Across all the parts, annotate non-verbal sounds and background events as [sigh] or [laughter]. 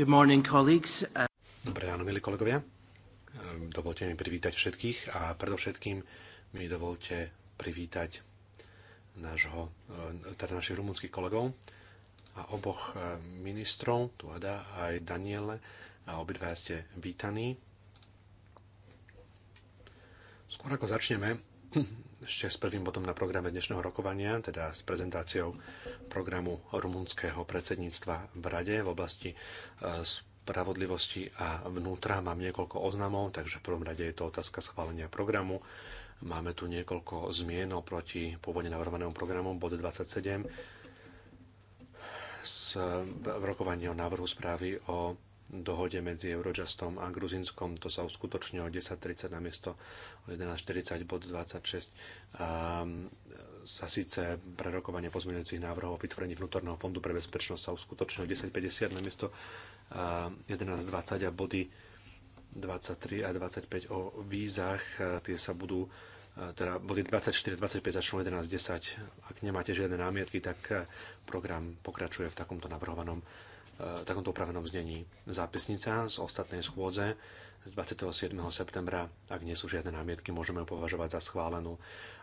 Dobré ráno, milí kolegovia. Dovolte mi privítať všetkých a predovšetkým mi dovolte privítať nášho, teda našich rumúnskych kolegov a oboch ministrov, tu Ada aj Daniele, a obidva ste vítaní. Skôr ako začneme, [laughs] ešte s prvým bodom na programe dnešného rokovania, teda s prezentáciou programu rumunského predsedníctva v Rade v oblasti e, spravodlivosti a vnútra. Mám niekoľko oznamov, takže v prvom rade je to otázka schválenia programu. Máme tu niekoľko zmien oproti pôvodne navrhovanému programu, bod 27, z rokovania o návrhu správy o dohode medzi Eurojustom a Gruzinskom. To sa uskutočnilo 10.30 na miesto 11.40 bod 26 um, sa síce prerokovanie pozmeňujúcich návrhov o vytvorení vnútorného fondu pre bezpečnosť sa uskutočnilo o 10.50 miesto uh, 11.20 a body 23 a 25 o vízach. Tie sa budú teda boli 24, 25 začnú 11, 10. Ak nemáte žiadne námietky, tak program pokračuje v takomto navrhovanom takomto upravenom znení. Zápisnica z ostatnej schôdze z 27. septembra, ak nie sú žiadne námietky, môžeme ju považovať za schválenú.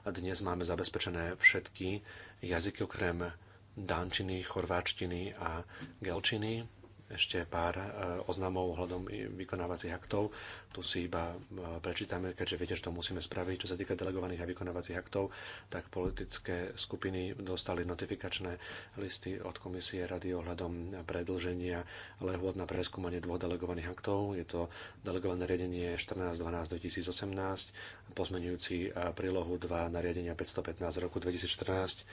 A dnes máme zabezpečené všetky jazyky okrem dánčiny, chorváčtiny a gelčiny ešte pár e, oznamov ohľadom vykonávacích aktov. Tu si iba e, prečítame, keďže viete, že to musíme spraviť. Čo sa týka delegovaných a vykonávacích aktov, tak politické skupiny dostali notifikačné listy od komisie rady ohľadom predlženia lehôd na preskúmanie dvoch delegovaných aktov. Je to delegované riadenie 14.12.2018, pozmenujúci e, prílohu 2 nariadenia 515 roku 2014,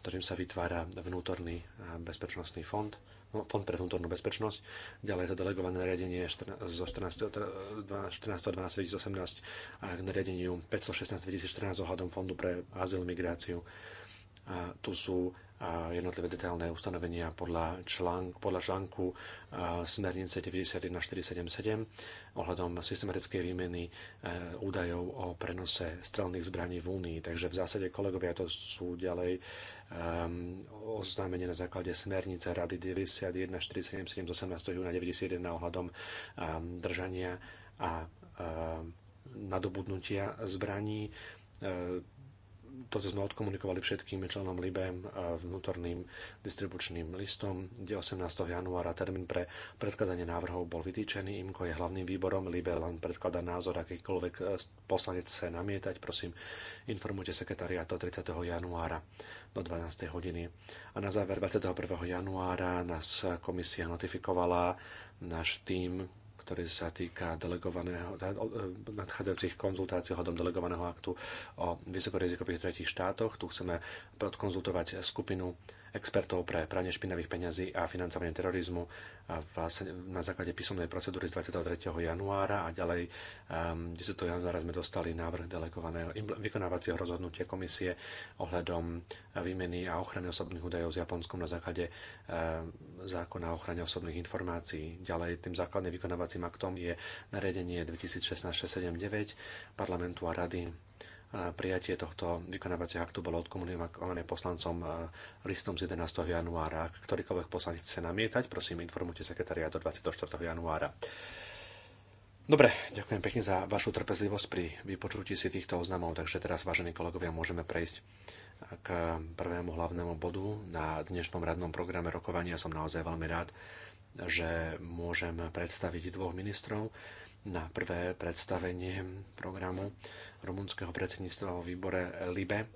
ktorým sa vytvára vnútorný bezpečnostný fond Fond pre vnútornú bezpečnosť, ďalej je to delegované nariadenie zo 14.12.2018 a k nariadeniu 516.2014 ohľadom Fondu pre azyl migráciu. A tu sú jednotlivé detailné ustanovenia podľa, článk, podľa článku smernice 91477 ohľadom systematickej výmeny e, údajov o prenose strelných zbraní v Únii. Takže v zásade, kolegovia, to sú ďalej Ehm, oznámenie na základe smernice Rady 9147 z 18. júna 91 ohľadom ehm, držania a ehm, nadobudnutia zbraní toto sme odkomunikovali všetkým členom LIBE eh, vnútorným distribučným listom, kde 18. januára termín pre predkladanie návrhov bol vytýčený. IMKO je hlavným výborom, LIBE len predkladá názor, akýkoľvek eh, poslanec sa namietať. Prosím, informujte sekretariáto 30. januára do 12. hodiny. A na záver 21. januára nás komisia notifikovala náš tým ktorý sa týka delegovaného, teda, e, nadchádzajúcich konzultácií hodom delegovaného aktu o vysokorizikových tretich štátoch. Tu chceme podkonzultovať skupinu expertov pre pranie špinavých peňazí a financovanie terorizmu vlastne na základe písomnej procedúry z 23. januára a ďalej 10. Ehm, januára sme dostali návrh delegovaného vykonávacieho rozhodnutia komisie ohľadom výmeny a ochrany osobných údajov s Japonskom na základe ehm, zákona o ochrane osobných informácií. Ďalej tým základným vykonávacím aktom je nariadenie 2016 679 parlamentu a rady prijatie tohto vykonávacieho aktu bolo odkomunikované poslancom e, listom z 11. januára. ktorýkoľvek poslanec chce namietať, prosím, informujte sekretariat do 24. januára. Dobre, ďakujem pekne za vašu trpezlivosť pri vypočutí si týchto oznamov, takže teraz, vážení kolegovia, môžeme prejsť k prvému hlavnému bodu. Na dnešnom radnom programe rokovania som naozaj veľmi rád, že môžem predstaviť dvoch ministrov, na prvé predstavenie programu rumunského predsedníctva vo výbore LIBE.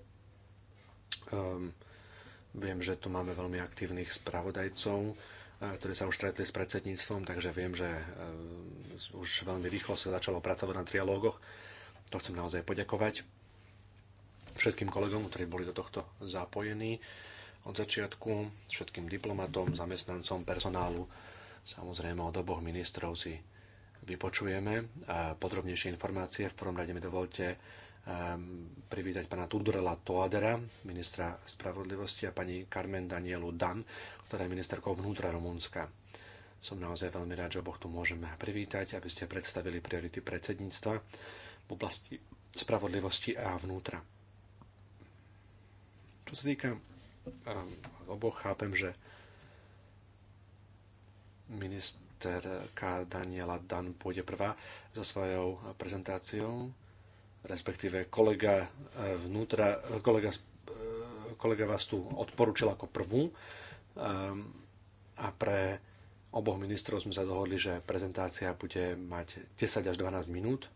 Um, viem, že tu máme veľmi aktívnych spravodajcov, e, ktorí sa už stretli s predsedníctvom, takže viem, že e, už veľmi rýchlo sa začalo pracovať na trialógoch. To chcem naozaj poďakovať všetkým kolegom, ktorí boli do tohto zapojení od začiatku, všetkým diplomatom, zamestnancom, personálu, samozrejme od oboch ministrov si vypočujeme podrobnejšie informácie. V prvom rade mi dovolte ehm, privítať pána Tudorela Toadera, ministra spravodlivosti, a pani Carmen Danielu Dan, ktorá je ministerkou vnútra Rumunska. Som naozaj veľmi rád, že oboch tu môžeme privítať, aby ste predstavili priority predsedníctva v oblasti spravodlivosti a vnútra. Čo sa týka ehm, oboch, chápem, že minister ministerka Daniela Dan pôjde prvá so svojou prezentáciou, respektíve kolega e, vnútra, e, kolega, e, kolega vás tu odporúčil ako prvú a pre oboch ministrov sme sa dohodli, že prezentácia bude mať 10 až 12 minút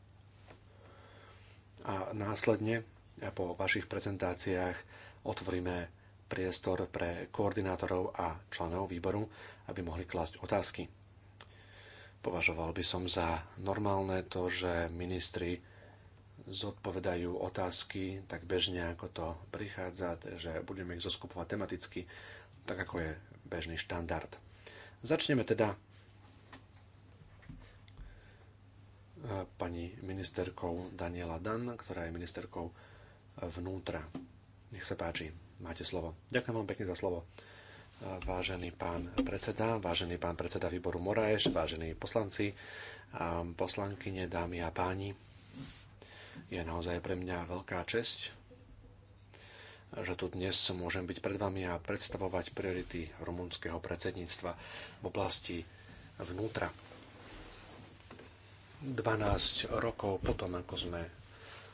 a následne po vašich prezentáciách otvoríme priestor pre koordinátorov a členov výboru, aby mohli klásť otázky. Považoval by som za normálne to, že ministri zodpovedajú otázky tak bežne, ako to prichádza, že budeme ich zoskupovať tematicky, tak ako je bežný štandard. Začneme teda e, pani ministerkou Daniela Dan, ktorá je ministerkou vnútra. Nech sa páči, máte slovo. Ďakujem vám pekne za slovo vážený pán predseda, vážený pán predseda výboru Moraeš, vážení poslanci, poslankyne, dámy a páni. Je naozaj pre mňa veľká česť, že tu dnes môžem byť pred vami a predstavovať priority rumunského predsedníctva v oblasti vnútra. 12 rokov potom, ako sme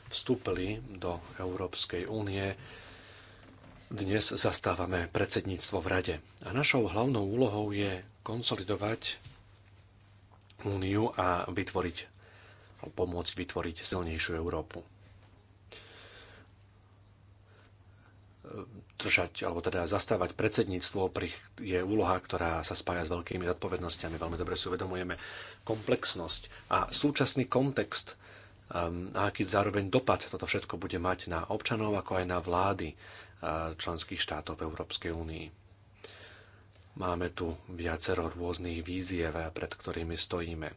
vstúpili do Európskej únie, dnes zastávame predsedníctvo v Rade. A našou hlavnou úlohou je konsolidovať úniu a vytvoriť, pomôcť vytvoriť silnejšiu Európu. držať, alebo teda zastávať predsedníctvo pri, je úloha, ktorá sa spája s veľkými zodpovednosťami. Veľmi dobre si uvedomujeme komplexnosť a súčasný kontext um, a aký zároveň dopad toto všetko bude mať na občanov, ako aj na vlády členských štátov v Európskej únii. Máme tu viacero rôznych víziev, pred ktorými stojíme.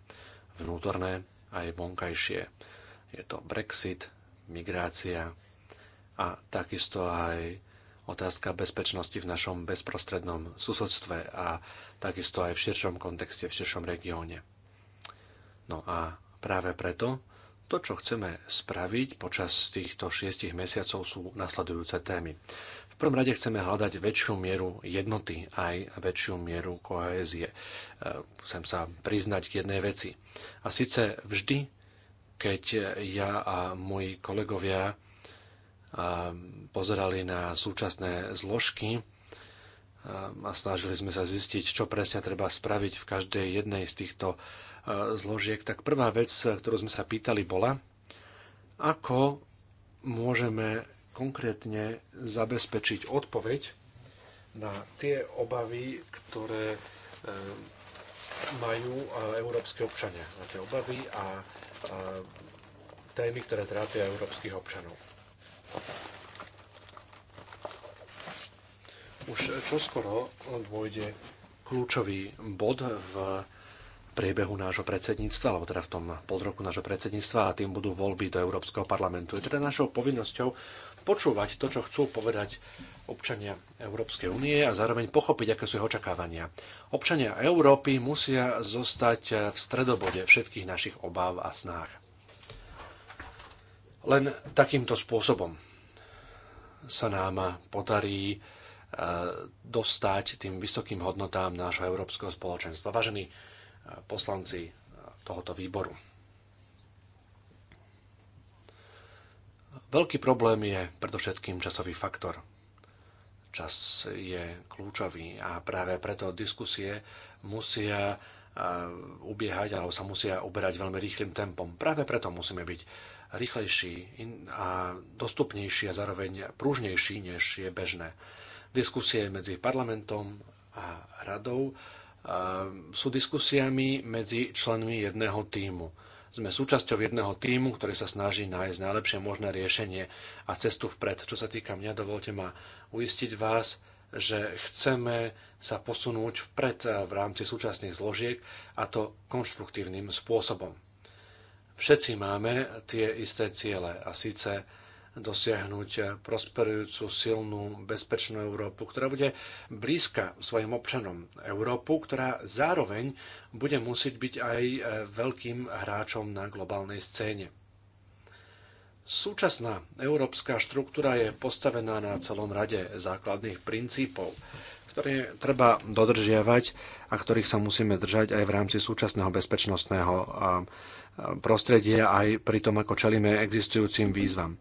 Vnútorné aj vonkajšie. Je to Brexit, migrácia a takisto aj otázka bezpečnosti v našom bezprostrednom susedstve a takisto aj v širšom kontexte, v širšom regióne. No a práve preto to, čo chceme spraviť počas týchto šiestich mesiacov sú nasledujúce témy. V prvom rade chceme hľadať väčšiu mieru jednoty, aj väčšiu mieru kohézie. E, chcem sa priznať k jednej veci. A síce vždy, keď ja a moji kolegovia e, pozerali na súčasné zložky, e, a snažili sme sa zistiť, čo presne treba spraviť v každej jednej z týchto zložiek, tak prvá vec, ktorú sme sa pýtali, bola, ako môžeme konkrétne zabezpečiť odpoveď na tie obavy, ktoré e, majú e, európske občania. Na tie obavy a e, témy, ktoré trápia európskych občanov. Už čoskoro dôjde kľúčový bod v priebehu nášho predsedníctva, alebo teda v tom polroku nášho predsedníctva a tým budú voľby do Európskeho parlamentu. Je teda našou povinnosťou počúvať to, čo chcú povedať občania Európskej únie a zároveň pochopiť, aké sú jeho očakávania. Občania Európy musia zostať v stredobode všetkých našich obáv a snách. Len takýmto spôsobom sa nám podarí e, dostať tým vysokým hodnotám nášho európskeho spoločenstva. Vážení poslanci tohoto výboru. Veľký problém je predovšetkým časový faktor. Čas je kľúčový a práve preto diskusie musia ubiehať alebo sa musia uberať veľmi rýchlým tempom. Práve preto musíme byť rýchlejší a dostupnejší a zároveň pružnejší, než je bežné. Diskusie medzi parlamentom a radou Ehm, sú diskusiami medzi členmi jedného týmu. Sme súčasťou jedného týmu, ktorý sa snaží nájsť najlepšie možné riešenie a cestu vpred. Čo sa týka mňa, dovolte ma uistiť vás, že chceme sa posunúť vpred eh, v rámci súčasných zložiek a to konštruktívnym spôsobom. Všetci máme tie isté ciele a síce dosiahnuť prosperujúcu, silnú, bezpečnú Európu, ktorá bude blízka svojim občanom. Európu, ktorá zároveň bude musieť byť aj veľkým hráčom na globálnej scéne. Súčasná európska štruktúra je postavená na celom rade základných princípov, ktoré treba dodržiavať a ktorých sa musíme držať aj v rámci súčasného bezpečnostného prostredia aj pri tom, ako čelíme existujúcim výzvam.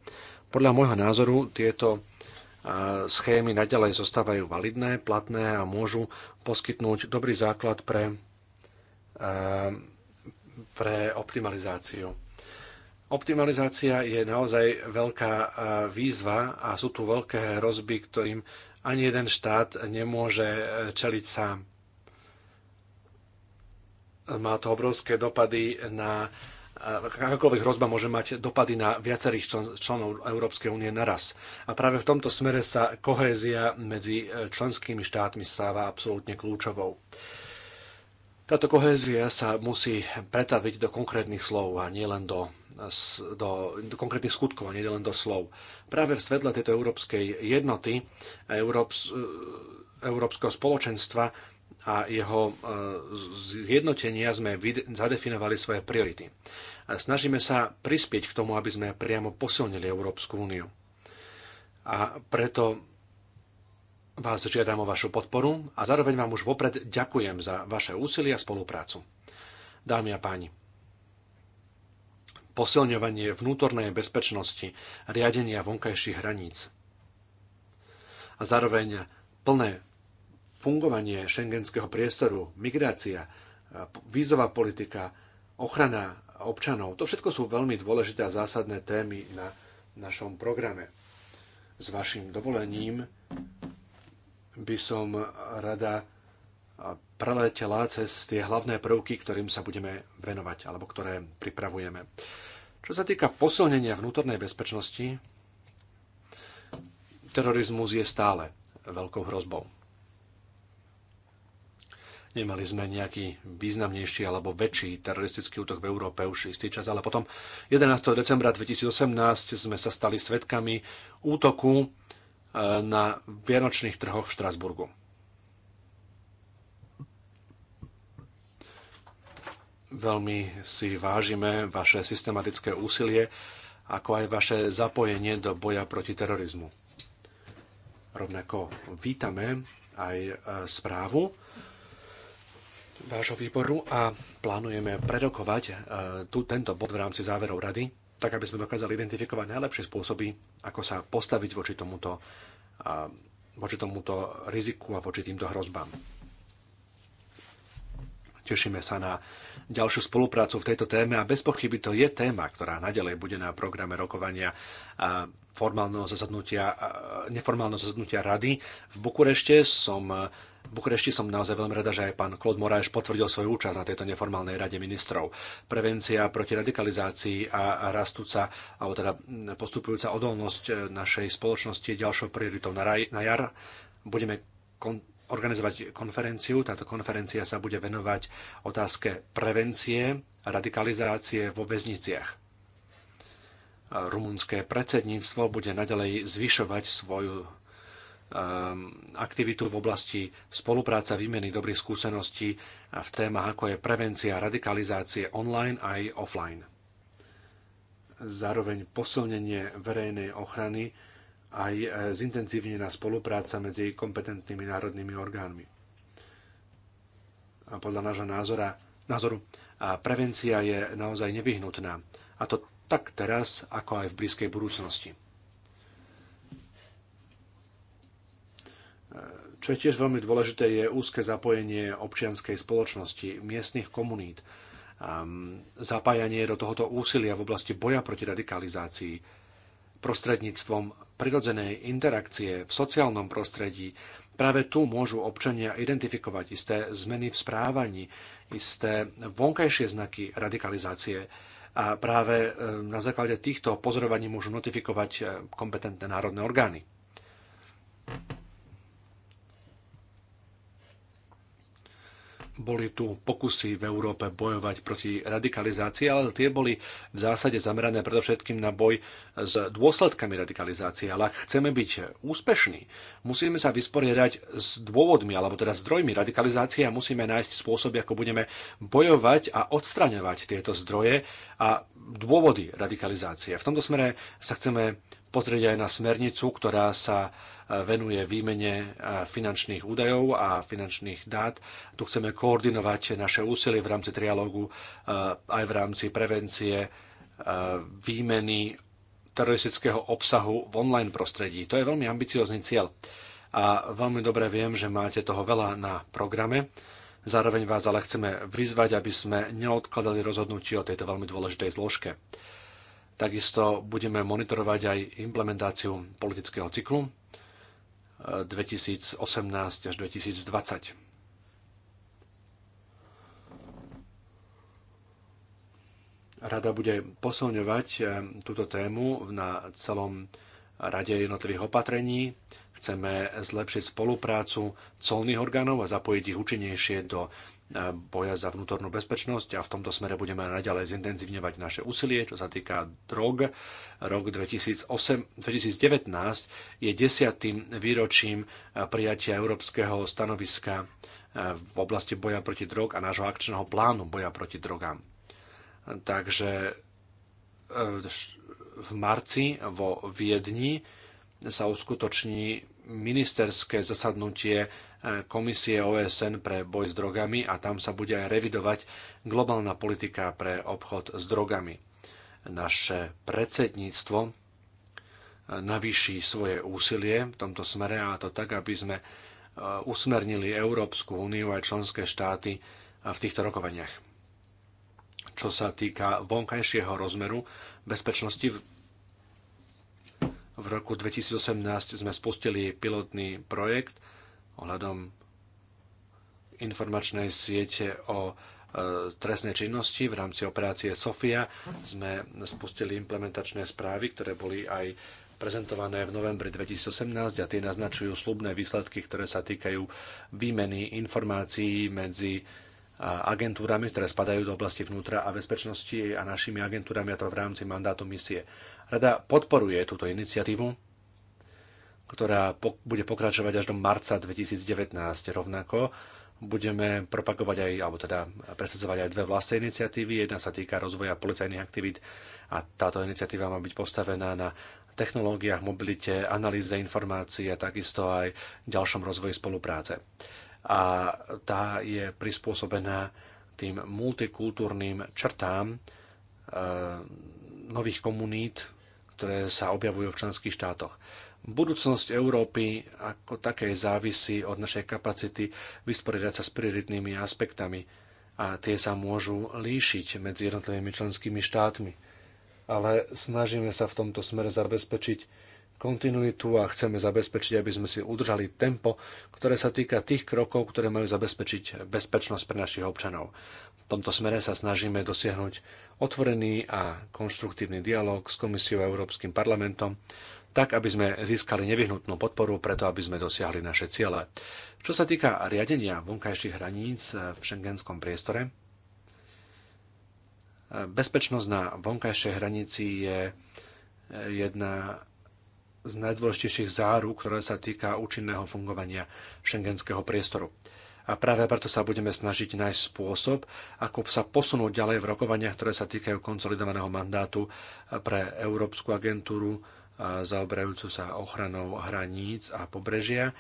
Podľa môjho názoru tieto e, schémy naďalej zostávajú validné, platné a môžu poskytnúť dobrý základ pre, e, pre optimalizáciu. Optimalizácia je naozaj veľká e, výzva a sú tu veľké hrozby, ktorým ani jeden štát nemôže čeliť sám. Má to obrovské dopady na akákoľvek hrozba môže mať dopady na viacerých člen, členov Európskej únie naraz. A práve v tomto smere sa kohézia medzi e, členskými štátmi stáva absolútne kľúčovou. Táto kohézia sa musí pretaviť do konkrétnych slov a nielen do, do, do konkrétnych skutkov a len do slov. Práve v svetle tejto európskej jednoty a Európs, e, európskeho spoločenstva a jeho e, zjednotenia sme zadefinovali svoje priority snažíme sa prispieť k tomu, aby sme priamo posilnili Európsku úniu. A preto vás žiadam o vašu podporu a zároveň vám už vopred ďakujem za vaše úsilie a spoluprácu. Dámy a páni, posilňovanie vnútornej bezpečnosti, riadenia vonkajších hraníc a zároveň plné fungovanie šengenského priestoru, migrácia, vízová politika, ochrana občanov. To všetko sú veľmi dôležité a zásadné témy na našom programe. S vašim dovolením by som rada preletela cez tie hlavné prvky, ktorým sa budeme venovať alebo ktoré pripravujeme. Čo sa týka posilnenia vnútornej bezpečnosti, terorizmus je stále veľkou hrozbou. Nemali sme nejaký významnejší alebo väčší teroristický útok v Európe už istý čas, ale potom 11. decembra 2018 sme sa stali svetkami útoku e, na vianočných trhoch v Štrasburgu. Veľmi si vážime vaše systematické úsilie, ako aj vaše zapojenie do boja proti terorizmu. Rovnako vítame aj e, správu vášho výboru a plánujeme prerokovať e, tu, tento bod v rámci záverov rady, tak aby sme dokázali identifikovať najlepšie spôsoby, ako sa postaviť voči tomuto, voči tomuto riziku a voči týmto hrozbám. Tešíme sa na ďalšiu spoluprácu v tejto téme a bez pochyby to je téma, ktorá nadalej bude na programe rokovania formálneho zasadnutia, neformálneho zasadnutia rady. V Bukurešte som Bukurešti som naozaj veľmi rada, že aj pán Klod Moraes potvrdil svoju účasť na tejto neformálnej rade ministrov. Prevencia proti radikalizácii a rastúca, alebo teda postupujúca odolnosť e, našej spoločnosti je ďalšou prioritou na, raj, na jar. Budeme kon- organizovať konferenciu. Táto konferencia sa bude venovať otázke prevencie a radikalizácie vo väzniciach. Rumunské predsedníctvo bude nadalej zvyšovať svoju Um, aktivitu v oblasti spolupráca výmeny dobrých skúseností v témach ako je prevencia radikalizácie online aj offline. Zároveň posilnenie verejnej ochrany aj e, zintenzívnená spolupráca medzi kompetentnými národnými orgánmi. A podľa nášho názora, názoru a prevencia je naozaj nevyhnutná. A to tak teraz, ako aj v blízkej budúcnosti. Čo je tiež veľmi dôležité, je úzke zapojenie občianskej spoločnosti, miestnych komunít, zapájanie do tohoto úsilia v oblasti boja proti radikalizácii prostredníctvom prirodzenej interakcie v sociálnom prostredí. Práve tu môžu občania identifikovať isté zmeny v správaní, isté vonkajšie znaky radikalizácie a práve e, na základe týchto pozorovaní môžu notifikovať e, kompetentné národné orgány. boli tu pokusy v Európe bojovať proti radikalizácii, ale tie boli v zásade zamerané predovšetkým na boj s dôsledkami radikalizácie. Ale ak chceme byť úspešní, musíme sa vysporiadať s dôvodmi alebo teda zdrojmi radikalizácie a musíme nájsť spôsoby, ako budeme bojovať a odstraňovať tieto zdroje a dôvody radikalizácie. V tomto smere sa chceme pozrieť aj na smernicu, ktorá sa e, venuje výmene e, finančných údajov a finančných dát. Tu chceme koordinovať naše úsilie v rámci trialógu, e, aj v rámci prevencie výmeny teroristického obsahu v online prostredí. To je veľmi ambiciózny cieľ. A veľmi dobre viem, že máte toho veľa na programe. Zároveň vás ale chceme vyzvať, aby sme neodkladali rozhodnutie o tejto veľmi dôležitej zložke. Takisto budeme monitorovať aj implementáciu politického cyklu 2018 eh, až 2020. Rada bude posilňovať eh, túto tému na celom rade jednotlivých opatrení. Chceme zlepšiť spoluprácu colných orgánov a zapojiť ich účinnejšie do boja za vnútornú bezpečnosť a v tomto smere budeme naďalej zintenzívňovať naše úsilie, čo sa týka drog. Rok 2008, 2019 je desiatým výročím prijatia európskeho stanoviska e, v oblasti boja proti drog a nášho akčného plánu boja proti drogám. Takže e, v marci vo Viedni sa uskutoční ministerské zasadnutie Komisie OSN pre boj s drogami a tam sa bude aj revidovať globálna politika pre obchod s drogami. Naše predsedníctvo navýši svoje úsilie v tomto smere a to tak, aby sme uh, usmernili Európsku úniu aj členské štáty uh, v týchto rokovaniach. Čo sa týka vonkajšieho rozmeru bezpečnosti, v roku 2018 sme spustili pilotný projekt ohľadom informačnej siete o e, trestnej činnosti v rámci operácie SOFIA sme spustili implementačné správy, ktoré boli aj prezentované v novembri 2018 a tie naznačujú slubné výsledky, ktoré sa týkajú výmeny informácií medzi e, agentúrami, ktoré spadajú do oblasti vnútra a bezpečnosti a našimi agentúrami a to v rámci mandátu misie. Rada podporuje túto iniciatívu ktorá bude pokračovať až do marca 2019. Rovnako budeme propagovať aj, alebo teda presadzovať aj dve vlastné iniciatívy. Jedna sa týka rozvoja policajných aktivít a táto iniciatíva má byť postavená na technológiách, mobilite, analýze informácií a takisto aj ďalšom rozvoji spolupráce. A tá je prispôsobená tým multikultúrnym črtám e, nových komunít, ktoré sa objavujú v členských štátoch. Budúcnosť Európy ako také závisí od našej kapacity vysporiadať sa s prioritnými aspektami a tie sa môžu líšiť medzi jednotlivými členskými štátmi. Ale snažíme sa v tomto smere zabezpečiť kontinuitu a chceme zabezpečiť, aby sme si udržali tempo, ktoré sa týka tých krokov, ktoré majú zabezpečiť bezpečnosť pre našich občanov. V tomto smere sa snažíme dosiahnuť otvorený a konštruktívny dialog s Komisiou a Európskym parlamentom tak aby sme získali nevyhnutnú podporu preto, aby sme dosiahli naše ciele. Čo sa týka riadenia vonkajších hraníc v šengenskom priestore, bezpečnosť na vonkajšej hranici je jedna z najdôležitejších záruk, ktoré sa týka účinného fungovania šengenského priestoru. A práve preto sa budeme snažiť nájsť spôsob, ako sa posunúť ďalej v rokovaniach, ktoré sa týkajú konsolidovaného mandátu pre Európsku agentúru zaoberajúcu sa ochranou hraníc a pobrežia,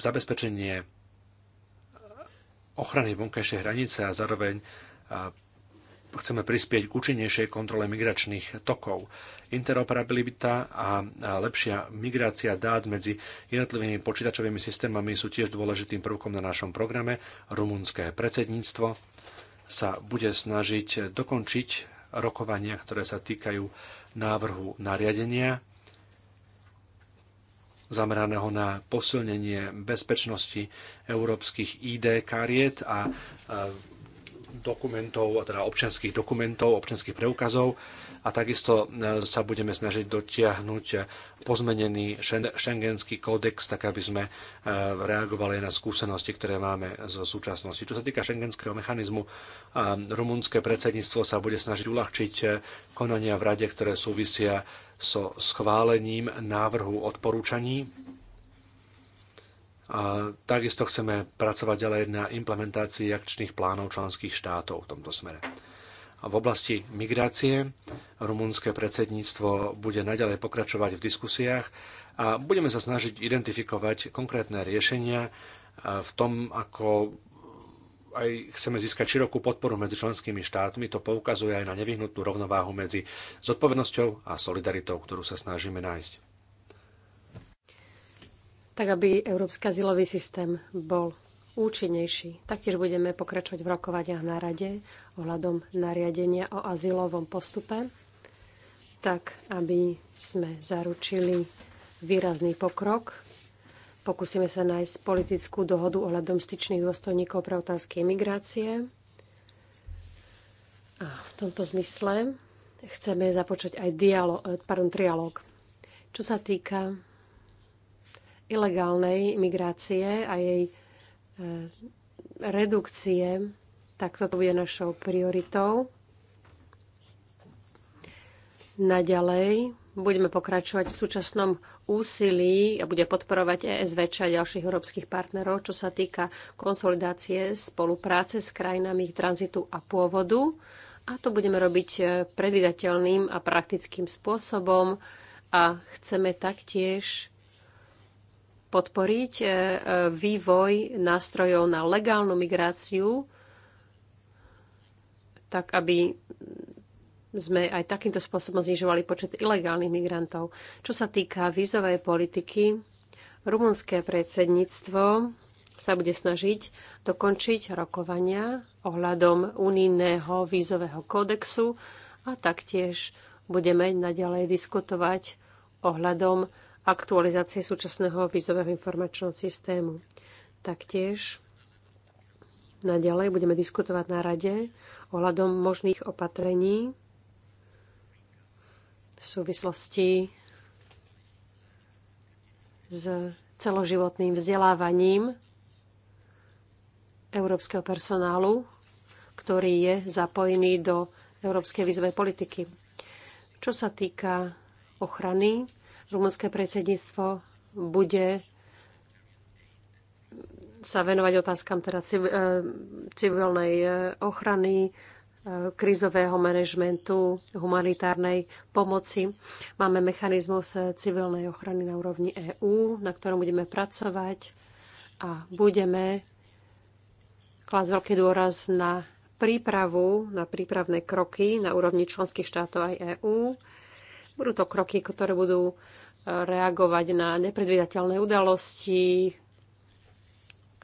zabezpečenie ochrany vonkajšej hranice a zároveň chceme prispieť k účinnejšej kontrole migračných tokov. Interoperabilita a lepšia migrácia dát medzi jednotlivými počítačovými systémami sú tiež dôležitým prvkom na našom programe. Rumunské predsedníctvo sa bude snažiť dokončiť rokovania, ktoré sa týkajú návrhu nariadenia zameraného na posilnenie bezpečnosti európskych ID kariet a dokumentov, teda občanských dokumentov, občanských preukazov a takisto e, sa budeme snažiť dotiahnuť pozmenený šengenský kódex, tak aby sme e, reagovali na skúsenosti, ktoré máme z súčasnosti. Čo sa týka šengenského mechanizmu, e, rumunské predsedníctvo sa bude snažiť uľahčiť konania v rade, ktoré súvisia so schválením návrhu odporúčaní a takisto chceme pracovať ďalej na implementácii akčných plánov členských štátov v tomto smere v oblasti migrácie. Rumunské predsedníctvo bude naďalej pokračovať v diskusiách a budeme sa snažiť identifikovať konkrétne riešenia e, v tom, ako aj chceme získať širokú podporu medzi členskými štátmi. To poukazuje aj na nevyhnutnú rovnováhu medzi zodpovednosťou a solidaritou, ktorú sa snažíme nájsť. Tak, aby európsky azylový systém bol účinnejší. Taktiež budeme pokračovať v rokovaniach na rade ohľadom nariadenia o azylovom postupe, tak aby sme zaručili výrazný pokrok. Pokúsime sa nájsť politickú dohodu ohľadom styčných dôstojníkov pre otázky imigrácie. A v tomto zmysle chceme započať aj dialog, pardon, trialog. Čo sa týka ilegálnej migrácie a jej redukcie, tak toto bude našou prioritou. Naďalej budeme pokračovať v súčasnom úsilí a bude podporovať ESV a ďalších európskych partnerov, čo sa týka konsolidácie spolupráce s krajinami tranzitu a pôvodu. A to budeme robiť e, predvydateľným a praktickým spôsobom. A chceme taktiež podporiť e, e, vývoj nástrojov na legálnu migráciu, tak aby sme aj takýmto spôsobom znižovali počet ilegálnych migrantov. Čo sa týka vízovej politiky, rumunské predsedníctvo sa bude snažiť dokončiť rokovania ohľadom unijného vízového kódexu a taktiež budeme naďalej diskutovať ohľadom aktualizácie súčasného výzového informačného systému. Taktiež naďalej budeme diskutovať na rade ohľadom možných opatrení v súvislosti s celoživotným vzdelávaním európskeho personálu, ktorý je zapojený do európskej výzovej politiky. Čo sa týka ochrany rumunské predsedníctvo bude sa venovať otázkam teda e, civilnej e, ochrany, e, krízového manažmentu, humanitárnej pomoci. Máme mechanizmus civilnej ochrany na úrovni EÚ, na ktorom budeme pracovať a budeme klásť veľký dôraz na prípravu, na prípravné kroky na úrovni členských štátov aj EÚ. Budú to kroky, ktoré budú reagovať na nepredvídateľné udalosti,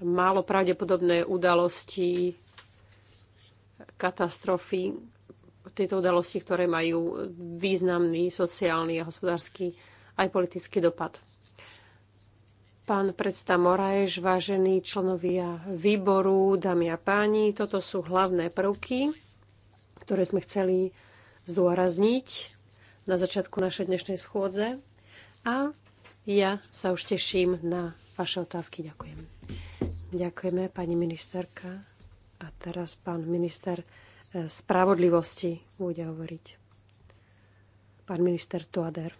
málo pravdepodobné udalosti, katastrofy, tieto udalosti, ktoré majú významný sociálny a hospodársky aj politický dopad. Pán predsta Moraeš, vážení členovia výboru, dámy a páni, toto sú hlavné prvky, ktoré sme chceli zdôrazniť na začiatku našej dnešnej schôdze. A ja sa už teším na vaše otázky. Ďakujem. Ďakujeme, pani ministerka. A teraz pán minister eh, spravodlivosti bude hovoriť. Pán minister Tuader.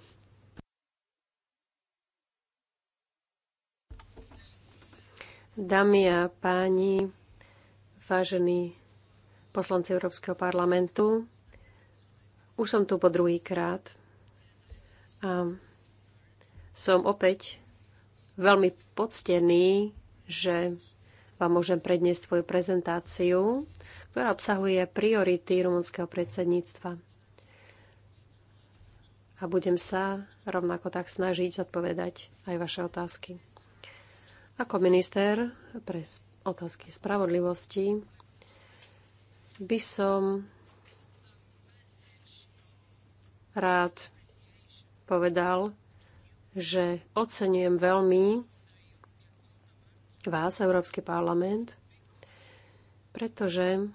Dámy a páni, vážení poslanci Európskeho parlamentu, už som tu po druhýkrát a som opäť veľmi poctený, že vám môžem predniesť svoju prezentáciu, ktorá obsahuje priority rumunského predsedníctva. A budem sa rovnako tak snažiť zodpovedať aj vaše otázky. Ako minister pre otázky spravodlivosti by som rád povedal, že ocenujem veľmi vás, Európsky parlament, pretože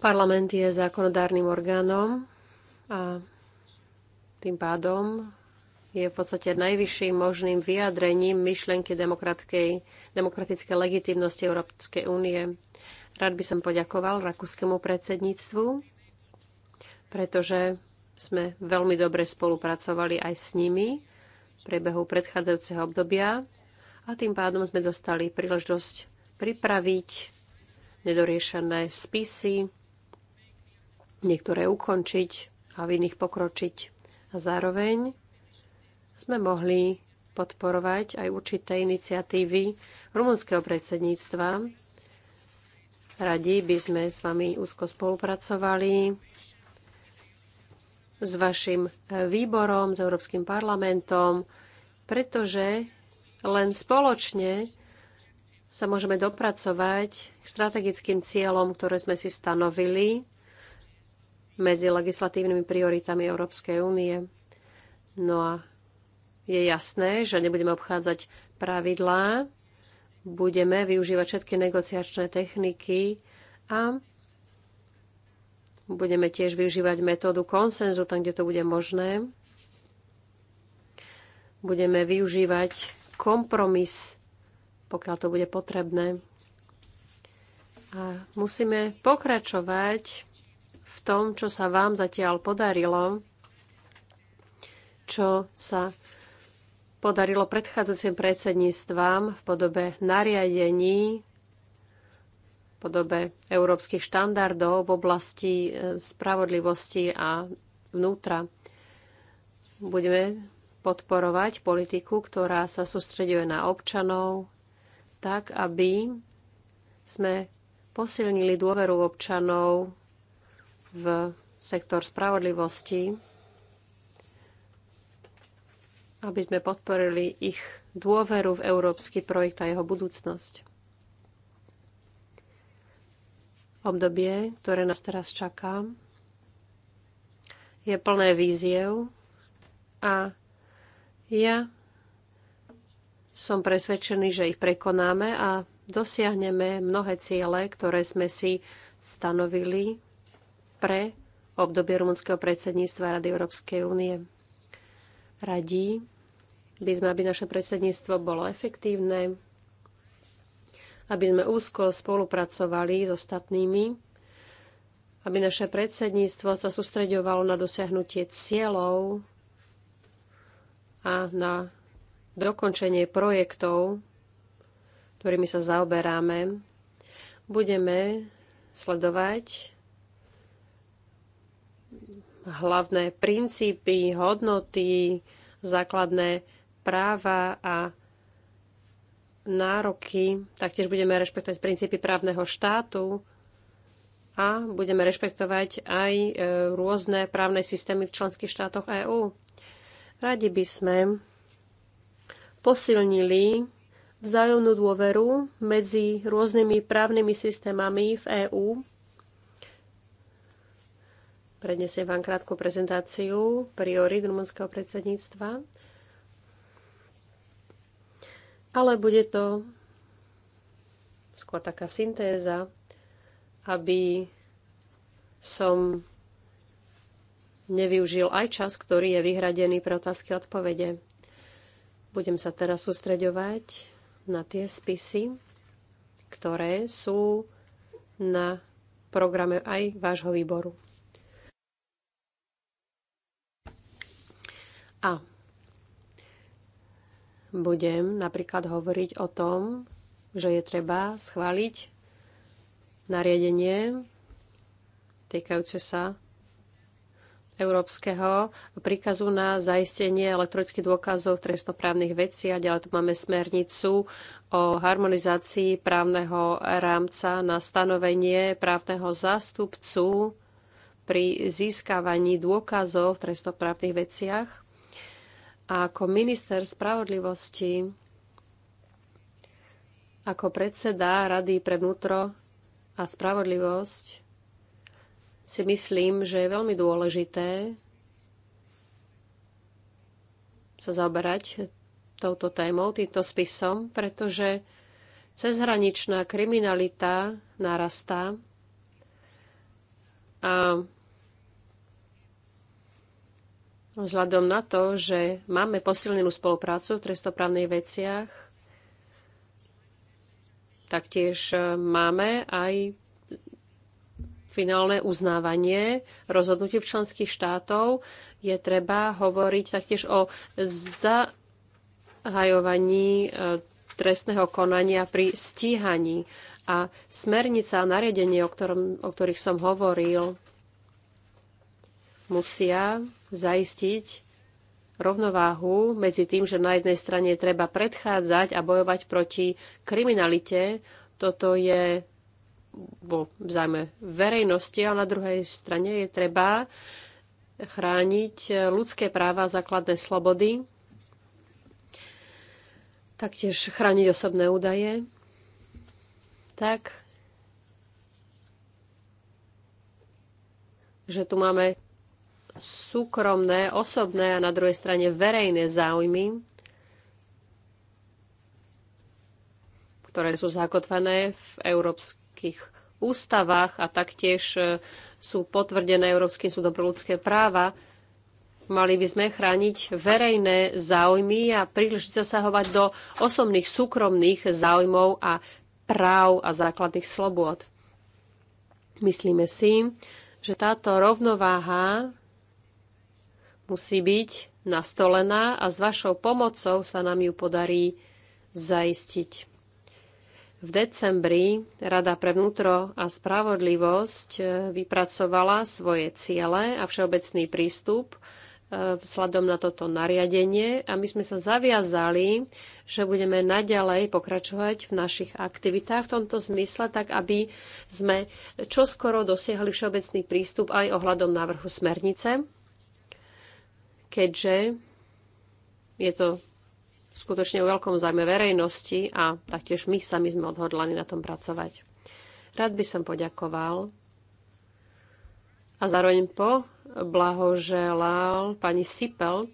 parlament je zákonodárnym orgánom a tým pádom je v podstate najvyšším možným vyjadrením myšlenky demokratickej legitimnosti Európskej únie. Rád by som poďakoval rakúskému predsedníctvu, pretože sme veľmi dobre spolupracovali aj s nimi v priebehu predchádzajúceho obdobia a tým pádom sme dostali príležitosť pripraviť nedoriešené spisy, niektoré ukončiť a v iných pokročiť. A zároveň sme mohli podporovať aj určité iniciatívy rumunského predsedníctva. Radi by sme s vami úzko spolupracovali s vašim e, výborom, s Európskym parlamentom, pretože len spoločne sa môžeme dopracovať k strategickým cieľom, ktoré sme si stanovili medzi legislatívnymi prioritami Európskej únie. No a je jasné, že nebudeme obchádzať pravidlá, budeme využívať všetky negociačné techniky a Budeme tiež využívať metódu konsenzu tam, kde to bude možné. Budeme využívať kompromis, pokiaľ to bude potrebné. A musíme pokračovať v tom, čo sa vám zatiaľ podarilo, čo sa podarilo predchádzajúcim predsedníctvám v podobe nariadení podobe európskych štandardov v oblasti e, spravodlivosti a vnútra. Budeme podporovať politiku, ktorá sa sústreďuje na občanov, tak aby sme posilnili dôveru občanov v sektor spravodlivosti, aby sme podporili ich dôveru v európsky projekt a jeho budúcnosť. Obdobie, ktoré nás teraz čaká, je plné víziev a ja som presvedčený, že ich prekonáme a dosiahneme mnohé ciele, ktoré sme si stanovili pre obdobie rumunského predsedníctva Rady Európskej únie. Radí by sme, aby naše predsedníctvo bolo efektívne, aby sme úzko spolupracovali s ostatnými, aby naše predsedníctvo sa sústreďovalo na dosiahnutie cieľov a na dokončenie projektov, ktorými sa zaoberáme. Budeme sledovať hlavné princípy, hodnoty, základné práva a nároky, taktiež budeme rešpektovať princípy právneho štátu a budeme rešpektovať aj e, rôzne právne systémy v členských štátoch EÚ. Radi by sme posilnili vzájomnú dôveru medzi rôznymi právnymi systémami v EÚ. Prednesiem vám krátku prezentáciu priory rumunského predsedníctva ale bude to skôr taká syntéza, aby som nevyužil aj čas, ktorý je vyhradený pre otázky a odpovede. Budem sa teraz sústreďovať na tie spisy, ktoré sú na programe aj vášho výboru. budem napríklad hovoriť o tom, že je treba schváliť nariadenie týkajúce sa Európskeho príkazu na zaistenie elektronických dôkazov v trestnoprávnych veciach. Ďalej tu máme smernicu o harmonizácii právneho rámca na stanovenie právneho zástupcu pri získavaní dôkazov v trestnoprávnych veciach. A ako minister spravodlivosti, ako predseda Rady pre vnútro a spravodlivosť, si myslím, že je veľmi dôležité sa zaoberať touto témou, týmto spisom, pretože cezhraničná kriminalita narastá a Vzhľadom na to, že máme posilnenú spoluprácu v trestoprávnych veciach, taktiež e, máme aj finálne uznávanie rozhodnutí v členských štátov, je treba hovoriť taktiež o zahajovaní e, trestného konania pri stíhaní. A smernica a nariadenie, o, ktorom, o ktorých som hovoril, musia zaistiť rovnováhu medzi tým, že na jednej strane treba predchádzať a bojovať proti kriminalite. Toto je vo vzájme verejnosti, ale na druhej strane je treba chrániť ľudské práva a základné slobody, taktiež chrániť osobné údaje. Tak, že tu máme súkromné, osobné a na druhej strane verejné záujmy, ktoré sú zakotvené v európskych ústavách a taktiež e, sú potvrdené Európskym súdom pre ľudské práva, mali by sme chrániť verejné záujmy a príliš zasahovať do osobných, súkromných záujmov a práv a základných slobôd. Myslíme si, že táto rovnováha musí byť nastolená a s vašou pomocou sa nám ju podarí zaistiť. V decembri Rada pre vnútro a spravodlivosť e, vypracovala svoje ciele a všeobecný prístup e, vzhľadom na toto nariadenie a my sme sa zaviazali, že budeme naďalej pokračovať v našich aktivitách v tomto zmysle, tak aby sme čoskoro dosiahli všeobecný prístup aj ohľadom návrhu smernice keďže je to skutočne o veľkom zájme verejnosti a taktiež my sami sme odhodlani na tom pracovať. Rád by som poďakoval a zároveň po blahoželal pani Sipel,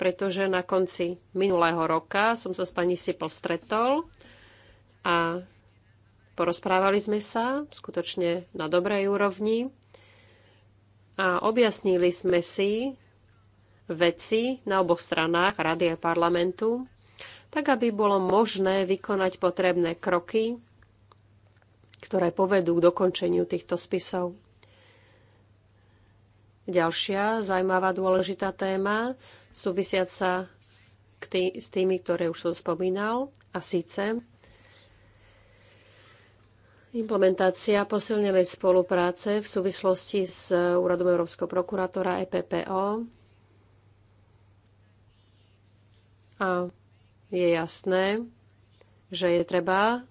pretože na konci minulého roka som sa s pani Sipel stretol a porozprávali sme sa skutočne na dobrej úrovni a objasnili sme si veci na oboch stranách, rady aj parlamentu, tak aby bolo možné vykonať potrebné kroky, ktoré povedú k dokončeniu týchto spisov. Ďalšia zaujímavá dôležitá téma súvisiaca k tý, s tými, ktoré už som spomínal, a síce Implementácia posilnenej spolupráce v súvislosti s Úradom Európskeho prokurátora EPPO A je jasné, že je treba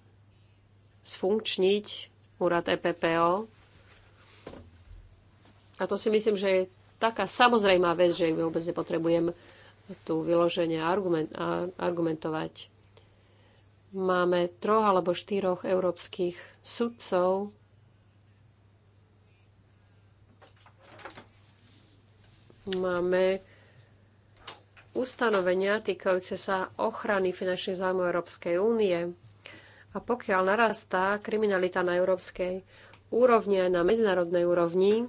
sfunkčniť úrad EPPO. A to si myslím, že je taká samozrejmá vec, že vôbec nepotrebujem tu vyloženie argument, argumentovať. Máme troch alebo štyroch európskych sudcov, máme ustanovenia týkajúce sa ochrany finančných zájmov Európskej únie. A pokiaľ narastá kriminalita na európskej úrovni aj na medzinárodnej úrovni,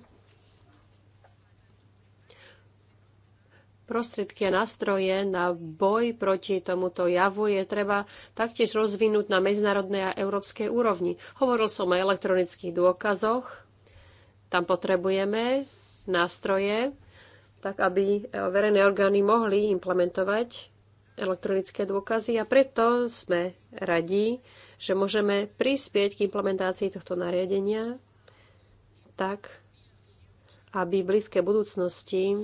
prostriedky a nástroje na boj proti tomuto javu je treba taktiež rozvinúť na medzinárodnej a európskej úrovni. Hovoril som o elektronických dôkazoch. Tam potrebujeme nástroje, tak aby e, verejné orgány mohli implementovať elektronické dôkazy a preto sme radi, že môžeme prispieť k implementácii tohto nariadenia tak, aby v blízkej budúcnosti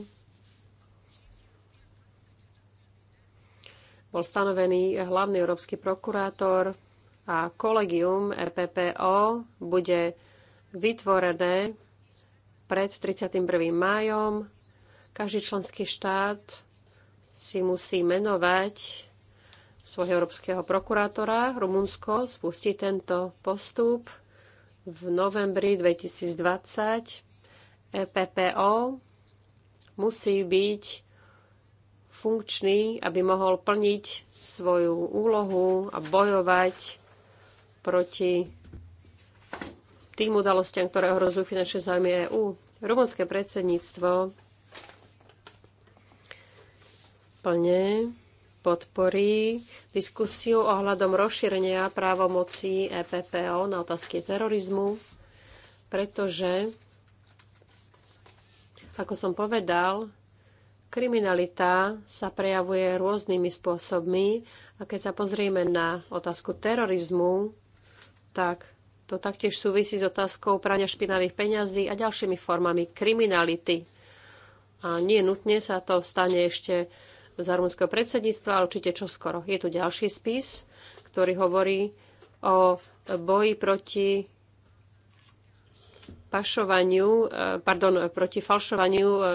bol stanovený hlavný európsky prokurátor a kolegium EPPO bude vytvorené pred 31. májom každý členský štát si musí menovať svojho európskeho prokurátora. Rumunsko spustí tento postup v novembri 2020. EPPO musí byť funkčný, aby mohol plniť svoju úlohu a bojovať proti tým udalostiam, ktoré ohrozujú finančné zájmy EÚ. Rumunské predsedníctvo plne podporí diskusiu ohľadom rozšírenia právomocí EPPO na otázky terorizmu, pretože, ako som povedal, kriminalita sa prejavuje rôznymi spôsobmi a keď sa pozrieme na otázku terorizmu, tak to taktiež súvisí s otázkou prania špinavých peňazí a ďalšími formami kriminality. A nie nutne sa to stane ešte za rumunského predsedníctva, ale určite čoskoro. Je tu ďalší spis, ktorý hovorí o boji proti pašovaniu, eh, pardon, proti falšovaniu eh,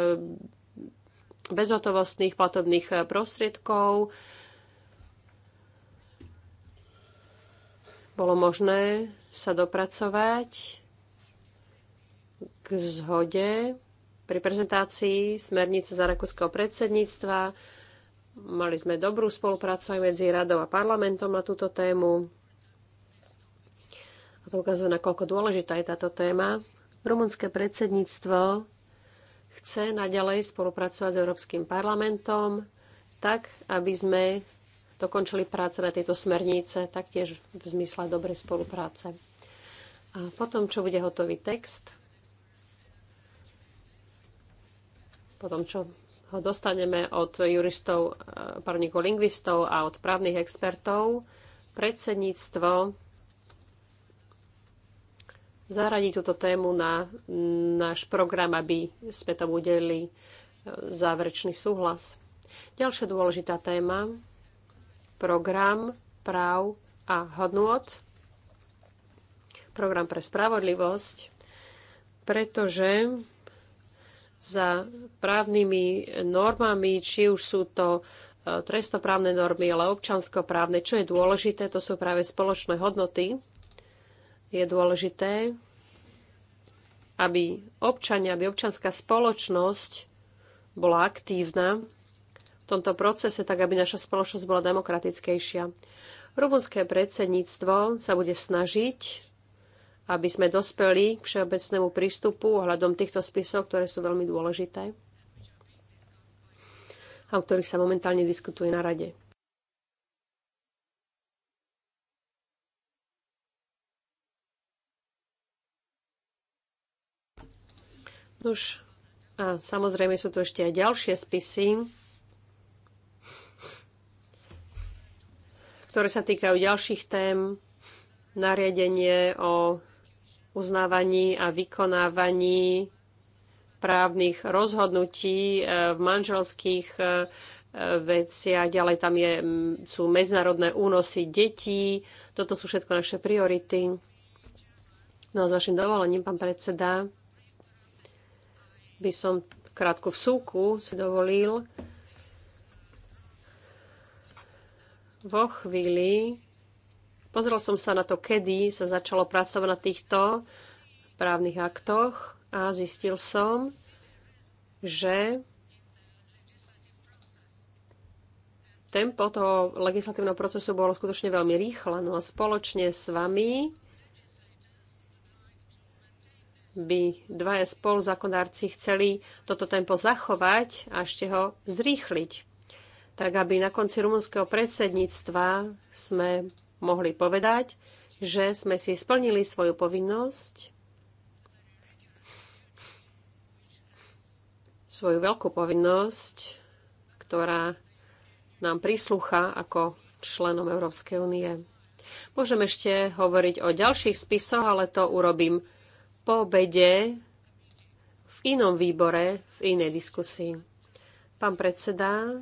bezhotovostných platobných eh, prostriedkov. Bolo možné sa dopracovať k zhode pri prezentácii smernice za rakúskeho predsedníctva Mali sme dobrú spoluprácu aj medzi radou a parlamentom na túto tému. A to ukazuje, nakoľko dôležitá je táto téma. Rumunské predsedníctvo chce naďalej spolupracovať s Európskym parlamentom tak, aby sme dokončili práce na tejto smernice, taktiež v zmysle dobrej spolupráce. A potom, čo bude hotový text, potom, čo ho dostaneme od juristov, eh, právnikov, lingvistov a od právnych expertov. Predsedníctvo zaradí túto tému na náš program, aby sme tomu udelili eh, záverečný súhlas. Ďalšia dôležitá téma, program práv a hodnôt, program pre spravodlivosť, pretože za právnymi normami, či už sú to e, trestnoprávne normy, ale občanskoprávne. Čo je dôležité, to sú práve spoločné hodnoty. Je dôležité, aby občania, aby občanská spoločnosť bola aktívna v tomto procese, tak aby naša spoločnosť bola demokratickejšia. Rumunské predsedníctvo sa bude snažiť aby sme dospeli k všeobecnému prístupu ohľadom týchto spisov, ktoré sú veľmi dôležité a o ktorých sa momentálne diskutuje na rade. Nuž, a samozrejme sú tu ešte aj ďalšie spisy, ktoré sa týkajú ďalších tém, nariadenie o uznávaní a vykonávaní právnych rozhodnutí e, v manželských e, e, veciach. Ďalej tam je, sú medzinárodné únosy detí. Toto sú všetko naše priority. No a s vašim dovolením, pán predseda, by som krátku v súku si dovolil vo chvíli, Pozrel som sa na to, kedy sa začalo pracovať na týchto právnych aktoch a zistil som, že tempo toho legislatívneho procesu bolo skutočne veľmi rýchle. No a spoločne s vami by dvaja spoluzákonárci chceli toto tempo zachovať a ešte ho zrýchliť. Tak aby na konci rumunského predsedníctva sme mohli povedať, že sme si splnili svoju povinnosť, svoju veľkú povinnosť, ktorá nám príslucha ako členom Európskej únie. Môžem ešte hovoriť o ďalších spisoch, ale to urobím po obede v inom výbore, v inej diskusii. Pán predseda,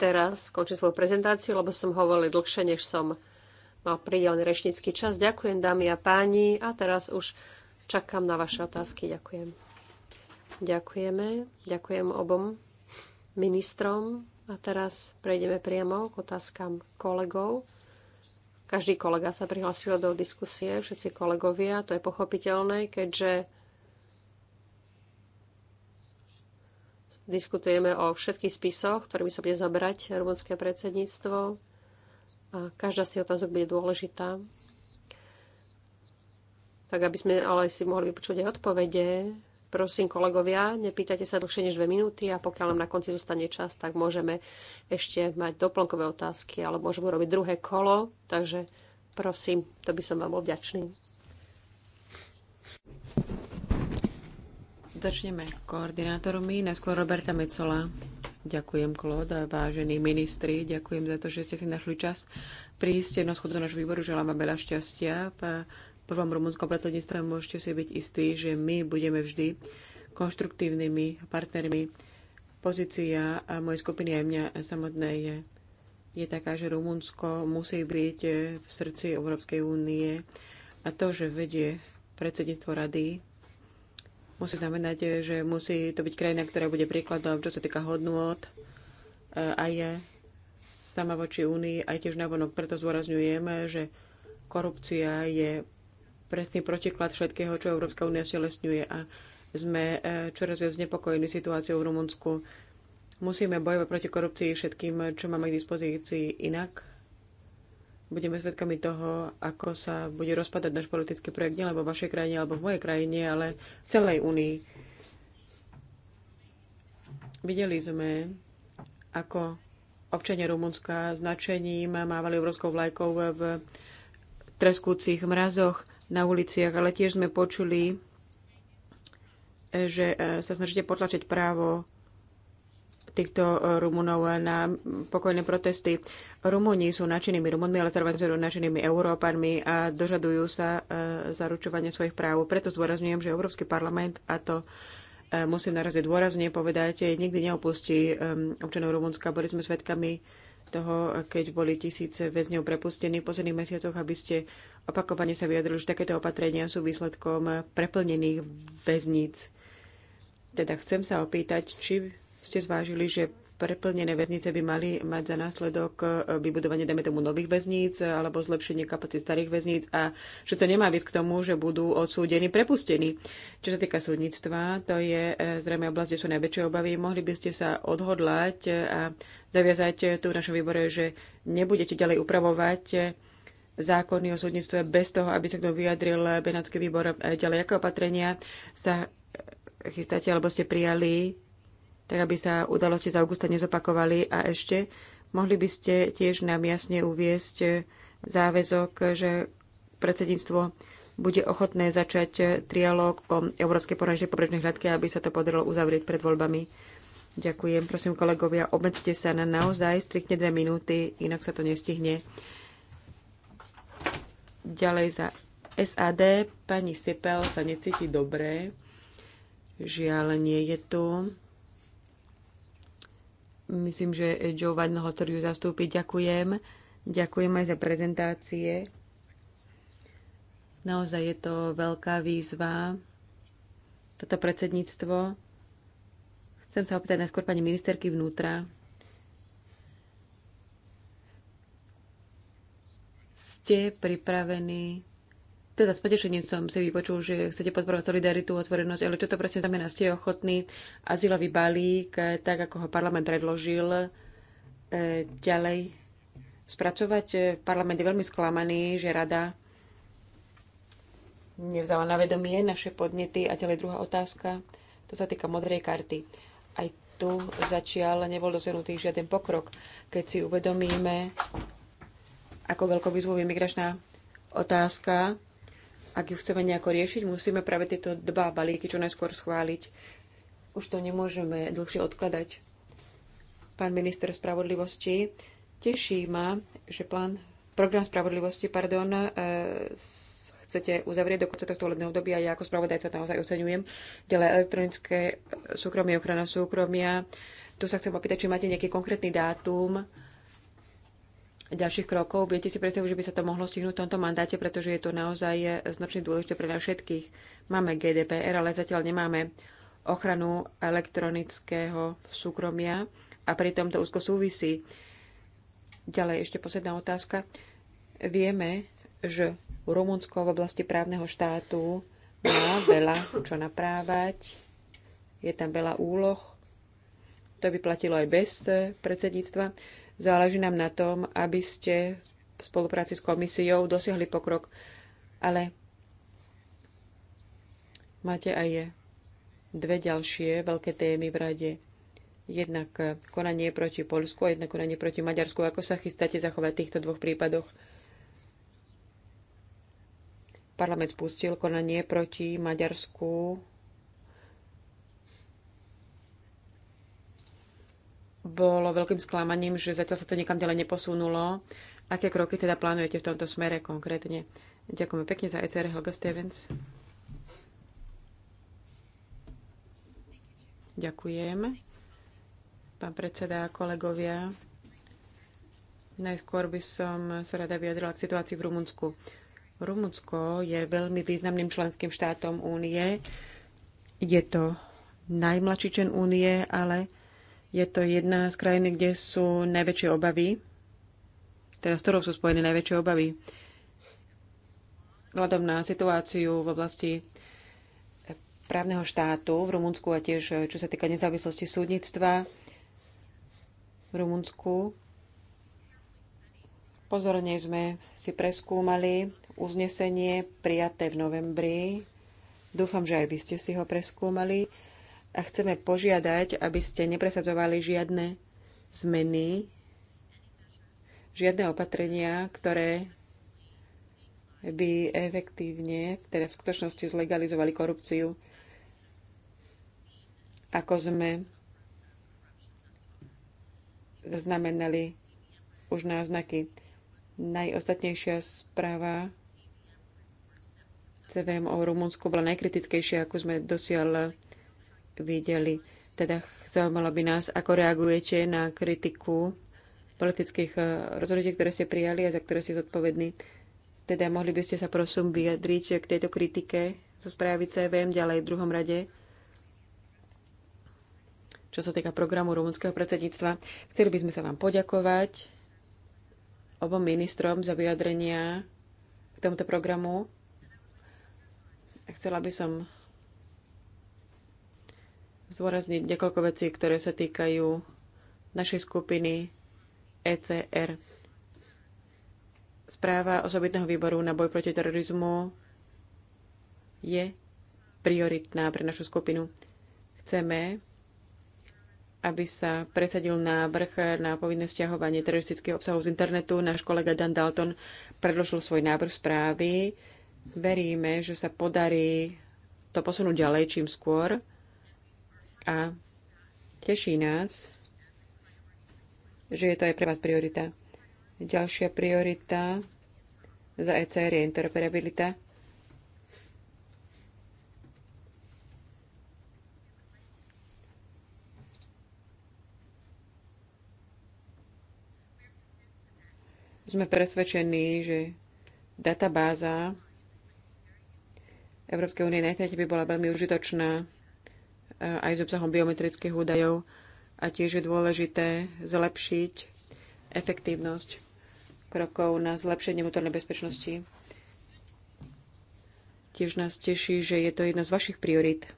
teraz skončiť svoju prezentáciu, lebo som hovoril dlhšie, než som mal pridelený rečnícky čas. Ďakujem, dámy a páni. A teraz už čakám na vaše otázky. Ďakujem. Ďakujeme. Ďakujem obom ministrom. A teraz prejdeme priamo k otázkam kolegov. Každý kolega sa prihlásil do diskusie, všetci kolegovia, to je pochopiteľné, keďže Diskutujeme o všetkých spisoch, ktorými sa bude zabrať rumunské predsedníctvo a každá z tých otázok bude dôležitá. Tak aby sme ale si mohli vypočuť aj odpovede, prosím kolegovia, nepýtajte sa dlhšie než dve minúty a pokiaľ nám na konci zostane čas, tak môžeme ešte mať doplnkové otázky alebo môžeme robiť druhé kolo, takže prosím, to by som vám bol vďačný. Začneme koordinátormi, najskôr Roberta Mecola. Ďakujem, Klod, a vážení ministri, ďakujem za to, že ste si našli čas prísť na schod do nášho výboru. Želám vám veľa šťastia. V prvom rumunskom predsedníctve môžete si byť istí, že my budeme vždy konštruktívnymi partnermi. Pozícia a mojej skupiny aj mňa samotnej je, je taká, že Rumunsko musí byť v srdci Európskej únie a to, že vedie predsedníctvo rady musí znamenať, že musí to byť krajina, ktorá bude príkladom, čo sa týka hodnôt e, a je sama voči Únii aj tiež navonok. Preto zdôrazňujeme, že korupcia je presný protiklad všetkého, čo Európska únia si lesňuje a sme e, čoraz viac znepokojení situáciou v Rumunsku. Musíme bojovať proti korupcii všetkým, čo máme k dispozícii inak budeme svedkami toho, ako sa bude rozpadať náš politický projekt nielen vo vašej krajine alebo v mojej krajine, ale v celej únii. Videli sme, ako občania Rumunska značením mávali obrovskou vlajkou v treskúcich mrazoch na uliciach, ale tiež sme počuli, že e, sa snažíte potlačiť právo týchto e, Rumunov na pokojné protesty. Rumúni sú načinými Rumunmi, ale zároveň sú načinými Európanmi a dožadujú sa e, zaručovania svojich práv. Preto zdôrazňujem, že Európsky parlament, a to e, musím naraz dôrazne povedať, nikdy neopustí občanov Rumunska. Boli sme svedkami toho, keď boli tisíce väzňov prepustení v posledných mesiacoch, aby ste opakovane sa vyjadrili, že takéto opatrenia sú výsledkom preplnených väzníc. Teda chcem sa opýtať, či ste zvážili, že preplnené väznice by mali mať za následok e, vybudovanie, dajme tomu, nových väzníc alebo zlepšenie kapacít starých väzníc a že to nemá byť k tomu, že budú odsúdení, prepustení. Čo sa týka súdnictva, to je e, zrejme oblasť, kde sú najväčšie obavy. Mohli by ste sa odhodlať a zaviazať tu v našom výbore, že nebudete ďalej upravovať e, zákony o súdnictve bez toho, aby sa k tomu vyjadril Benátsky výbor ďalej. Aké opatrenia sa chystáte alebo ste prijali tak aby sa udalosti z augusta nezopakovali. A ešte, mohli by ste tiež nám jasne uviesť záväzok, že predsedníctvo bude ochotné začať trialóg o Európskej poražnej pobrežnej hľadke, aby sa to podarilo uzavrieť pred voľbami. Ďakujem. Prosím, kolegovia, obmedzte sa na naozaj striktne dve minúty, inak sa to nestihne. Ďalej za SAD. Pani Sipel sa necíti dobre. Žiaľ, nie je tu. Myslím, že Giovanni Hotor ju zastúpi. Ďakujem. Ďakujem aj za prezentácie. Naozaj je to veľká výzva, toto predsedníctvo. Chcem sa opýtať najskôr pani ministerky vnútra. Ste pripravení teda s potešením som si vypočul, že chcete podporovať solidaritu, otvorenosť, ale čo to presne znamená? Ste ochotní azylový balík, eh, tak ako ho parlament predložil, eh, ďalej spracovať. Eh, parlament je veľmi sklamaný, že rada nevzala na vedomie naše podnety. A ďalej druhá otázka, to sa týka modrej karty. Aj tu začiaľ nebol dosiahnutý žiaden pokrok. Keď si uvedomíme, ako veľkou výzvou je migračná otázka, ak ju chceme nejako riešiť, musíme práve tieto dva balíky čo najskôr schváliť. Už to nemôžeme dlhšie odkladať. Pán minister spravodlivosti, teší ma, že plán, program spravodlivosti pardon, e, chcete uzavrieť do konca tohto ledného obdobia. Ja ako spravodajca to naozaj oceňujem. Ďalej elektronické súkromie, ochrana súkromia. Tu sa chcem opýtať, či máte nejaký konkrétny dátum, ďalších krokov. Viete si predstaviť, že by sa to mohlo stihnúť v tomto mandáte, pretože je to naozaj eh, značne dôležité pre nás všetkých. Máme GDPR, ale zatiaľ nemáme ochranu elektronického súkromia a pritom to úzko súvisí. Ďalej ešte posledná otázka. Vieme, že Rumunsko v oblasti právneho štátu má veľa čo naprávať, je tam veľa úloh. To by platilo aj bez eh, predsedníctva. Záleží nám na tom, aby ste v spolupráci s komisiou dosiahli pokrok, ale máte aj dve ďalšie veľké témy v rade. Jednak konanie proti Polsku a jednak konanie proti Maďarsku. Ako sa chystáte zachovať v týchto dvoch prípadoch? Parlament spustil konanie proti Maďarsku bolo veľkým sklamaním, že zatiaľ sa to nikam ďalej neposunulo. Aké kroky teda plánujete v tomto smere konkrétne? Ďakujeme pekne za ECR Helga Stevens. Ďakujem. Pán predseda, kolegovia, najskôr by som sa rada vyjadrila k situácii v Rumunsku. Rumunsko je veľmi významným členským štátom únie. Je to najmladší člen únie, ale je to jedna z krajín, kde sú najväčšie obavy, teda s ktorou sú spojené najväčšie obavy, vzhľadom na situáciu v oblasti právneho štátu v Rumunsku a tiež čo sa týka nezávislosti súdnictva v Rumunsku. Pozorne sme si preskúmali uznesenie prijaté v novembri. Dúfam, že aj vy ste si ho preskúmali a chceme požiadať, aby ste nepresadzovali žiadne zmeny, žiadne opatrenia, ktoré by efektívne, ktoré teda v skutočnosti zlegalizovali korupciu, ako sme zaznamenali už náznaky. Najostatnejšia správa CVM o Rumunsku bola najkritickejšia, ako sme dosiaľ videli. Teda zaujímalo by nás, ako reagujete na kritiku politických eh, rozhodnutí, ktoré ste prijali a za ktoré ste zodpovední. Teda mohli by ste sa prosím vyjadriť k tejto kritike zo správy CVM ďalej v druhom rade čo sa týka programu rumunského predsedníctva. Chceli by sme sa vám poďakovať obom ministrom za vyjadrenia k tomuto programu. Chcela by som zvorazniť niekoľko vecí, ktoré sa týkajú našej skupiny ECR. Správa osobitného výboru na boj proti terorizmu je prioritná pre našu skupinu. Chceme, aby sa presadil návrh na povinné stiahovanie teroristických obsahov z internetu. Náš kolega Dan Dalton predložil svoj návrh správy. Veríme, že sa podarí to posunúť ďalej čím skôr a teší nás, že je to aj pre vás priorita. Ďalšia priorita za ECR je interoperabilita. Sme presvedčení, že databáza Európskej únie na by bola veľmi užitočná Eh, aj s obsahom biometrických údajov a tiež je dôležité zlepšiť efektívnosť krokov na zlepšenie vnútornej bezpečnosti. Tiež nás teší, že je to jedna z vašich priorít.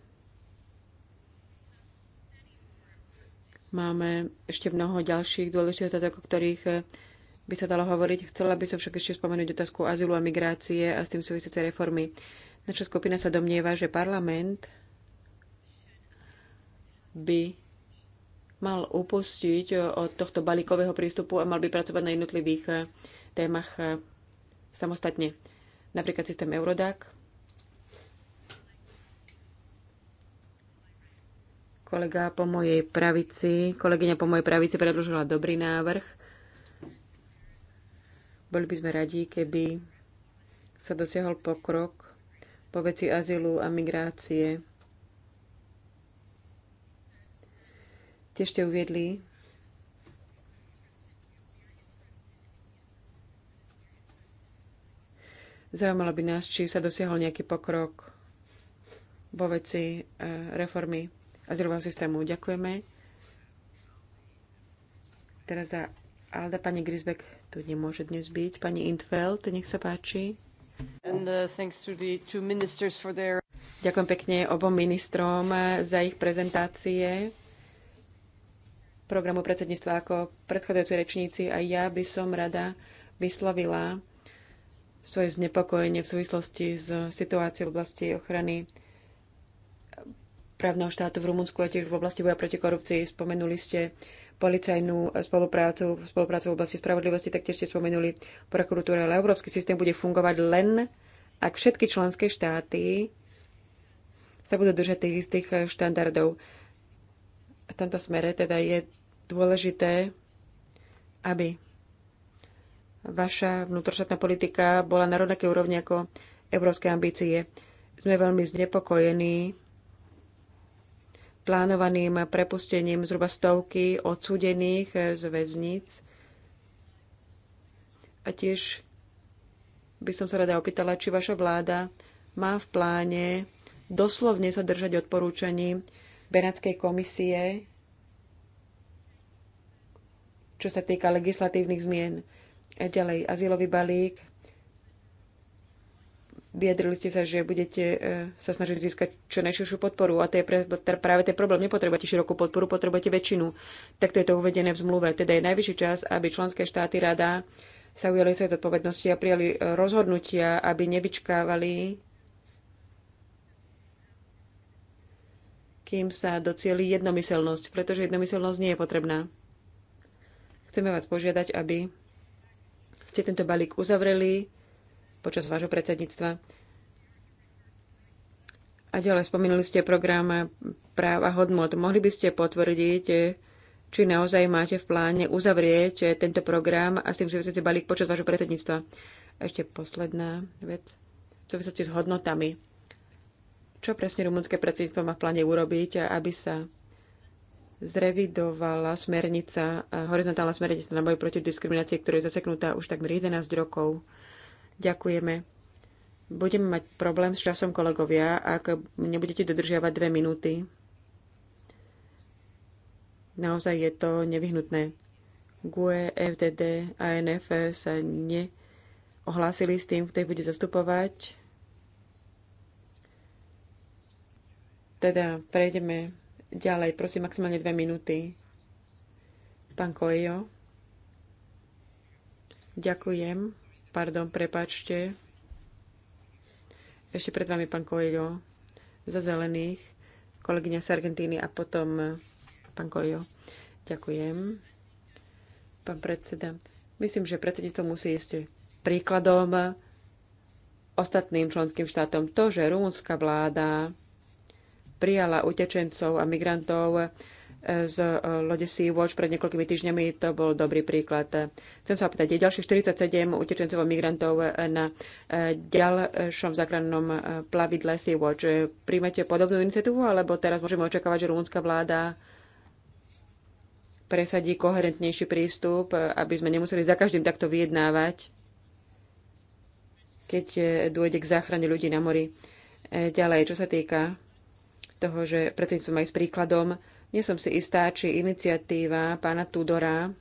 Máme ešte mnoho ďalších dôležitých otázok, o ktorých eh, by sa dalo hovoriť. Chcela by som však ešte spomenúť otázku azylu a migrácie a s tým súvisiace reformy. Naša skupina sa domnieva, že parlament by mal upustiť eh, od tohto balíkového prístupu a mal by pracovať na jednotlivých eh, témach eh, samostatne. Napríklad systém Eurodac. Kolega po mojej pravici, kolegyňa po mojej pravici predložila dobrý návrh. Boli by sme radi, keby sa dosiahol pokrok po veci azylu a migrácie Tiež ste uviedli, Zaujímalo by nás, či sa dosiahol nejaký pokrok vo veci e, reformy azylového systému. Ďakujeme. Teraz za Alda pani Grisbeck tu nemôže dnes byť. Pani Intfeld, nech sa páči. And, uh, to the two their... Ďakujem pekne obom ministrom e, za ich prezentácie programu predsedníctva ako predchádzajúci rečníci a ja by som rada vyslovila svoje znepokojenie v súvislosti s situáciou v oblasti ochrany právneho štátu v Rumunsku a tiež v oblasti boja proti korupcii. Spomenuli ste policajnú spoluprácu, spoluprácu v oblasti spravodlivosti, taktiež ste spomenuli prokuratúru, ale európsky systém bude fungovať len, ak všetky členské štáty sa budú držať tých istých štandardov. V tomto smere teda je dôležité, aby vaša vnútroštátna politika bola na rovnaké úrovni ako európske ambície. Sme veľmi znepokojení plánovaným prepustením zhruba stovky odsúdených eh, z väznic. A tiež by som sa rada opýtala, či vaša vláda má v pláne doslovne sa držať odporúčaní Benátskej komisie čo sa týka legislatívnych zmien. A ďalej, azylový balík. Vyjadrili ste sa, že budete e, sa snažiť získať čo najširšiu podporu a to je práve ten problém. Nepotrebujete širokú podporu, potrebujete väčšinu. Takto je to uvedené v zmluve. Teda je najvyšší čas, aby členské štáty rada sa ujali svoje zodpovednosti a prijali e, rozhodnutia, aby nevyčkávali, kým sa docieli jednomyselnosť, pretože jednomyselnosť nie je potrebná. Chceme vás požiadať, aby ste tento balík uzavreli počas vášho predsedníctva. A ďalej spomenuli ste program práva hodnot. Mohli by ste potvrdiť, či naozaj máte v pláne uzavrieť tento program a s tým súvisiaci balík počas vášho predsedníctva. A ešte posledná vec v súvislosti s hodnotami. Čo presne rumunské predsedníctvo má v pláne urobiť, aby sa zrevidovala smernica, eh, horizontálna smernica na boj proti diskriminácii, ktorá je zaseknutá už takmer 11 rokov. Ďakujeme. Budeme mať problém s časom kolegovia, ak nebudete dodržiavať dve minúty. Naozaj je to nevyhnutné. GUE, FDD, ANF sa neohlásili s tým, kto ich bude zastupovať. Teda prejdeme Ďalej, prosím, maximálne dve minúty. Pán Kojo. Ďakujem. Pardon, prepačte. Ešte pred vami pán Kojo za zelených, kolegyňa z Argentíny a potom eh, pán Kojo. Ďakujem. Pán predseda, myslím, že predsedníctvo musí ísť príkladom eh, ostatným členským štátom. To, že rumúnska vláda prijala utečencov a migrantov eh, z eh, lode Sea-Watch pred niekoľkými týždňami. To bol dobrý príklad. Chcem sa opýtať, je ďalších 47 utečencov a migrantov eh, na ďalšom záchrannom plavidle Sea-Watch. Príjmete podobnú iniciatívu, alebo teraz môžeme očakávať, že rumúnska vláda presadí koherentnejší prístup, aby sme nemuseli za každým takto vyjednávať, keď dôjde k záchrane ľudí na mori. Ďalej, čo sa týka toho, že predsedníctvo aj s príkladom. Nie som si istá, či iniciatíva pána Tudora,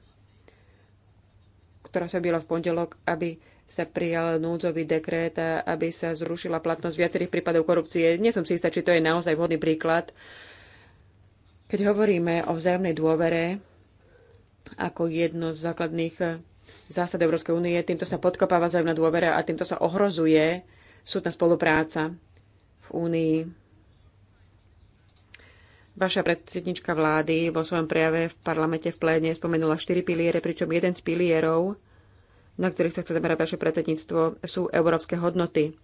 ktorá sa byla v pondelok, aby sa prijal núdzový dekret, aby sa zrušila platnosť viacerých prípadov korupcie. Nie som si istá, či to je naozaj vhodný príklad. Keď hovoríme o vzájomnej dôvere ako jedno z základných zásad Európskej únie, týmto sa podkopáva vzájomná dôvera a týmto sa ohrozuje súdna spolupráca v únii Vaša predsednička vlády vo svojom prejave v parlamente v pléne spomenula štyri piliere, pričom jeden z pilierov, na ktorých sa chce zamerať vaše predsedníctvo, sú európske hodnoty.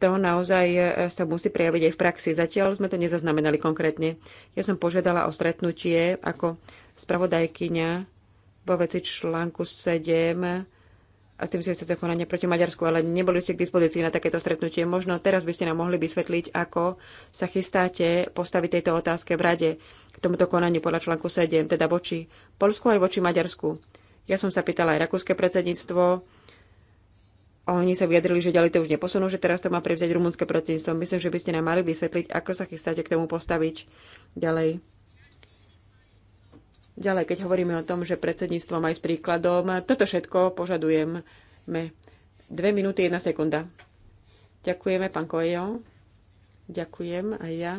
To naozaj e, sa musí prejaviť aj v praxi. Zatiaľ sme to nezaznamenali konkrétne. Ja som požiadala o stretnutie ako spravodajkyňa vo veci článku 7 a s tým si chcete konanie proti Maďarsku, ale neboli ste k dispozícii na takéto stretnutie. Možno teraz by ste nám mohli vysvetliť, ako sa chystáte postaviť tejto otázke v Rade k tomuto konaniu podľa článku 7, teda voči Polsku aj voči Maďarsku. Ja som sa pýtala aj rakúske predsedníctvo. Oni sa vyjadrili, že ďalej to už neposunú, že teraz to má prevziať rumúnske predsedníctvo. Myslím, že by ste nám mali vysvetliť, ako sa chystáte k tomu postaviť ďalej. Ďalej, keď hovoríme o tom, že predsedníctvo má s príkladom, toto všetko požadujeme. Dve minúty, jedna sekunda. Ďakujeme, pán Kojo. Ďakujem aj ja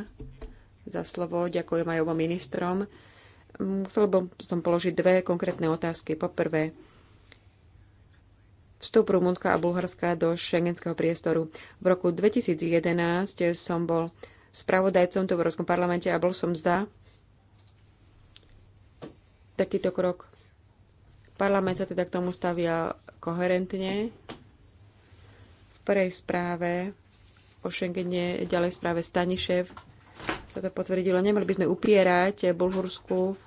za slovo. Ďakujem aj obom ministrom. Musel by som položiť dve konkrétne otázky. Poprvé, vstup Rumunska a Bulharska do šengenského priestoru. V roku 2011 som bol spravodajcom tu v Európskom parlamente a bol som za takýto krok. Parlament sa teda k tomu stavia koherentne. V prvej správe o Schengene, ďalej správe Stanišev sa to potvrdilo. Nemali by sme upierať Bulhursku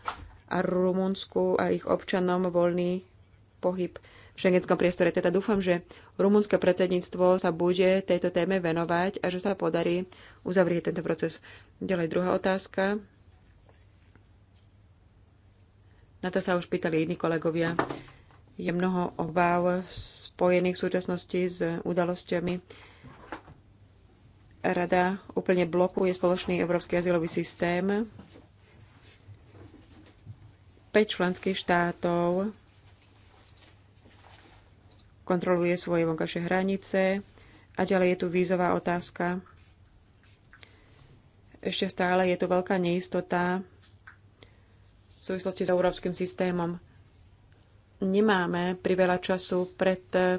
a Rumunsku a ich občanom voľný pohyb v šengenskom priestore. Teda dúfam, že rumunské predsedníctvo sa bude tejto téme venovať a že sa podarí uzavrieť tento proces. Ďalej druhá otázka. Na to sa už pýtali iní kolegovia. Je mnoho obáv spojených v súčasnosti s udalosťami. Rada úplne blokuje spoločný európsky azylový systém. 5 členských štátov kontroluje svoje vonkajšie hranice a ďalej je tu vízová otázka. Ešte stále je tu veľká neistota v súvislosti s európskym systémom. Nemáme priveľa času pred eh,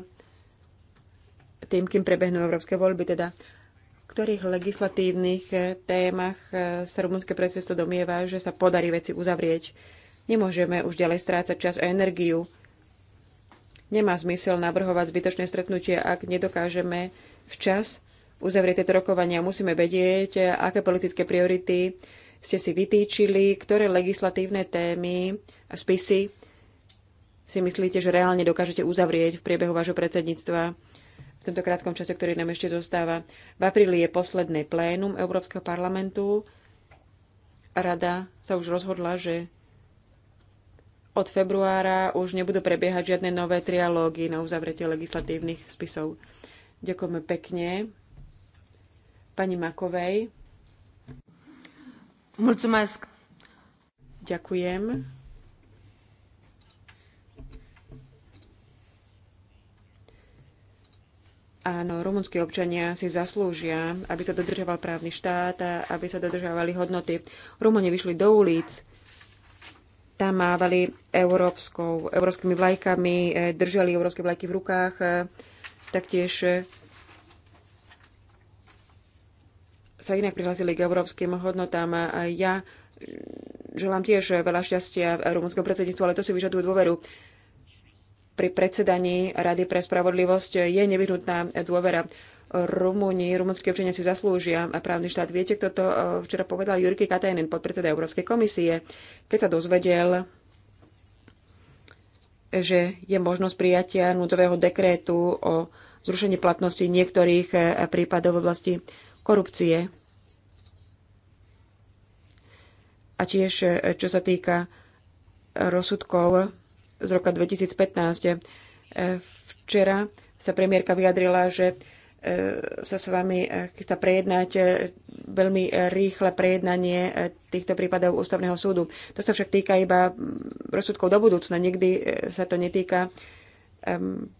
tým, kým prebehnú európske voľby, teda v ktorých legislatívnych eh, témach eh, sa rumunské predsedstvo domieva, že sa podarí veci uzavrieť. Nemôžeme už ďalej strácať čas a energiu. Nemá zmysel navrhovať zbytočné stretnutie, ak nedokážeme včas uzavrieť tieto rokovania. Musíme vedieť, aké politické priority ste si vytýčili, ktoré legislatívne témy a spisy si myslíte, že reálne dokážete uzavrieť v priebehu vášho predsedníctva v tomto krátkom čase, ktorý nám ešte zostáva. V apríli je posledné plénum Európskeho parlamentu. Rada sa už rozhodla, že od februára už nebudú prebiehať žiadne nové trialógy na uzavretie legislatívnych spisov. Ďakujeme pekne pani Makovej. Áno, rumunskí občania si zaslúžia, aby sa dodržoval právny štát a aby sa dodržovali hodnoty. Rumuni vyšli do ulic, tam mávali európskou, európskymi vlajkami, eh, držali európske vlajky v rukách, eh, taktiež eh, sa inak prihlásili k európskym hodnotám. A ja želám tiež veľa šťastia v rumunskom predsedníctvu, ale to si vyžadujú dôveru. Pri predsedaní Rady pre spravodlivosť je nevyhnutná dôvera. Rumúni, rumúnsky občania si zaslúžia a právny štát. Viete, kto to eh, včera povedal? Jurky Katajnen, podpredseda Európskej komisie, keď sa dozvedel, že je možnosť prijatia núdzového dekrétu o zrušení platnosti niektorých eh, prípadov v oblasti korupcie. A tiež, e, čo sa týka rozsudkov z roka 2015. E, včera sa premiérka vyjadrila, že e, sa s vami chystá prejednať veľmi rýchle prejednanie týchto prípadov ústavného súdu. To sa však týka iba rozsudkov do budúcna. Nikdy sa to netýka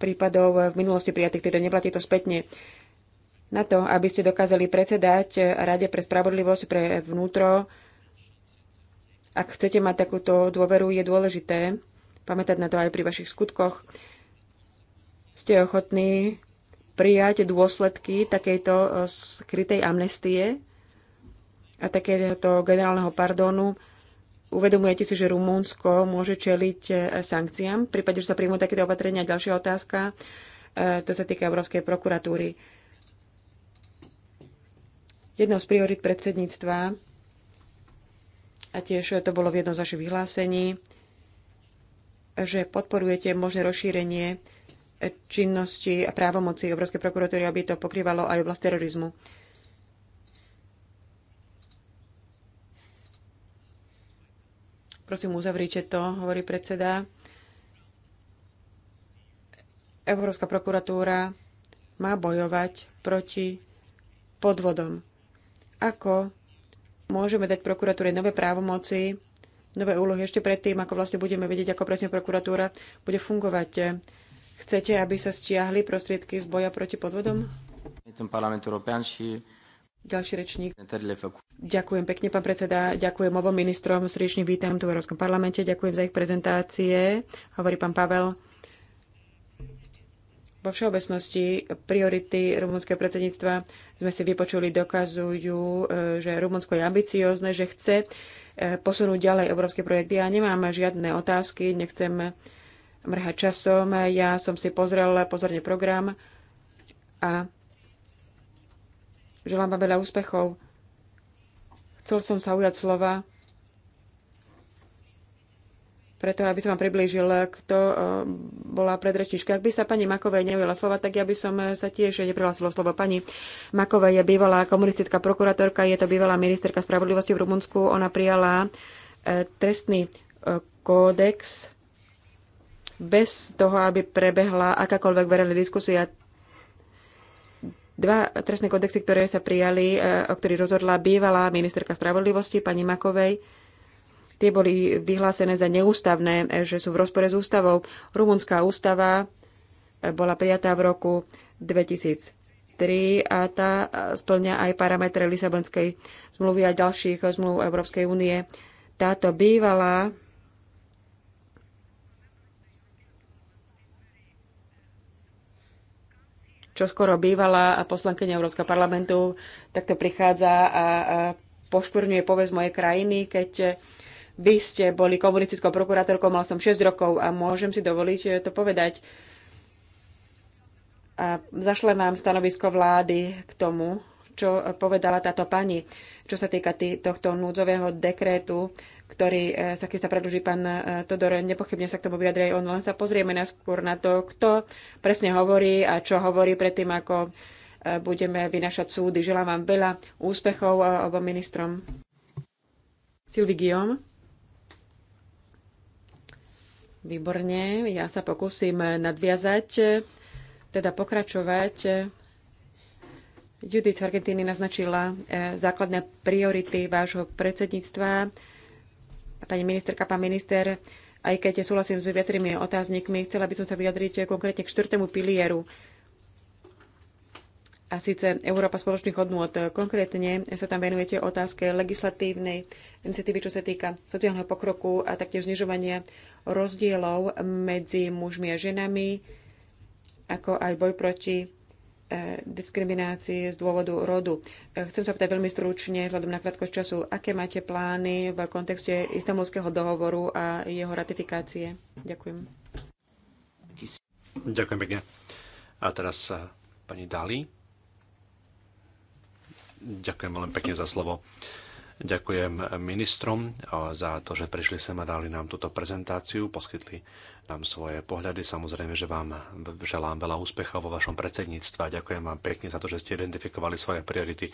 prípadov v minulosti prijatých, teda neplatí to spätne na to, aby ste dokázali predsedať Rade pre spravodlivosť pre vnútro, ak chcete mať takúto dôveru, je dôležité pamätať na to aj pri vašich skutkoch. Ste ochotní prijať dôsledky takejto eh, skrytej amnestie a takéto generálneho pardónu. Uvedomujete si, že Rumúnsko môže čeliť eh, sankciám v prípade, že sa príjmú takéto opatrenia. Ďalšia otázka, eh, to sa týka Európskej prokuratúry Jednou z priorit predsedníctva, a tiež to bolo v jednom z vašich vyhlásení, že podporujete možné rozšírenie činnosti a právomoci Európskej prokuratúry, aby to pokrývalo aj oblast terorizmu. Prosím, uzavrite to, hovorí predseda. Európska prokuratúra má bojovať proti podvodom. Ako môžeme dať prokuratúre nové právomoci, nové úlohy ešte predtým, ako vlastne budeme vedieť, ako presne prokuratúra bude fungovať. Chcete, aby sa stiahli prostriedky z boja proti podvodom? Ďalší rečník. Ďakujem pekne, pán predseda. Ďakujem obom ministrom. Srdečne vítam tu v Európskom parlamente. Ďakujem za ich prezentácie. Hovorí pán Pavel. Vo všeobecnosti priority rumunského predsedníctva sme si vypočuli, dokazujú, e, že Rumunsko je ambiciózne, že chce e, posunúť ďalej európske projekty. Ja nemám žiadne otázky, nechcem mrhať časom. Ja som si pozrel pozorne program a želám vám veľa úspechov. Chcel som sa ujať slova preto aby som vám priblížil, kto eh, bola predrečnička. Ak by sa pani Makovej neujela slova, tak ja by som eh, sa tiež neprihlásila slovo. Pani Makovej je bývalá komunistická prokurátorka, je to bývalá ministerka spravodlivosti v Rumunsku. Ona prijala eh, trestný kódex bez toho, aby prebehla akákoľvek verejná diskusia. Dva trestné kódexy, ktoré sa prijali, o ktorých rozhodla bývalá ministerka spravodlivosti pani Makovej, Tie boli vyhlásené za neústavné, že sú v rozpore s ústavou. Rumunská ústava eh, bola prijatá v roku 2003 a tá eh, splňa aj parametre Lisabonskej zmluvy a ďalších zmluv Európskej únie. Táto bývalá čo skoro bývala poslankyňa Európskeho parlamentu, takto prichádza a, a poškvrňuje povesť mojej krajiny, keď vy ste boli komunistickou prokurátorkou, mal som 6 rokov a môžem si dovoliť eh, to povedať. A zašle vám stanovisko vlády k tomu, čo povedala táto pani, čo sa týka tý, tohto núdzového dekrétu, ktorý eh, sa chystá predlží pán eh, Todor. Nepochybne sa k tomu vyjadrie on, len sa pozrieme naskôr na to, kto presne hovorí a čo hovorí predtým, ako budeme vynašať súdy. Želám vám veľa úspechov obom ministrom. Sylvie Guillaume. Výborne, ja sa pokúsim nadviazať, teda pokračovať. Judith z Argentíny naznačila e, základné priority vášho predsedníctva. Pani ministerka, pán minister, aj keď súhlasím s viacerými otáznikmi, chcela by som sa vyjadriť konkrétne k štvrtému pilieru a síce Európa spoločných hodnôt. Konkrétne sa tam venujete otázke legislatívnej iniciatívy, čo sa týka sociálneho pokroku a taktiež znižovania rozdielov medzi mužmi a ženami, ako aj boj proti e, diskriminácii z dôvodu rodu. E, chcem sa pýtať veľmi stručne, vzhľadom na krátkosť času, aké máte plány v kontexte istambulského dohovoru a jeho ratifikácie? Ďakujem. Ďakujem pekne. A teraz e, pani Dali. Ďakujem veľmi pekne za slovo. Ďakujem ministrom eh, za to, že prišli sem a dali nám túto prezentáciu, poskytli nám svoje pohľady. Samozrejme, že vám želám veľa úspechov vo vašom predsedníctve a ďakujem vám pekne za to, že ste identifikovali svoje priority,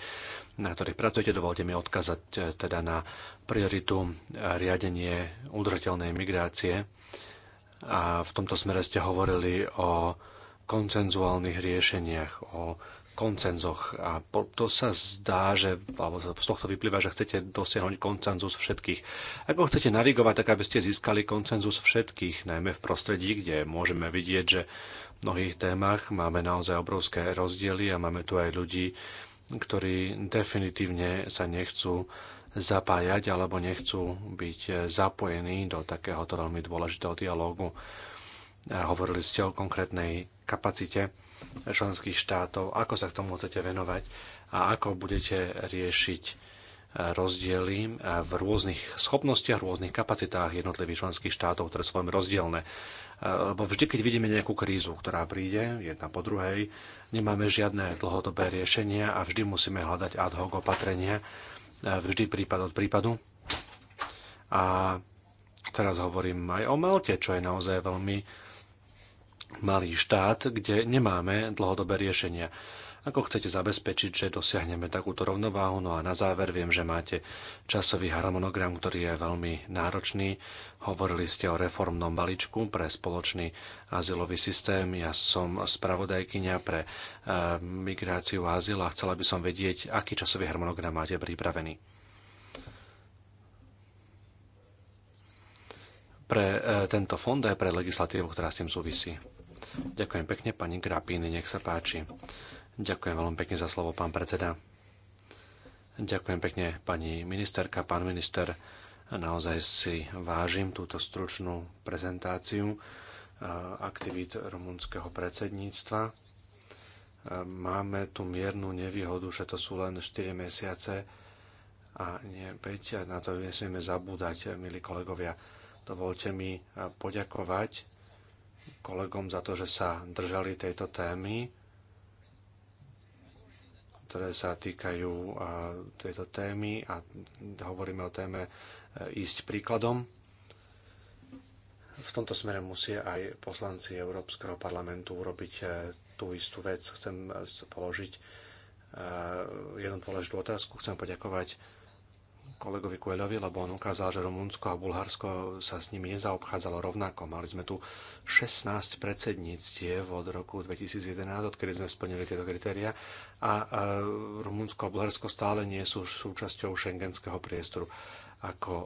na ktorých pracujete. Dovolte mi odkazať eh, teda na prioritu eh, riadenie udržateľnej migrácie. A v tomto smere ste hovorili o koncenzuálnych riešeniach, o koncenzoch. A to sa zdá, že, alebo z tohto vyplýva, že chcete dosiahnuť koncenzus všetkých. Ako chcete navigovať, tak aby ste získali koncenzus všetkých, najmä v prostredí, kde môžeme vidieť, že v mnohých témach máme naozaj obrovské rozdiely a máme tu aj ľudí, ktorí definitívne sa nechcú zapájať alebo nechcú byť zapojení do takéhoto veľmi dôležitého dialógu. Hovorili ste o konkrétnej kapacite členských štátov, ako sa k tomu chcete venovať a ako budete riešiť e, rozdiely e, v rôznych schopnostiach, v rôznych kapacitách jednotlivých členských štátov, ktoré sú veľmi rozdielne. E, lebo vždy, keď vidíme nejakú krízu, ktorá príde jedna po druhej, nemáme žiadne dlhodobé riešenia a vždy musíme hľadať ad hoc opatrenia, vždy prípad od prípadu. A teraz hovorím aj o Malte, čo je naozaj veľmi malý štát, kde nemáme dlhodobé riešenia. Ako chcete zabezpečiť, že dosiahneme takúto rovnováhu? No a na záver viem, že máte časový harmonogram, ktorý je veľmi náročný. Hovorili ste o reformnom balíčku pre spoločný azylový systém. Ja som spravodajkyňa pre eh, migráciu a azyl a chcela by som vedieť, aký časový harmonogram máte pripravený. Pre eh, tento fond aj pre legislatívu, ktorá s tým súvisí. Ďakujem pekne, pani Grapíny, nech sa páči. Ďakujem veľmi pekne za slovo, pán predseda. Ďakujem pekne, pani ministerka, pán minister. Naozaj si vážim túto stručnú prezentáciu eh, aktivít rumunského predsedníctva. Eh, máme tu miernu nevýhodu, že to sú len 4 mesiace a nie 5. Na to nesmieme zabúdať, milí kolegovia. Dovolte mi poďakovať kolegom za to, že sa držali tejto témy, ktoré sa týkajú tejto témy a hovoríme o téme e, ísť príkladom. V tomto smere musia aj poslanci Európskeho parlamentu urobiť e, tú istú vec. Chcem e, položiť jednu dôležitú otázku. Chcem poďakovať kolegovi Kueľovi, lebo on ukázal, že Rumunsko a Bulharsko sa s nimi nezaobchádzalo rovnako. Mali sme tu 16 predsedníctiev od roku 2011, odkedy sme splnili tieto kritéria a Rumunsko a Bulharsko stále nie sú súčasťou šengenského priestoru ako e,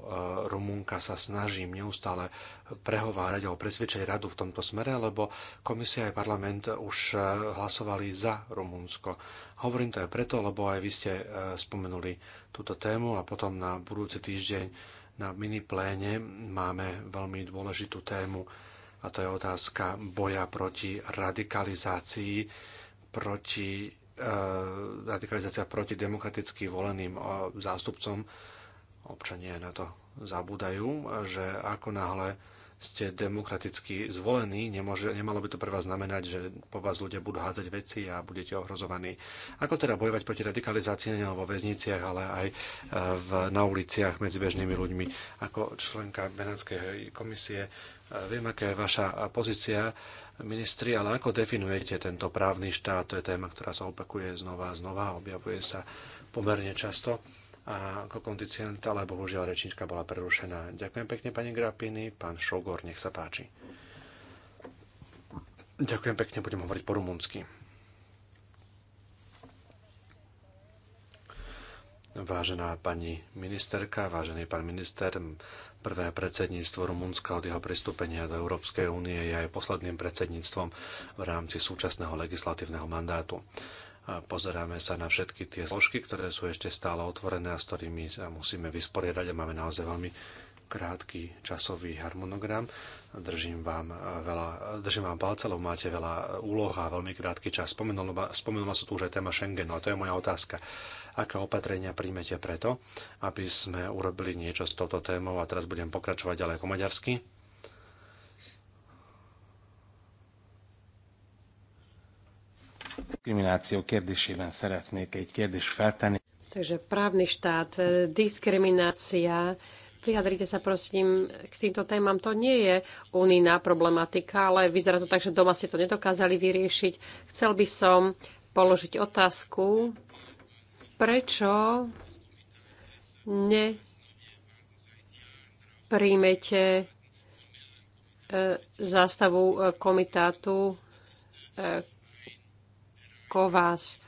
Rumunka sa snažím neustále prehovárať o presvedčej radu v tomto smere, lebo komisia aj parlament už e, hlasovali za Rumunsko. Hovorím to aj preto, lebo aj vy ste e, spomenuli túto tému a potom na budúci týždeň na mini pléne máme veľmi dôležitú tému a to je otázka boja proti radikalizácii, proti e, radikalizácia proti demokraticky voleným e, zástupcom. Občania na to zabúdajú, že ako náhle ste demokraticky zvolení, nemôže, nemalo by to pre vás znamenať, že po vás ľudia budú hádzať veci a budete ohrozovaní. Ako teda bojovať proti radikalizácii nie vo väzniciach, ale aj e, v, na uliciach medzi bežnými ľuďmi? Ako členka Benátskej komisie e, viem, aká je vaša pozícia, ministri, ale ako definujete tento právny štát? To je téma, ktorá sa opakuje znova a znova, objavuje sa pomerne často a ako kondicionita, ale bohužiaľ rečnička bola prerušená. Ďakujem pekne pani Grapiny, pán Šogor, nech sa páči. Ďakujem pekne, budem hovoriť po rumunsky. Vážená pani ministerka, vážený pán minister, prvé predsedníctvo Rumunska od jeho pristúpenia do Európskej únie je aj posledným predsedníctvom v rámci súčasného legislatívneho mandátu pozeráme sa na všetky tie zložky, ktoré sú ešte stále otvorené a s ktorými sa musíme vysporiadať a máme naozaj veľmi krátky časový harmonogram. Držím vám, veľa, držím vám palce, lebo máte veľa úloh a veľmi krátky čas. Spomenula, sa tu už aj téma Schengenu a to je moja otázka. Aké opatrenia príjmete preto, aby sme urobili niečo s touto témou a teraz budem pokračovať ďalej po maďarsky? Diskrimináció kérdésében szeretnék egy kérdést feltenni. Takže právny štát, eh, diskriminácia, Vyjadrite sa prosím k týmto témam. To nie je unijná problematika, ale vyzerá to tak, že doma ste to nedokázali vyriešiť. Chcel by som položiť otázku, prečo nepríjmete eh, zástavu eh, komitátu Kováš.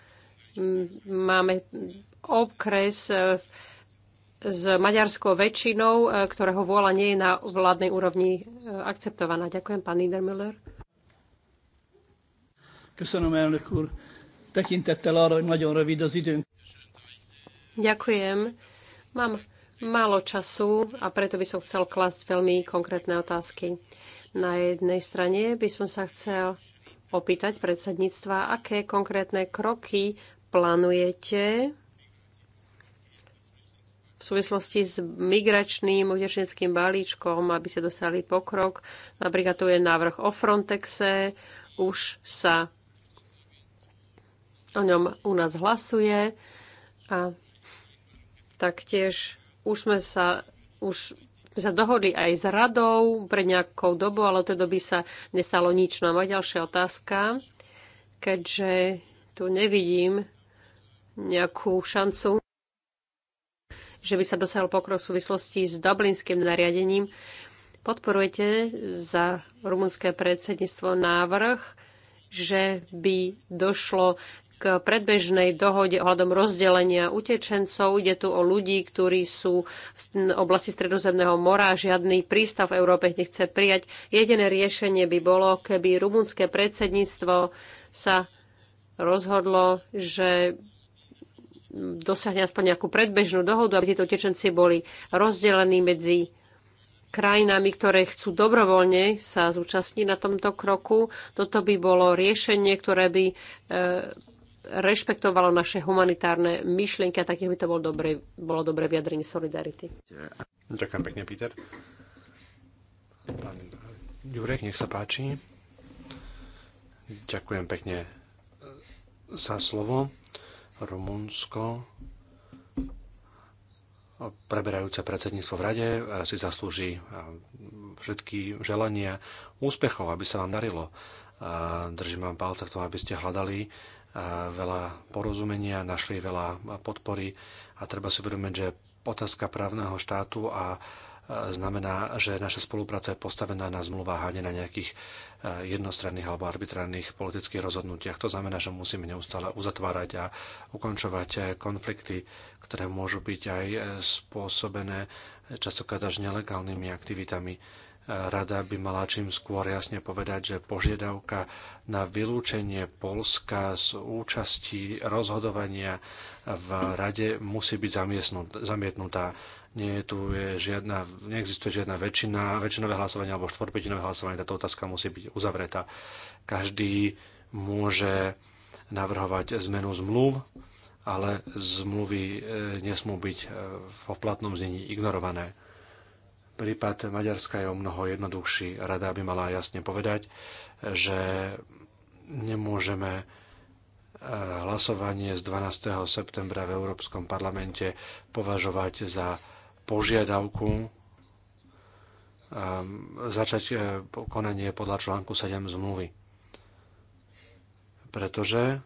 Máme okres e, s maďarskou väčšinou, e, ktorého vôľa nie je na vládnej úrovni e, akceptovaná. Ďakujem, pán Niedermüller. Ďakujem. Mám málo času a preto by som chcel klasť veľmi konkrétne otázky. Na jednej strane by som sa chcel opýtať predsedníctva, aké konkrétne kroky plánujete v súvislosti s migračným utečeneckým balíčkom, aby ste dostali pokrok. Napríklad tu je návrh o Frontexe, už sa o ňom u nás hlasuje a taktiež už sme sa už sme sa dohodli aj s radou pre nejakou dobu, ale od tej doby sa nestalo nič. No a moja ďalšia otázka, keďže tu nevidím nejakú šancu, že by sa dosiahol pokrok v súvislosti s dublinským nariadením. Podporujete za rumunské predsedníctvo návrh, že by došlo k predbežnej dohode ohľadom rozdelenia utečencov. Ide tu o ľudí, ktorí sú v oblasti Stredozemného mora. Žiadny prístav v Európe nechce prijať. Jediné riešenie by bolo, keby rumunské predsedníctvo sa rozhodlo, že dosiahne aspoň nejakú predbežnú dohodu, aby títo utečenci boli rozdelení medzi krajinami, ktoré chcú dobrovoľne sa zúčastniť na tomto kroku. Toto by bolo riešenie, ktoré by e, rešpektovalo naše humanitárne myšlienky a takých by to bolo dobre, bolo dobré vyjadrenie solidarity. Ďakujem pekne, Peter. Pán Jurek, nech sa páči. Ďakujem pekne eh, za slovo. Rumunsko eh, preberajúce predsedníctvo v Rade eh, si zaslúži všetky želania úspechov, aby sa vám darilo. Držím vám palce v tom, aby ste hľadali veľa porozumenia, našli veľa podpory a treba si uvedomiť, že otázka právneho štátu a e, znamená, že naša spolupráca je postavená na zmluvách a nie na nejakých e, jednostranných alebo arbitrárnych politických rozhodnutiach. To znamená, že musíme neustále uzatvárať a ukončovať e, konflikty, ktoré môžu byť aj spôsobené častokrát až nelegálnymi aktivitami Rada by mala čím skôr jasne povedať, že požiadavka na vylúčenie Polska z účasti rozhodovania v Rade musí byť zamietnutá. Nie je tu je žiadna, neexistuje žiadna väčšina, väčšinové hlasovanie alebo štvorpetinové hlasovanie. Táto otázka musí byť uzavretá. Každý môže navrhovať zmenu zmluv, ale zmluvy e, nesmú byť e, v platnom znení ignorované Prípad Maďarska je o mnoho jednoduchší. Rada by mala jasne povedať, že nemôžeme eh, hlasovanie z 12. septembra v Európskom parlamente považovať za požiadavku ehm, začať eh, konanie podľa článku 7 zmluvy. Pretože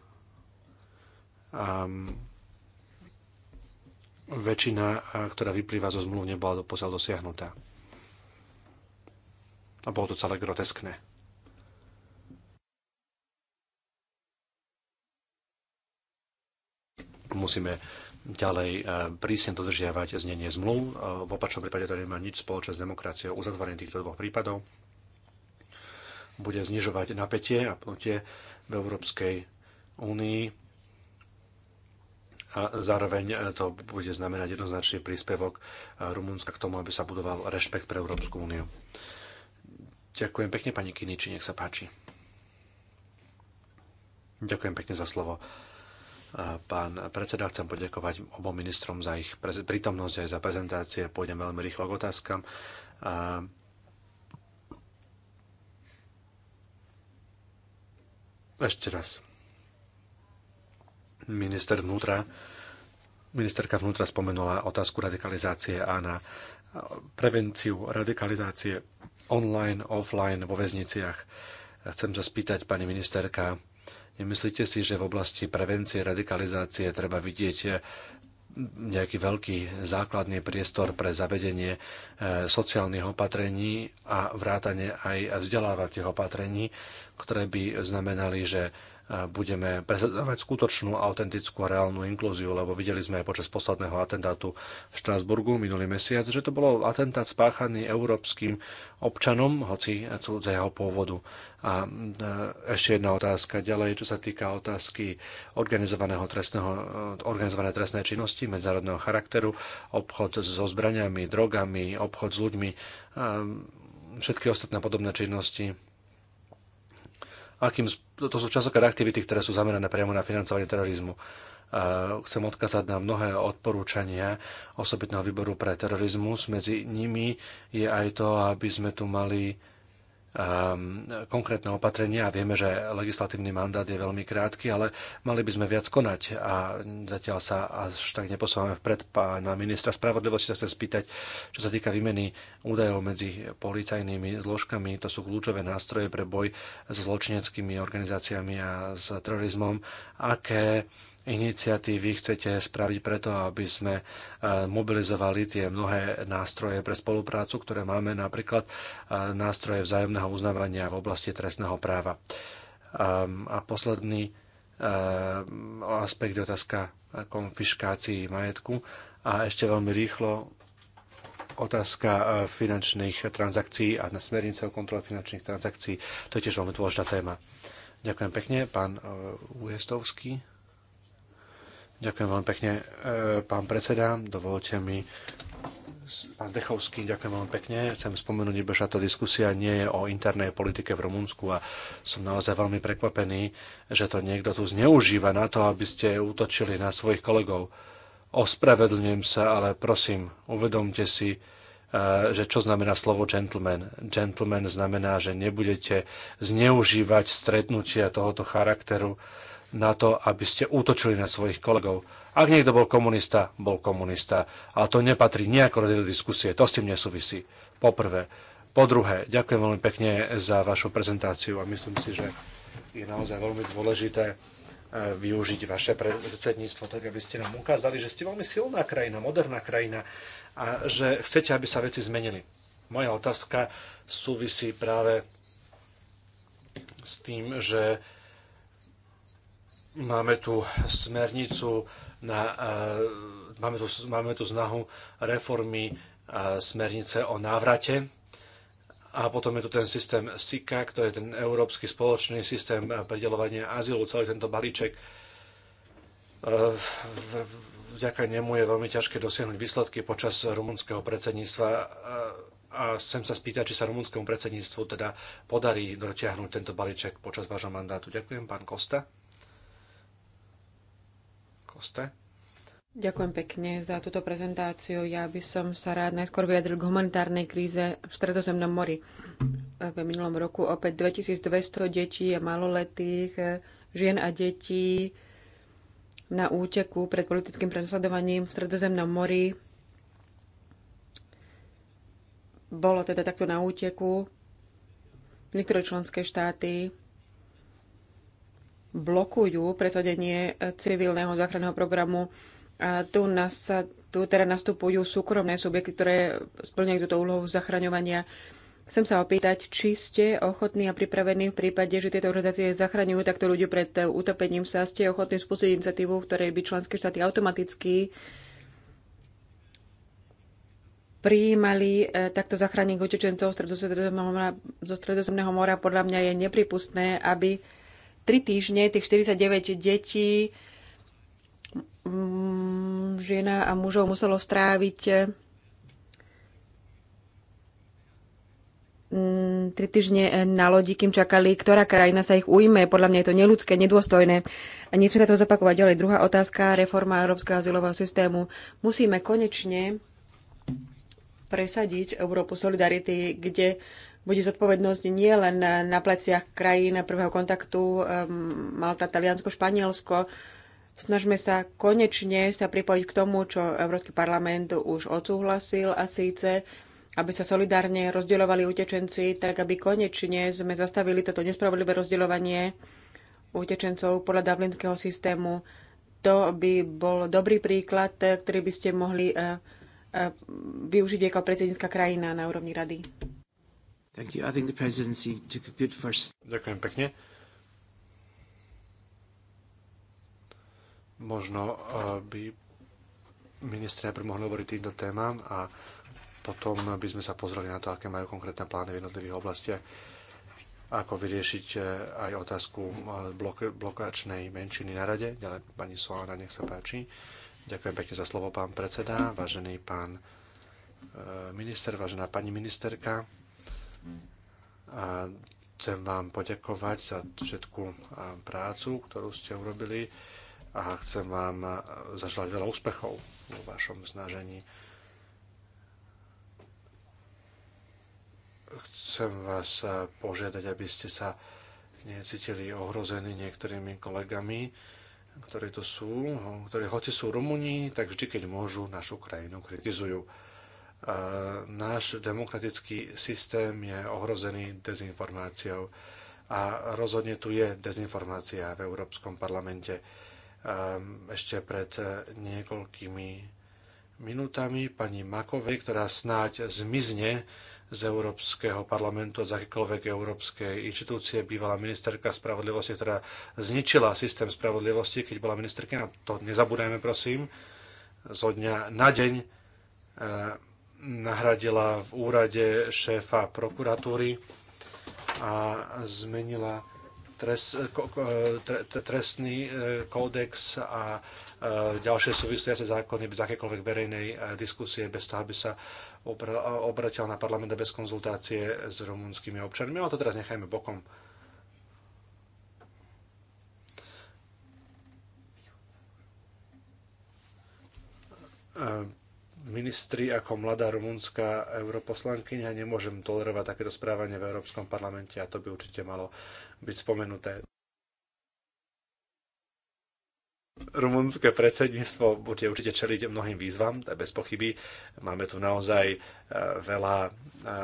ehm, väčšina, ktorá vyplýva zo zmluv, nebola doposiaľ dosiahnutá. A bolo to celé groteskné. Musíme ďalej prísne dodržiavať znenie zmluv. V opačnom prípade to nemá nič spoločné s demokraciou. Uzatvárenie týchto dvoch prípadov bude znižovať napätie a pnutie v Európskej únii a zároveň e, to bude znamenať jednoznačný príspevok e, Rumunska k tomu, aby sa budoval rešpekt pre Európsku úniu. Ďakujem pekne, pani Kiniči, nech sa páči. Ďakujem pekne za slovo. E, pán predseda, chcem poďakovať obom ministrom za ich prítomnosť aj za prezentácie. Pôjdem veľmi rýchlo k otázkam. Ešte raz Minister vnútra, ministerka vnútra spomenula otázku radikalizácie a na prevenciu radikalizácie online, offline, vo väzniciach. Chcem sa spýtať, pani ministerka, nemyslíte si, že v oblasti prevencie radikalizácie treba vidieť eh, nejaký veľký základný priestor pre zavedenie eh, sociálnych opatrení a vrátane aj vzdelávacích opatrení, ktoré by znamenali, že budeme prezentovať skutočnú, autentickú a reálnu inklúziu, lebo videli sme aj počas posledného atentátu v Štrásburgu minulý mesiac, že to bol atentát spáchaný európskym občanom, hoci cudzého pôvodu. A ešte jedna otázka ďalej, čo sa týka otázky organizovaného trestného, organizované trestné činnosti medzárodného charakteru, obchod so zbraniami, drogami, obchod s ľuďmi, všetky ostatné podobné činnosti akým, to sú časokrát aktivity, ktoré sú zamerané priamo na financovanie terorizmu. Chcem odkázať na mnohé odporúčania osobitného výboru pre terorizmus. Medzi nimi je aj to, aby sme tu mali Ehm, konkrétne opatrenia. Vieme, že legislatívny mandát je veľmi krátky, ale mali by sme viac konať a zatiaľ sa až tak neposúvame vpred. Pána ministra spravodlivosti sa chcem spýtať, čo sa týka výmeny údajov medzi policajnými zložkami. To sú kľúčové nástroje pre boj s zločineckými organizáciami a s terorizmom. Aké iniciatívy chcete spraviť preto, aby sme e, mobilizovali tie mnohé nástroje pre spoluprácu, ktoré máme napríklad e, nástroje vzájomného uznávania v oblasti trestného práva. Ehm, a posledný e, aspekt je otázka konfiškácií majetku. A ešte veľmi rýchlo otázka finančných transakcií a na smernice o kontrole finančných transakcií. To je tiež veľmi dôležitá téma. Ďakujem pekne, pán Ujestovský. Ďakujem veľmi pekne, e, pán predseda. Dovolte mi Pán Zdechovský, ďakujem veľmi pekne. Chcem spomenúť, že táto diskusia nie je o internej politike v Rumunsku a som naozaj veľmi prekvapený, že to niekto tu zneužíva na to, aby ste útočili na svojich kolegov. Ospravedlňujem sa, ale prosím, uvedomte si, e, že čo znamená slovo gentleman. Gentleman znamená, že nebudete zneužívať stretnutia tohoto charakteru na to, aby ste útočili na svojich kolegov. Ak niekto bol komunista, bol komunista. Ale to nepatrí nejako do tejto diskusie, to s tým nesúvisí. Poprvé. Po druhé, ďakujem veľmi pekne za vašu prezentáciu a myslím si, že je naozaj veľmi dôležité eh, využiť vaše predsedníctvo, tak aby ste nám ukázali, že ste veľmi silná krajina, moderná krajina a že chcete, aby sa veci zmenili. Moja otázka súvisí práve s tým, že Máme tu smernicu, na, eh, máme, tu, máme tu znahu reformy eh, smernice o návrate a potom je tu ten systém SICA, ktorý je ten európsky spoločný systém eh, predelovania azylu, celý tento balíček. Vďaka nemu je veľmi ťažké dosiahnuť výsledky počas rumunského predsedníctva a chcem sa spýtať, či sa rumunskému predsedníctvu teda podarí dotiahnuť tento balíček počas vášho mandátu. Ďakujem, pán Kosta. Koste. Ďakujem pekne za túto prezentáciu. Ja by som sa rád najskôr vyjadril k humanitárnej kríze v Stredozemnom mori. V minulom roku opäť 2200 detí a maloletých, žien a detí na úteku pred politickým prenasledovaním v Stredozemnom mori bolo teda takto na úteku. Niektoré členské štáty blokujú presadenie eh, civilného záchranného programu. A tu, nás, tu teda nastupujú súkromné subjekty, ktoré splňajú túto úlohu zachraňovania. Chcem sa opýtať, či ste ochotní a pripravení v prípade, že tieto organizácie zachraňujú takto ľudí pred eh, utopením sa, ste ochotní spustiť iniciatívu, v ktorej by členské štáty automaticky prijímali eh, takto zachránených utečencov zo stredozemného mora. Podľa mňa je nepripustné, aby 3 týždne tých 49 detí mm, žena a mužov muselo stráviť 3 mm, týždne na lodi, kým čakali, ktorá krajina sa ich ujme. Podľa mňa je to neludské, nedôstojné. A nesmie sa to zopakovať ďalej. Druhá otázka, reforma Európskeho azylového systému. Musíme konečne presadiť Európu solidarity, kde bude zodpovednosť nie len na pleciach krajín prvého kontaktu um, Malta, Taliansko, Španielsko. Snažme sa konečne sa pripojiť k tomu, čo Európsky parlament už odsúhlasil a síce, aby sa solidárne rozdeľovali utečenci, tak aby konečne sme zastavili toto nespravodlivé rozdeľovanie utečencov podľa dublinského systému. To by bol dobrý príklad, ktorý by ste mohli eh, eh, využiť ako predsednícka krajina na úrovni rady. Thank you. I think the presidency took a good first... Ďakujem pekne. Možno eh, by ministri najprv mohli hovoriť týmto témam a potom by sme sa pozreli na to, aké majú konkrétne plány v jednotlivých oblastiach, ako vyriešiť eh, aj otázku eh, blok- blokačnej menšiny na rade. Ďalej pani Solana, nech sa páči. Ďakujem pekne za slovo, pán predseda, vážený pán minister, vážená pani ministerka. A chcem vám poďakovať za všetku prácu, ktorú ste urobili a chcem vám zaželať veľa úspechov vo vašom snažení. Chcem vás požiadať, aby ste sa necítili ohrození niektorými kolegami, ktorí tu sú, ktorí hoci sú Rumúni, tak vždy, keď môžu, našu krajinu kritizujú náš demokratický systém je ohrozený dezinformáciou. A rozhodne tu je dezinformácia v Európskom parlamente. Ešte pred niekoľkými minútami pani Makovej, ktorá snáď zmizne z Európskeho parlamentu, z akýkoľvek európskej inštitúcie, bývala ministerka spravodlivosti, ktorá zničila systém spravodlivosti, keď bola ministerka, na to nezabúdajme prosím, zo dňa na deň e, nahradila v úrade šéfa prokuratúry a zmenila trestný e, kódex a e, ďalšie súvisiace zákony bez akékoľvek verejnej e, diskusie, bez toho, aby sa obratila na parlament bez konzultácie s rumúnskymi občanmi. Ale to teraz nechajme bokom registri ako mladá rumunská europoslankyňa. Nemôžem tolerovať takéto správanie v Európskom parlamente a to by určite malo byť spomenuté. Rumunské predsedníctvo bude určite čeliť mnohým výzvam, to je bez pochyby. Máme tu naozaj e, veľa e,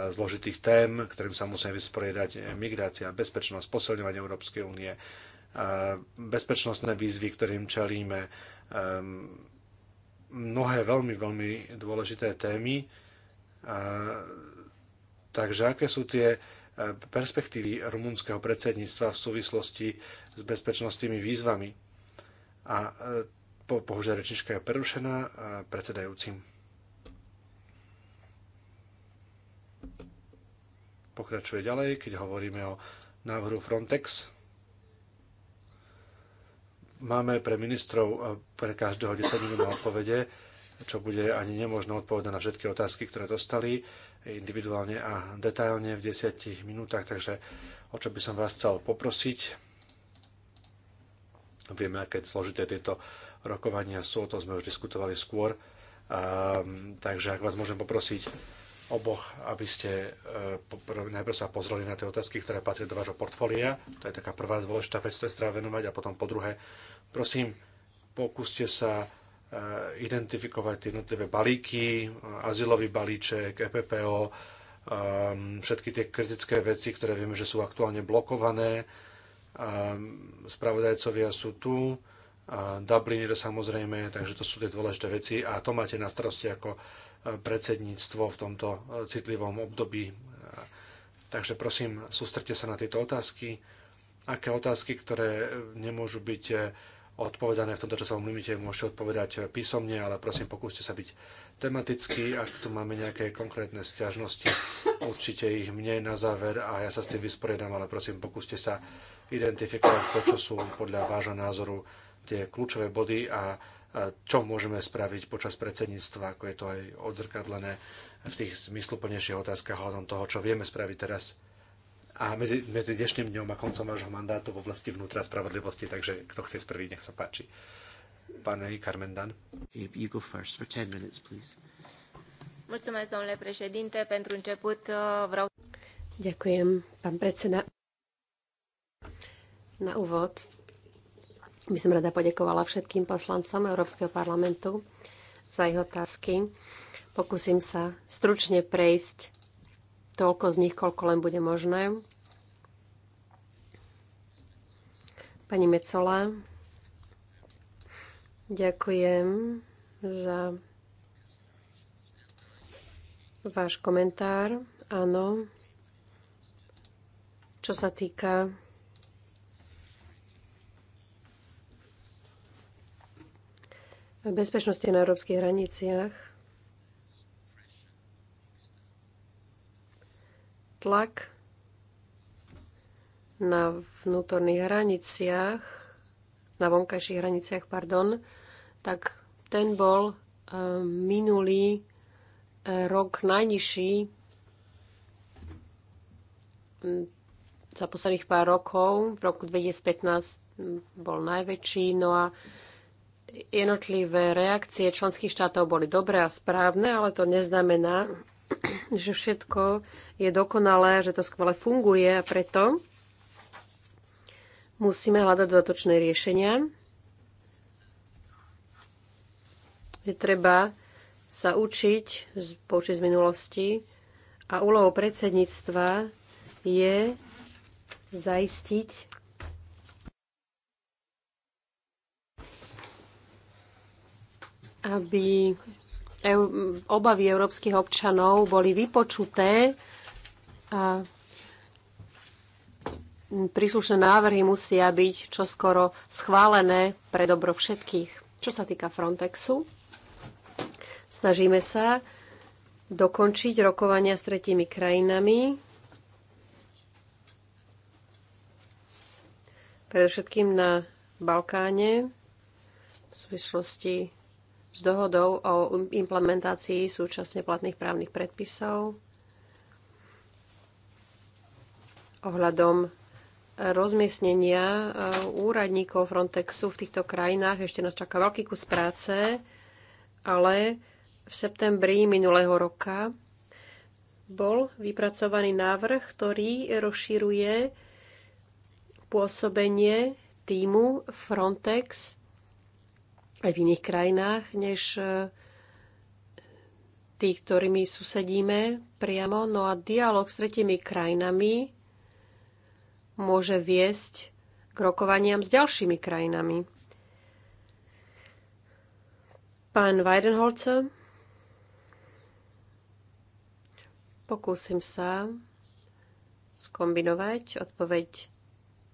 zložitých tém, ktorým sa musíme vysporiadať. Migrácia, bezpečnosť, posilňovanie Európskej únie, e, bezpečnostné výzvy, ktorým čelíme, mnohé veľmi, veľmi dôležité témy. E, takže aké sú tie e, perspektívy rumúnskeho predsedníctva v súvislosti s bezpečnostnými výzvami? A e, po, bohužiaľ rečnička je prerušená predsedajúcim. Pokračuje ďalej, keď hovoríme o návrhu Frontex. Máme pre ministrov eh, pre každého 10 minút na odpovede, čo bude ani nemožno odpovedať na všetky otázky, ktoré dostali individuálne a detailne v 10 minútach, takže o čo by som vás chcel poprosiť. Vieme, aké zložité tieto rokovania sú, o tom sme už diskutovali skôr. Um, takže ak vás môžem poprosiť, oboch, aby ste e, najprv sa pozreli na tie otázky, ktoré patria do vášho portfólia. To je taká prvá dôležitá vec, ktoré treba venovať. A potom po druhé, prosím, pokúste sa e, identifikovať tie jednotlivé balíky, azylový balíček, EPPO, e, všetky tie kritické veci, ktoré vieme, že sú aktuálne blokované. Spravodajcovia sú tu, Dublin je samozrejme, takže to sú tie dôležité veci a to máte na starosti ako predsedníctvo v tomto eh, citlivom období. Eh, Takže prosím, sústrte sa na tieto otázky. Aké otázky, ktoré eh, nemôžu byť odpovedané v tomto časovom limite, môžete odpovedať písomne, ale prosím, pokúste sa byť tematicky. Ak tu máme nejaké konkrétne stiažnosti, určite ich mne na záver a ja sa s tým vysporiadam, ale prosím, pokúste sa identifikovať to, čo sú podľa vášho názoru tie kľúčové body a čo môžeme spraviť počas predsedníctva, ako je to aj odzrkadlené v tých zmysluplnejších otázkach hľadom toho, čo vieme spraviť teraz a medzi, medzi dnešným dňom a koncom vášho mandátu v oblasti vnútra spravodlivosti, takže kto chce prvý, nech sa páči. Pane Carmendan. You go first for 10 minutes, please. Mulțumesc, domnule președinte. Pentru început uh, vreau... Ďakujem, pán predseda. Na úvod by som rada podekovala všetkým poslancom Európskeho parlamentu za ich otázky. Pokúsim sa stručne prejsť toľko z nich, koľko len bude možné. Pani Mecola, ďakujem za váš komentár. Áno, čo sa týka bezpečnosti na európskych hraniciach. Tlak na vnútorných hraniciach, na vonkajších hraniciach, pardon, tak ten bol e, minulý e, rok najnižší za posledných pár rokov. V roku 2015 bol najväčší, no a jednotlivé reakcie členských štátov boli dobré a správne, ale to neznamená, [clears throat] že všetko je dokonalé, že to skvele funguje a preto musíme hľadať dodatočné riešenia. Je treba sa učiť, poučiť z minulosti a úlohou predsedníctva je zaistiť, aby obavy európskych občanov boli vypočuté a príslušné návrhy musia byť čoskoro schválené pre dobro všetkých. Čo sa týka Frontexu, snažíme sa dokončiť rokovania s tretími krajinami, predovšetkým na Balkáne v súvislosti s dohodou o implementácii súčasne platných právnych predpisov ohľadom rozmiestnenia eh, úradníkov Frontexu v týchto krajinách. Ešte nás čaká veľký kus práce, ale v septembri minulého roka bol vypracovaný návrh, ktorý rozširuje pôsobenie týmu Frontex aj v iných krajinách, než e, tí, ktorými susedíme priamo. No a dialog s tretimi krajinami môže viesť k rokovaniam s ďalšími krajinami. Pán Weidenholzer, pokúsim sa skombinovať odpoveď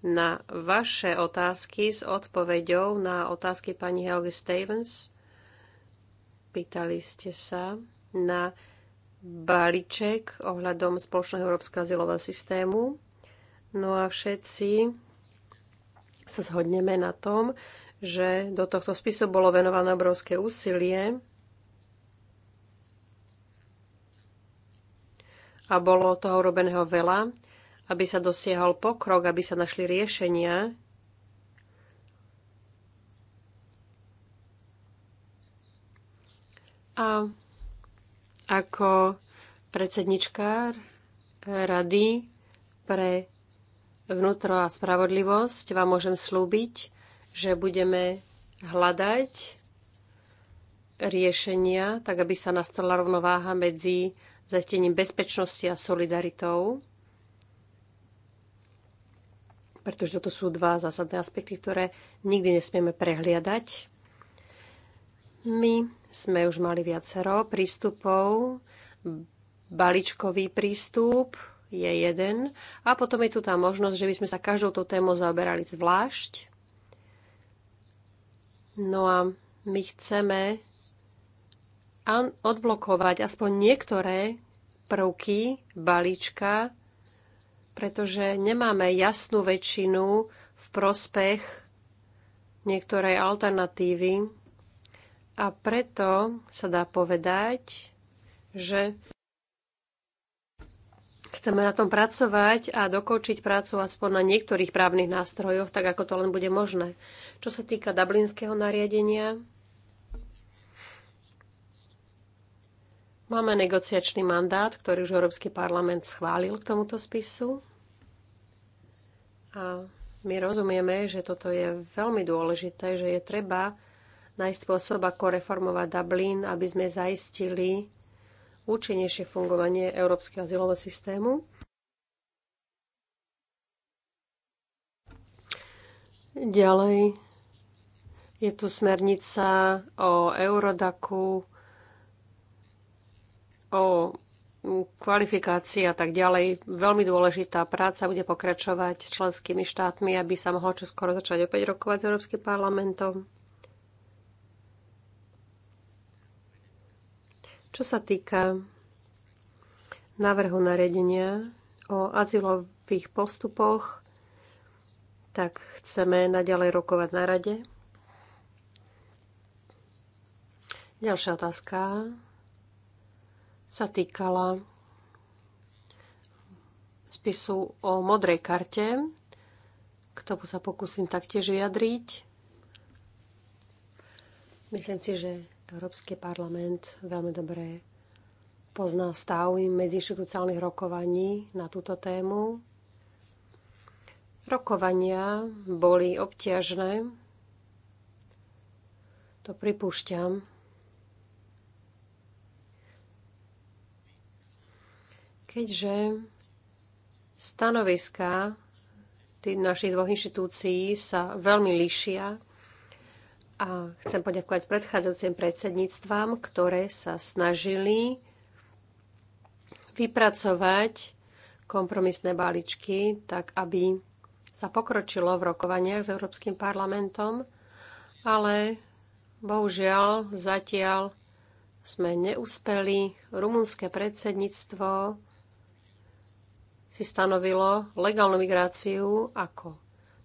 na vaše otázky s odpoveďou na otázky pani Helgy Stevens. Pýtali ste sa na balíček ohľadom spoločného európskeho azylového systému. No a všetci sa zhodneme na tom, že do tohto spisu bolo venované obrovské úsilie a bolo toho urobeného veľa aby sa dosiahol pokrok, aby sa našli riešenia. A ako predsednička Rady pre vnútro a spravodlivosť vám môžem slúbiť, že budeme hľadať riešenia, tak aby sa nastala rovnováha medzi zastením bezpečnosti a solidaritou pretože toto sú dva zásadné aspekty, ktoré nikdy nesmieme prehliadať. My sme už mali viacero prístupov. Balíčkový prístup je jeden. A potom je tu tá možnosť, že by sme sa každou tú tému zaoberali zvlášť. No a my chceme odblokovať aspoň niektoré prvky balíčka pretože nemáme jasnú väčšinu v prospech niektorej alternatívy a preto sa dá povedať, že chceme na tom pracovať a dokončiť prácu aspoň na niektorých právnych nástrojoch, tak ako to len bude možné. Čo sa týka dublinského nariadenia, Máme negociačný mandát, ktorý už Európsky parlament schválil k tomuto spisu. A my rozumieme, že toto je veľmi dôležité, že je treba nájsť spôsob, ako reformovať Dublin, aby sme zaistili účinnejšie fungovanie európskeho azylového systému. Ďalej je tu smernica o Eurodaku, o kvalifikácii a tak ďalej. Veľmi dôležitá práca bude pokračovať s členskými štátmi, aby sa mohlo čoskoro začať opäť rokovať s Európskym parlamentom. Čo sa týka návrhu naredenia o azylových postupoch, tak chceme naďalej rokovať na rade. Ďalšia otázka sa týkala spisu o modrej karte. K tomu sa pokúsim taktiež vyjadriť. Myslím si, že Európsky parlament veľmi dobre pozná stav medziinstitucionálnych rokovaní na túto tému. Rokovania boli obťažné, to pripúšťam, keďže stanoviska tých našich dvoch inštitúcií sa veľmi líšia a chcem poďakovať predchádzajúcim predsedníctvám, ktoré sa snažili vypracovať kompromisné balíčky, tak aby sa pokročilo v rokovaniach s Európskym parlamentom, ale bohužiaľ zatiaľ sme neúspeli. Rumunské predsedníctvo si stanovilo legálnu migráciu ako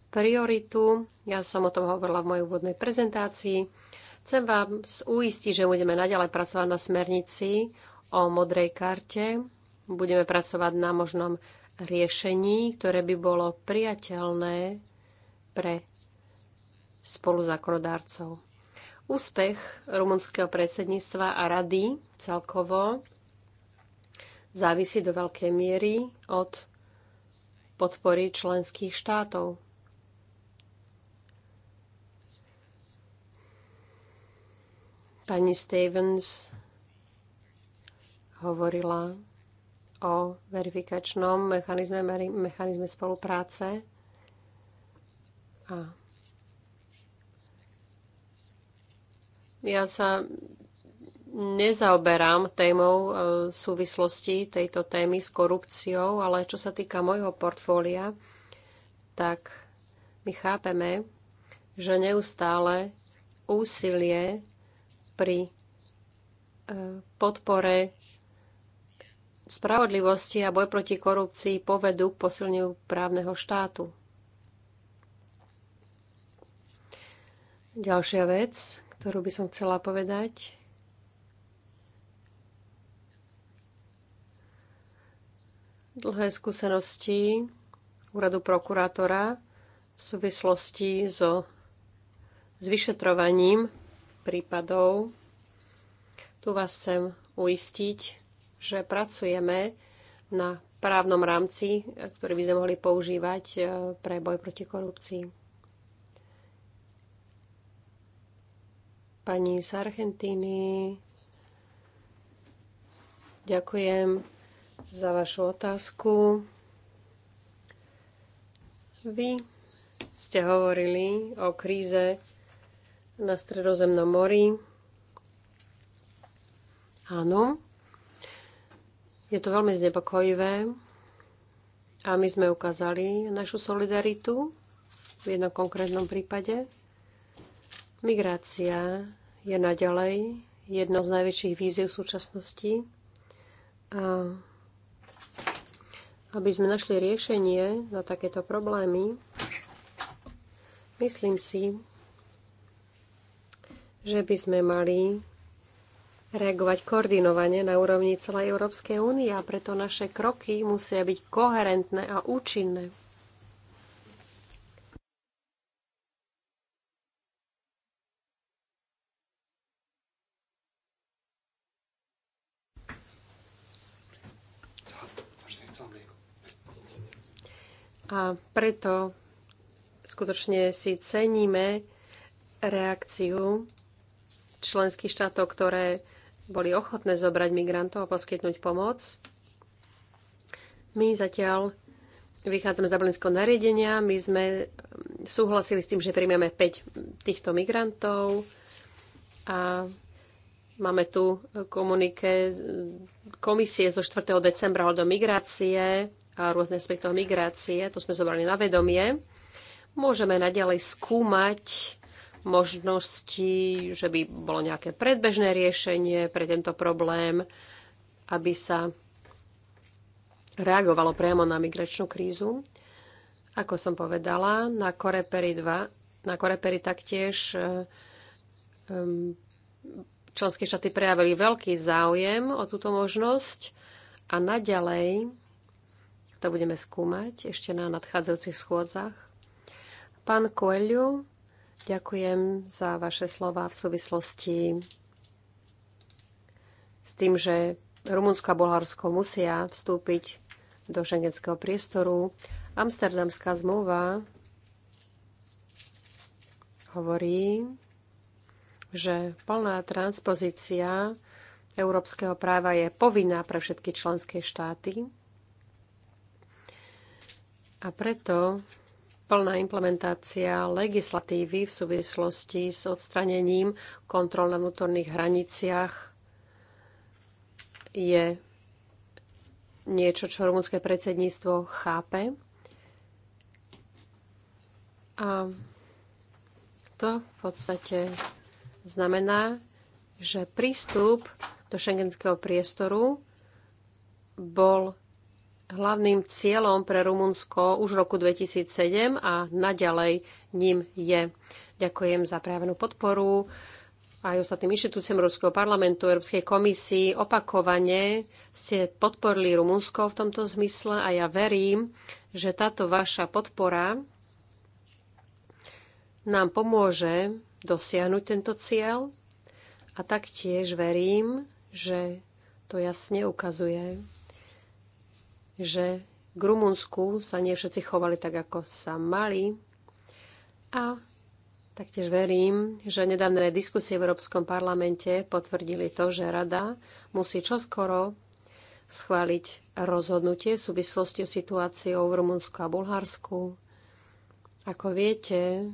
prioritu. Ja som o tom hovorila v mojej úvodnej prezentácii. Chcem vám uistiť, že budeme naďalej pracovať na smernici o modrej karte. Budeme pracovať na možnom riešení, ktoré by bolo priateľné pre spoluzákonodárcov. Úspech rumunského predsedníctva a rady celkovo závisí do veľkej miery od podpory členských štátov. Pani Stevens hovorila o verifikačnom mechanizme, mechanizme spolupráce a ja sa nezaoberám témou e, súvislosti tejto témy s korupciou, ale čo sa týka môjho portfólia, tak my chápeme, že neustále úsilie pri e, podpore spravodlivosti a boj proti korupcii povedú k posilneniu právneho štátu. Ďalšia vec, ktorú by som chcela povedať, dlhé skúsenosti úradu prokurátora v súvislosti so s vyšetrovaním prípadov. Tu vás chcem uistiť, že pracujeme na právnom rámci, ktorý by sme mohli používať e, pre boj proti korupcii. Pani z Argentíny, ďakujem za vašu otázku. Vy ste hovorili o kríze na Stredozemnom mori. Áno, je to veľmi znepokojivé a my sme ukázali našu solidaritu v jednom konkrétnom prípade. Migrácia je naďalej jedno z najväčších víziev v súčasnosti. A aby sme našli riešenie na takéto problémy, myslím si, že by sme mali reagovať koordinovane na úrovni celej Európskej únie a preto naše kroky musia byť koherentné a účinné. A preto skutočne si ceníme reakciu členských štátov, ktoré boli ochotné zobrať migrantov a poskytnúť pomoc. My zatiaľ vychádzame z Dublinského nariadenia. My sme um, súhlasili s tým, že príjmeme 5 týchto migrantov a máme tu komunike komisie zo 4. decembra o migrácie rôzne aspekty migrácie, to sme zobrali na vedomie. Môžeme naďalej skúmať možnosti, že by bolo nejaké predbežné riešenie pre tento problém, aby sa reagovalo priamo na migračnú krízu. Ako som povedala, na Koreperi 2, na Koreperi taktiež um, členské štáty prejavili veľký záujem o túto možnosť a naďalej to budeme skúmať ešte na nadchádzajúcich schôdzach. Pán Coelho, ďakujem za vaše slova v súvislosti s tým, že Rumunsko a Bulharsko musia vstúpiť do šengenského priestoru. Amsterdamská zmluva hovorí, že plná transpozícia európskeho práva je povinná pre všetky členské štáty. A preto plná implementácia legislatívy v súvislosti s odstranením kontrol na vnútorných hraniciach je niečo, čo rumunské predsedníctvo chápe. A to v podstate znamená, že prístup do šengenského priestoru bol hlavným cieľom pre Rumunsko už v roku 2007 a naďalej ním je. Ďakujem za prejavenú podporu aj ostatným inštitúciám Európskeho parlamentu, Európskej komisii. Opakovane ste podporili Rumunsko v tomto zmysle a ja verím, že táto vaša podpora nám pomôže dosiahnuť tento cieľ a taktiež verím, že to jasne ukazuje, že k Rumunsku sa nie všetci chovali tak, ako sa mali. A taktiež verím, že nedávne diskusie v Európskom parlamente potvrdili to, že Rada musí čoskoro schváliť rozhodnutie v súvislosti s situáciou v Rumunsku a Bulharsku. Ako viete,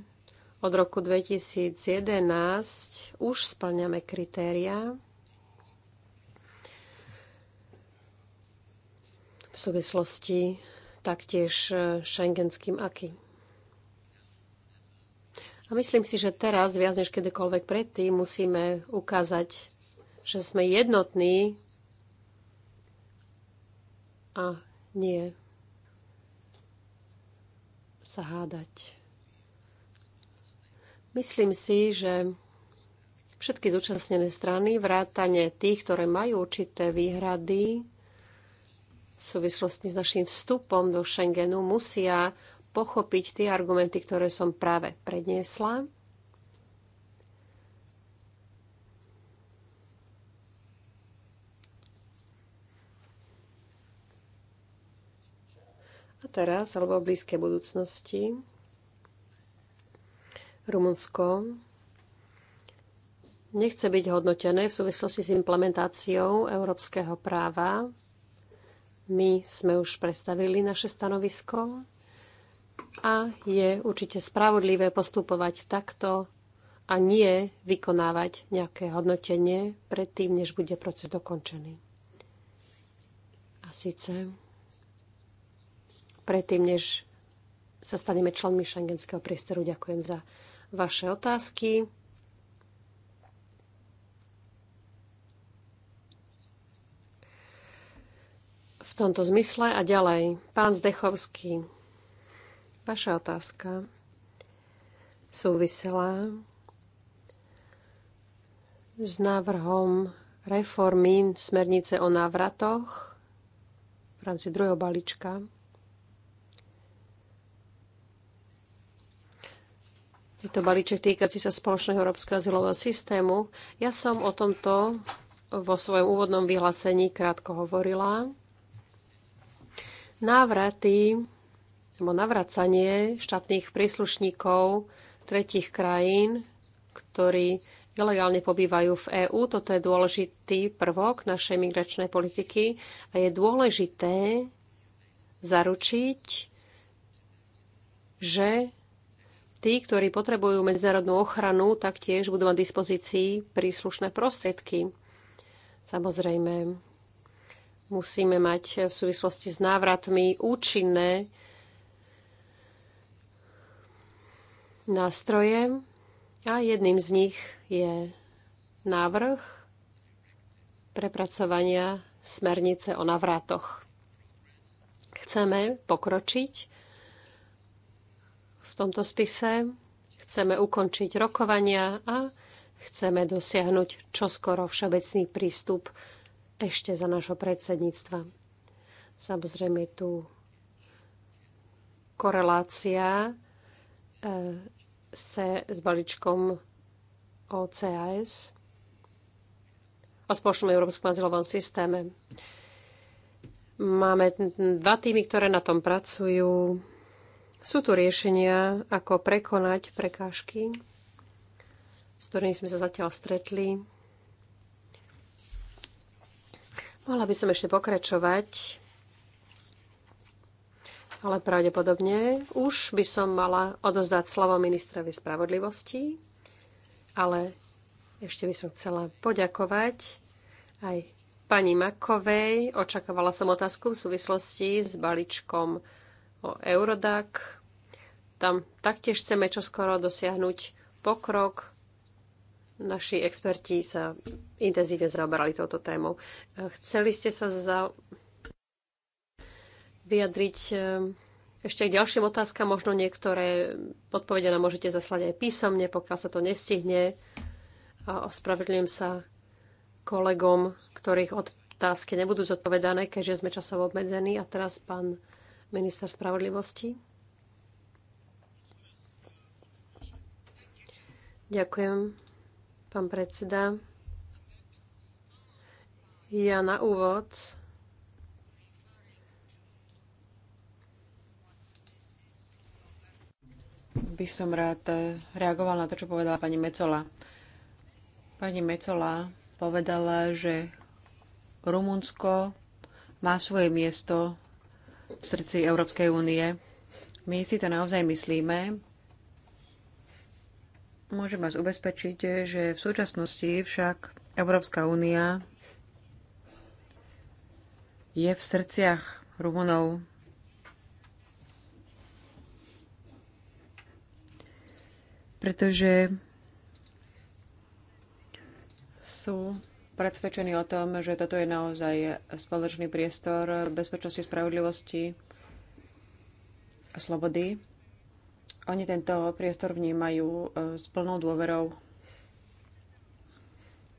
od roku 2011 už splňame kritéria v súvislosti taktiež e, šengenským akým. A myslím si, že teraz viac než kedykoľvek predtým musíme ukázať, že sme jednotní a nie sa hádať. Myslím si, že všetky zúčastnené strany, vrátane tých, ktoré majú určité výhrady, v súvislosti s našim vstupom do Schengenu musia pochopiť tie argumenty, ktoré som práve predniesla. A teraz, alebo v blízkej budúcnosti, Rumunsko nechce byť hodnotené v súvislosti s implementáciou európskeho práva my sme už predstavili naše stanovisko a je určite spravodlivé postupovať takto a nie vykonávať nejaké hodnotenie predtým, než bude proces dokončený. A síce predtým, než sa staneme členmi šengenského priestoru. Ďakujem za vaše otázky. tomto zmysle a ďalej. Pán Zdechovský, vaša otázka súvisela s návrhom reformy smernice o návratoch v rámci druhého balíčka. Je to balíček týkací sa spoločného európskeho azylového systému. Ja som o tomto vo svojom úvodnom vyhlásení krátko hovorila návraty alebo navracanie štátnych príslušníkov tretich krajín, ktorí ilegálne pobývajú v EÚ. Toto je dôležitý prvok našej migračnej politiky a je dôležité zaručiť, že tí, ktorí potrebujú medzinárodnú ochranu, taktiež budú mať dispozícii príslušné prostriedky. Samozrejme, musíme mať v súvislosti s návratmi účinné nástroje a jedným z nich je návrh prepracovania smernice o návratoch. Chceme pokročiť v tomto spise, chceme ukončiť rokovania a chceme dosiahnuť čoskoro všeobecný prístup ešte za našho predsedníctva. Samozrejme tu korelácia e, se, s balíčkom OCAS o spoločnom európskom azylovom systéme. Máme dva týmy, ktoré na tom pracujú. Sú tu riešenia, ako prekonať prekážky, s ktorými sme sa zatiaľ stretli. Mohla by som ešte pokračovať, ale pravdepodobne už by som mala odozdať slovo ministrovi spravodlivosti, ale ešte by som chcela poďakovať aj pani Makovej. Očakávala som otázku v súvislosti s balíčkom o Eurodac. Tam taktiež chceme čoskoro dosiahnuť pokrok. Naši experti sa intenzívne zaoberali touto témou. Chceli ste sa za... vyjadriť ehm, ešte k ďalším otázkam. Možno niektoré odpovede nám môžete zaslať aj písomne, pokiaľ sa to nestihne. A ospravedlňujem sa kolegom, ktorých otázky nebudú zodpovedané, keďže sme časovo obmedzení. A teraz pán minister spravodlivosti. Ďakujem. Pán predseda, ja na úvod by som rád eh, reagoval na to, čo povedala pani Mecola. Pani Mecola povedala, že Rumunsko má svoje miesto v srdci Európskej únie. My si to naozaj myslíme. Môžem vás ubezpečiť, že v súčasnosti však Európska únia je v srdciach Rumunov. Pretože sú predsvedčení o tom, že toto je naozaj spoločný priestor bezpečnosti, spravodlivosti a slobody oni tento priestor vnímajú e, s plnou dôverou.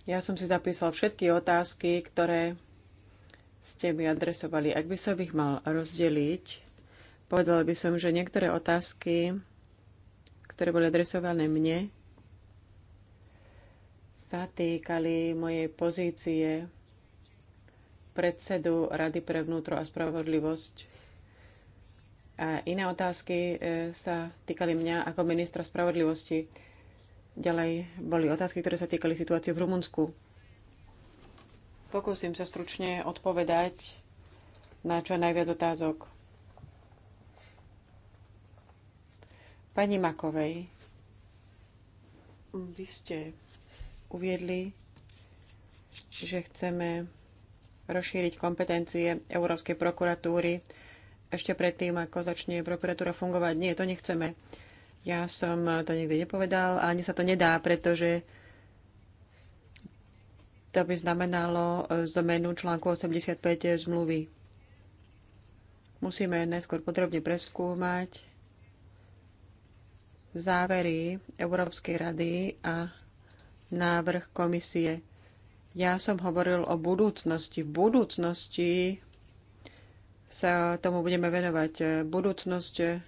Ja som si zapísal všetky otázky, ktoré ste mi adresovali. Ak by som ich mal rozdeliť, povedal by som, že niektoré otázky, ktoré boli adresované mne, sa týkali mojej pozície predsedu Rady pre vnútro a spravodlivosť a iné otázky e, sa týkali mňa ako ministra spravodlivosti. Ďalej boli otázky, ktoré sa týkali situácie v Rumunsku. Pokúsim sa stručne odpovedať na čo najviac otázok. Pani Makovej, vy ste uviedli, že chceme rozšíriť kompetencie Európskej prokuratúry ešte predtým, ako začne prokuratúra fungovať. Nie, to nechceme. Ja som to nikdy nepovedal a ani sa to nedá, pretože to by znamenalo zmenu článku 85 zmluvy. Musíme najskôr podrobne preskúmať závery Európskej rady a návrh komisie. Ja som hovoril o budúcnosti. V budúcnosti sa tomu budeme venovať. Budúcnosť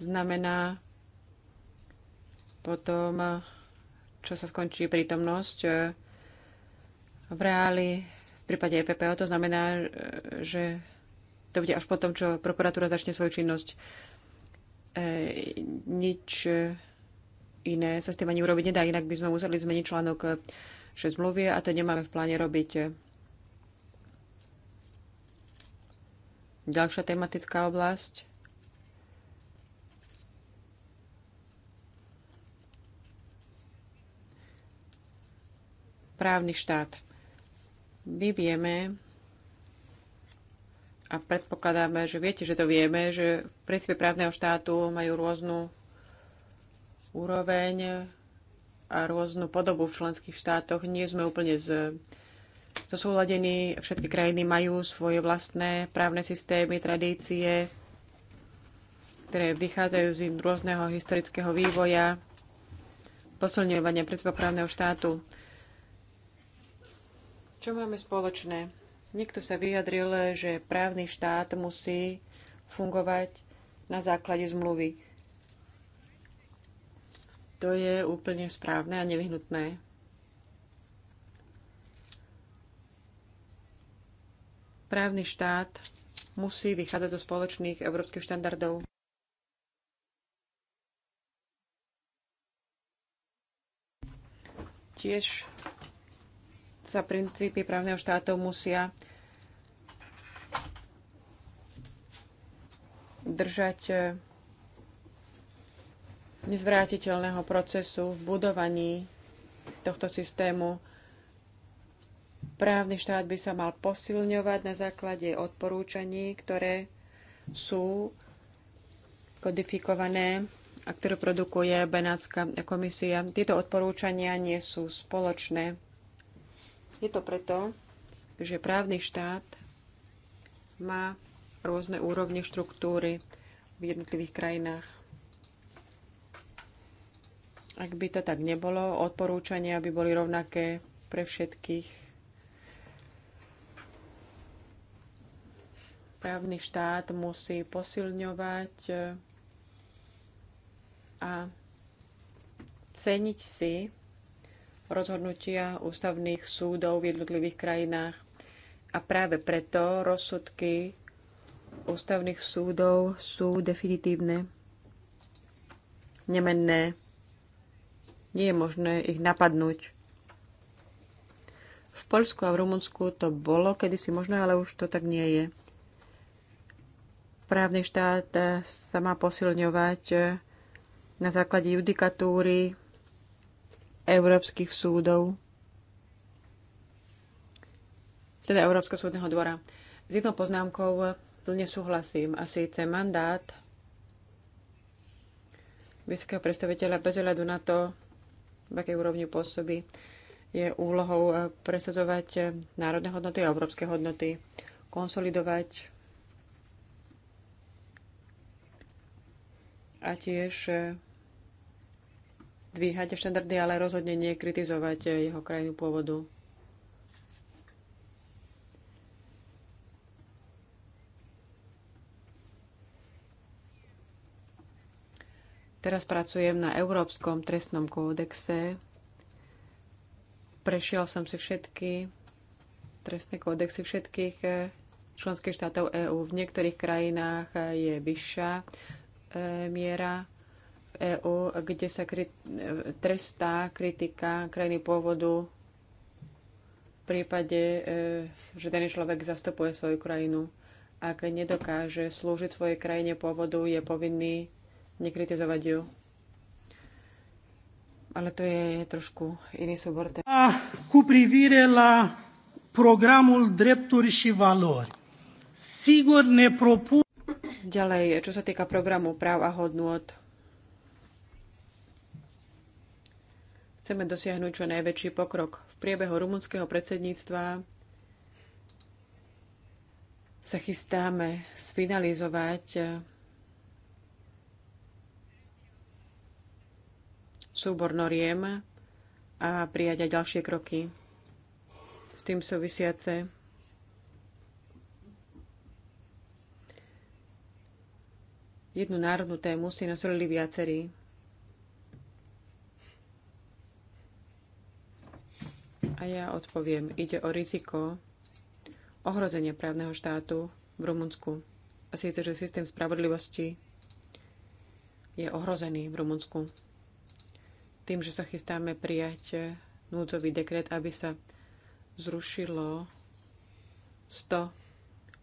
znamená potom, čo sa skončí prítomnosť v reáli v prípade EPPO. To znamená, že to bude až potom, čo prokuratúra začne svoju činnosť. E, nič iné sa s tým ani urobiť nedá, inak by sme museli zmeniť článok 6 zmluvy a to nemáme v pláne robiť. Ďalšia tematická oblasť. Právny štát. My vieme a predpokladáme, že viete, že to vieme, že v princípe právneho štátu majú rôznu úroveň a rôznu podobu v členských štátoch. Nie sme úplne z zosúladení. Všetky krajiny majú svoje vlastné právne systémy, tradície, ktoré vychádzajú z rôzneho historického vývoja, posilňovania predspoprávneho štátu. Čo máme spoločné? Niekto sa vyjadril, že právny štát musí fungovať na základe zmluvy. To je úplne správne a nevyhnutné. Právny štát musí vychádzať zo spoločných európskych štandardov. Tiež sa princípy právneho štátu musia držať eh, nezvrátiteľného procesu v budovaní tohto systému Právny štát by sa mal posilňovať na základe odporúčaní, ktoré sú kodifikované a ktoré produkuje Benátska komisia. Tieto odporúčania nie sú spoločné. Je to preto, že právny štát má rôzne úrovne štruktúry v jednotlivých krajinách. Ak by to tak nebolo, odporúčania by boli rovnaké pre všetkých právny štát musí posilňovať e, a ceniť si rozhodnutia ústavných súdov v jednotlivých krajinách. A práve preto rozsudky ústavných súdov sú definitívne, nemenné. Nie je možné ich napadnúť. V Polsku a v Rumunsku to bolo kedysi možné, ale už to tak nie je. Právny štát sa má posilňovať na základe judikatúry európskych súdov, teda Európskeho súdneho dvora. S jednou poznámkou plne súhlasím a síce mandát vysokého predstaviteľa bez hľadu na to, v akej úrovni pôsobí, je úlohou presazovať národné hodnoty a európske hodnoty, konsolidovať a tiež e, dvíhať štandardy, ale rozhodne nie kritizovať e, jeho krajinu pôvodu. Teraz pracujem na Európskom trestnom kódexe. Prešiel som si všetky trestné kódexy všetkých e, členských štátov EÚ. V niektorých krajinách je vyššia E, miera v EÚ, kde sa kri- e, trestá kritika krajiny pôvodu v prípade, e, že daný človek zastupuje svoju krajinu. Ak nedokáže slúžiť svojej krajine pôvodu, je povinný nekritizovať ju. Ale to je trošku iný súbor. Cu privire la programul drepturi și valori. Sigur ne propun Ďalej, čo sa týka programu práv a hodnôt, chceme dosiahnuť čo najväčší pokrok. V priebehu rumunského predsedníctva sa chystáme sfinalizovať súbor noriem a prijať aj ďalšie kroky s tým súvisiace. jednu národnú tému si nasolili viacerí. A ja odpoviem, ide o riziko ohrozenia právneho štátu v Rumunsku. A síce, že systém spravodlivosti je ohrozený v Rumunsku. Tým, že sa chystáme prijať núdzový dekret, aby sa zrušilo 100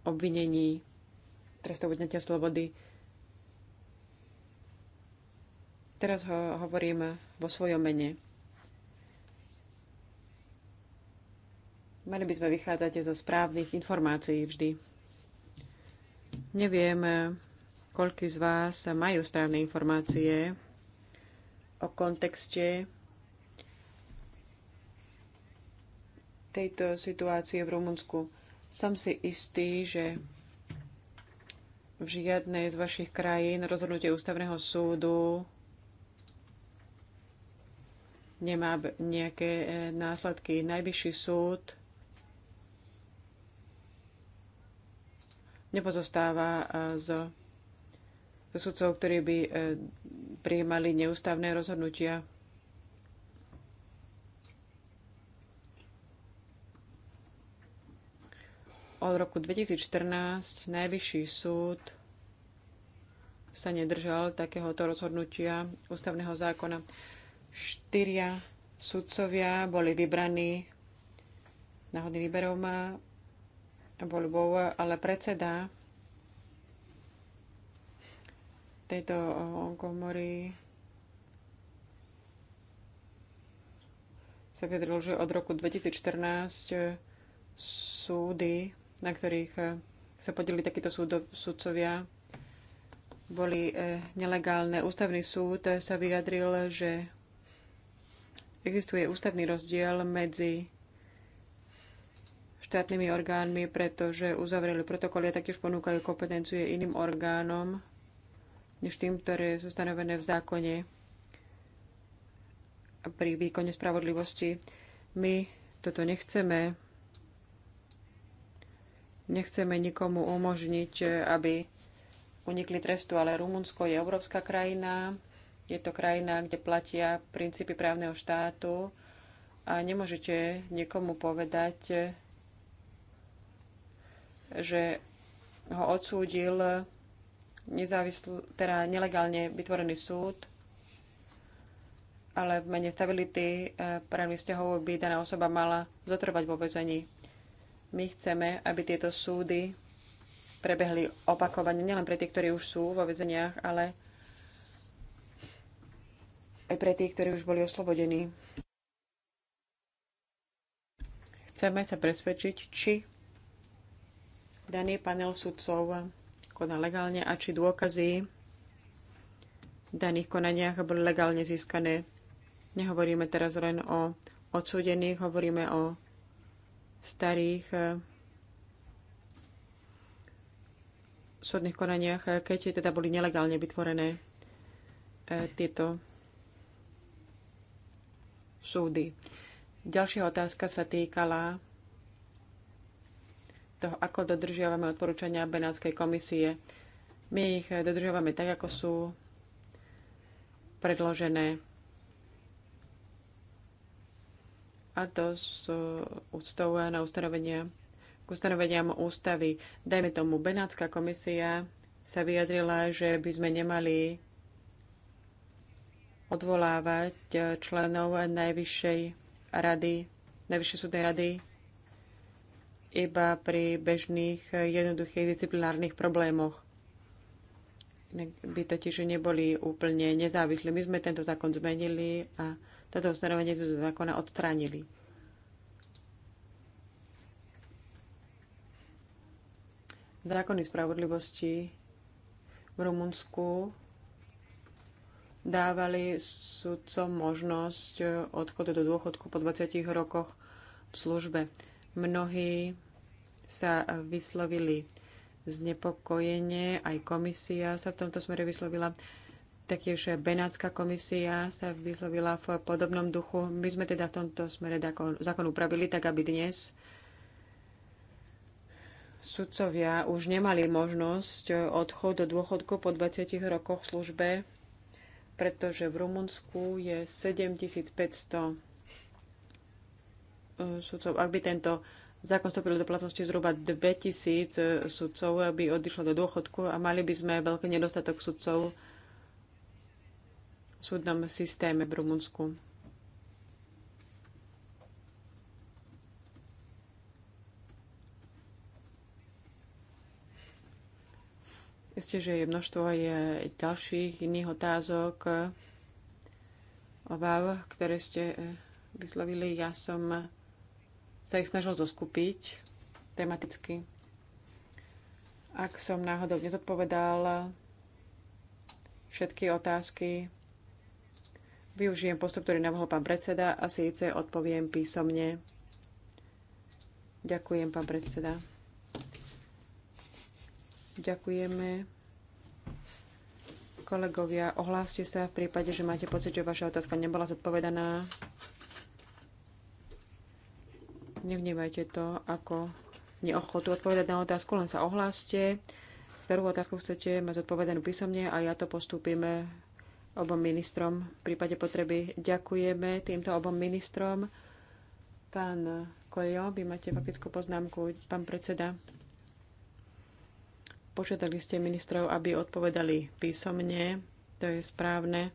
obvinení trestu odňatia slobody Teraz ho hovorím vo svojom mene. Mali by sme vychádzať zo správnych informácií vždy. Neviem, koľko z vás majú správne informácie o kontexte tejto situácie v Rumunsku. Som si istý, že v žiadnej z vašich krajín rozhodnutie ústavného súdu nemá nejaké e, následky. Najvyšší súd nepozostáva e, z sudcov, ktorí by e, prijímali neústavné rozhodnutia. Od roku 2014 Najvyšší súd sa nedržal takéhoto rozhodnutia ústavného zákona. Štyria sudcovia boli vybraní náhodným výberom voľbou, ale predseda tejto komory sa vyjadril, že od roku 2014 e, súdy, na ktorých e, sa podelili takíto sudcovia, súdcovia, boli e, nelegálne. Ústavný súd sa vyjadril, že Existuje ústavný rozdiel medzi štátnymi orgánmi, pretože uzavreli protokoly a taktiež ponúkajú kompetencie iným orgánom, než tým, ktoré sú stanovené v zákone pri výkone spravodlivosti. My toto nechceme. Nechceme nikomu umožniť, aby unikli trestu, ale Rumunsko je európska krajina, je to krajina, kde platia princípy právneho štátu a nemôžete niekomu povedať, že ho odsúdil nezávislý, teda nelegálne vytvorený súd, ale v mene stability e, právnych vzťahov by daná osoba mala zotrvať vo väzení. My chceme, aby tieto súdy prebehli opakovane nielen pre tie, ktorí už sú vo väzeniach, ale aj pre tých, ktorí už boli oslobodení. Chceme sa presvedčiť, či daný panel sudcov koná legálne a či dôkazy v daných konaniach boli legálne získané. Nehovoríme teraz len o odsúdených, hovoríme o starých eh, súdnych konaniach, eh, keď teda boli nelegálne vytvorené eh, tieto súdy. Ďalšia otázka sa týkala toho, ako dodržiavame odporúčania Benátskej komisie. My ich dodržiavame tak, ako sú predložené. A to s úctou na ustanovenia, k ustanoveniam ústavy. Dajme tomu, Benátska komisia sa vyjadrila, že by sme nemali odvolávať e, členov Najvyššej rady, Najvyššej súdnej rady iba pri bežných e, jednoduchých disciplinárnych problémoch. By totiž neboli úplne nezávislí. My sme tento zákon zmenili a toto ustanovenie sme z zákona odstránili. Zákony spravodlivosti v Rumunsku dávali sudcom možnosť e, odchodu do dôchodku po 20 rokoch v službe. Mnohí sa vyslovili znepokojenie, aj komisia sa v tomto smere vyslovila, taktiež Benátska komisia sa vyslovila v podobnom duchu. My sme teda v tomto smere zákon upravili tak, aby dnes sudcovia už nemali možnosť odchod do dôchodku po 20 rokoch službe pretože v Rumunsku je 7500 e, sudcov. Ak by tento zákon vstúpil do platnosti, zhruba 2000 e, sudcov by odišlo do dôchodku a mali by sme veľký nedostatok sudcov v súdnom systéme v Rumunsku. Isté, že je množstvo aj ďalších iných otázok, obav, ktoré ste eh, vyslovili. Ja som sa ich snažil zoskupiť tematicky. Ak som náhodou nezodpovedal všetky otázky, využijem postup, ktorý navrhol pán predseda a síce odpoviem písomne. Ďakujem, pán predseda. Ďakujeme. Kolegovia, ohláste sa v prípade, že máte pocit, že vaša otázka nebola zodpovedaná. nevnímajte to ako neochotu odpovedať na otázku, len sa ohláste, ktorú otázku chcete mať zodpovedanú písomne a ja to postúpim obom ministrom v prípade potreby. Ďakujeme týmto obom ministrom. Pán Kojo, vy máte faktickú poznámku, pán predseda. Požiadali ste ministrov, aby odpovedali písomne, to je správne.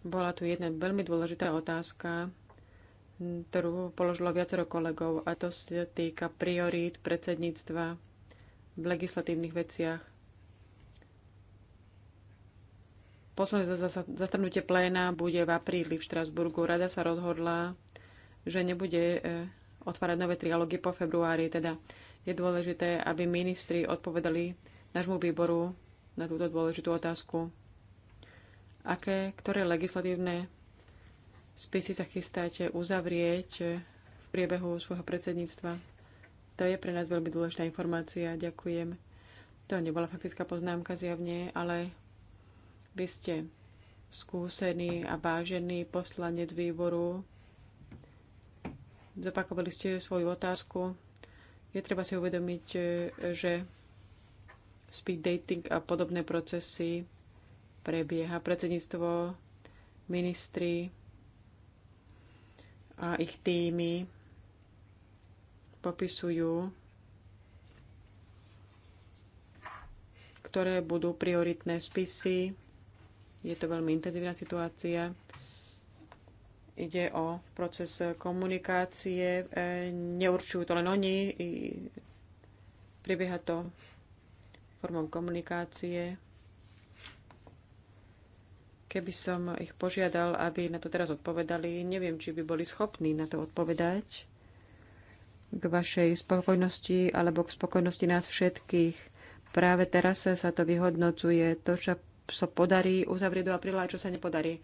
Bola tu jedna veľmi dôležitá otázka, ktorú položilo viacero kolegov, a to sa týka priorít predsedníctva v legislatívnych veciach. Posledné zastrnutie pléna bude v apríli v Štrasburgu. Rada sa rozhodla, že nebude eh, otvárať nové trialógy po februári, teda je dôležité, aby ministri odpovedali nášmu výboru na túto dôležitú otázku. Aké, ktoré legislatívne spisy sa chystáte uzavrieť v priebehu svojho predsedníctva? To je pre nás veľmi dôležitá informácia. Ďakujem. To nebola faktická poznámka zjavne, ale vy ste skúsený a vážený poslanec výboru. Zopakovali ste svoju otázku. Je treba si uvedomiť, e, že speed dating a podobné procesy prebieha predsedníctvo, ministri a ich týmy popisujú, ktoré budú prioritné spisy. Je to veľmi intenzívna situácia. Ide o proces komunikácie. E, neurčujú to len oni. Prebieha to formou komunikácie. Keby som ich požiadal, aby na to teraz odpovedali, neviem, či by boli schopní na to odpovedať k vašej spokojnosti alebo k spokojnosti nás všetkých. Práve teraz sa to vyhodnocuje, to, čo sa podarí uzavrieť do apríla a čo sa nepodarí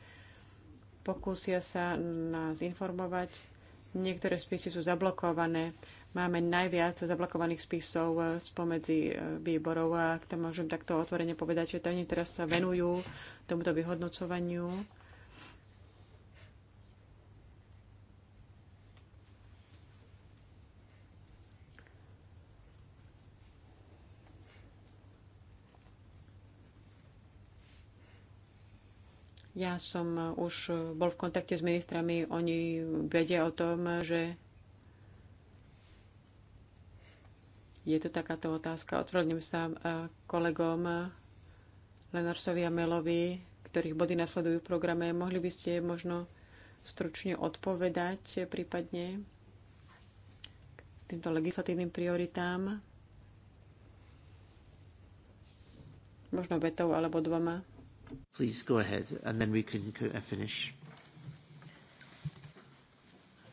pokúsia sa nás informovať. Niektoré spisy sú zablokované. Máme najviac zablokovaných spisov eh, spomedzi eh, výborov a ak to môžem takto otvorene povedať, že oni teraz sa venujú tomuto vyhodnocovaniu Ja som e, už e, bol v kontakte s ministrami, oni vedia o tom, že je tu takáto otázka. Odpravdujem sa e, kolegom Lenarsovi a Melovi, ktorých body nasledujú v programe. Mohli by ste možno stručne odpovedať prípadne k týmto legislatívnym prioritám? Možno vetou alebo dvoma. Please go ahead and then we can uh, finish.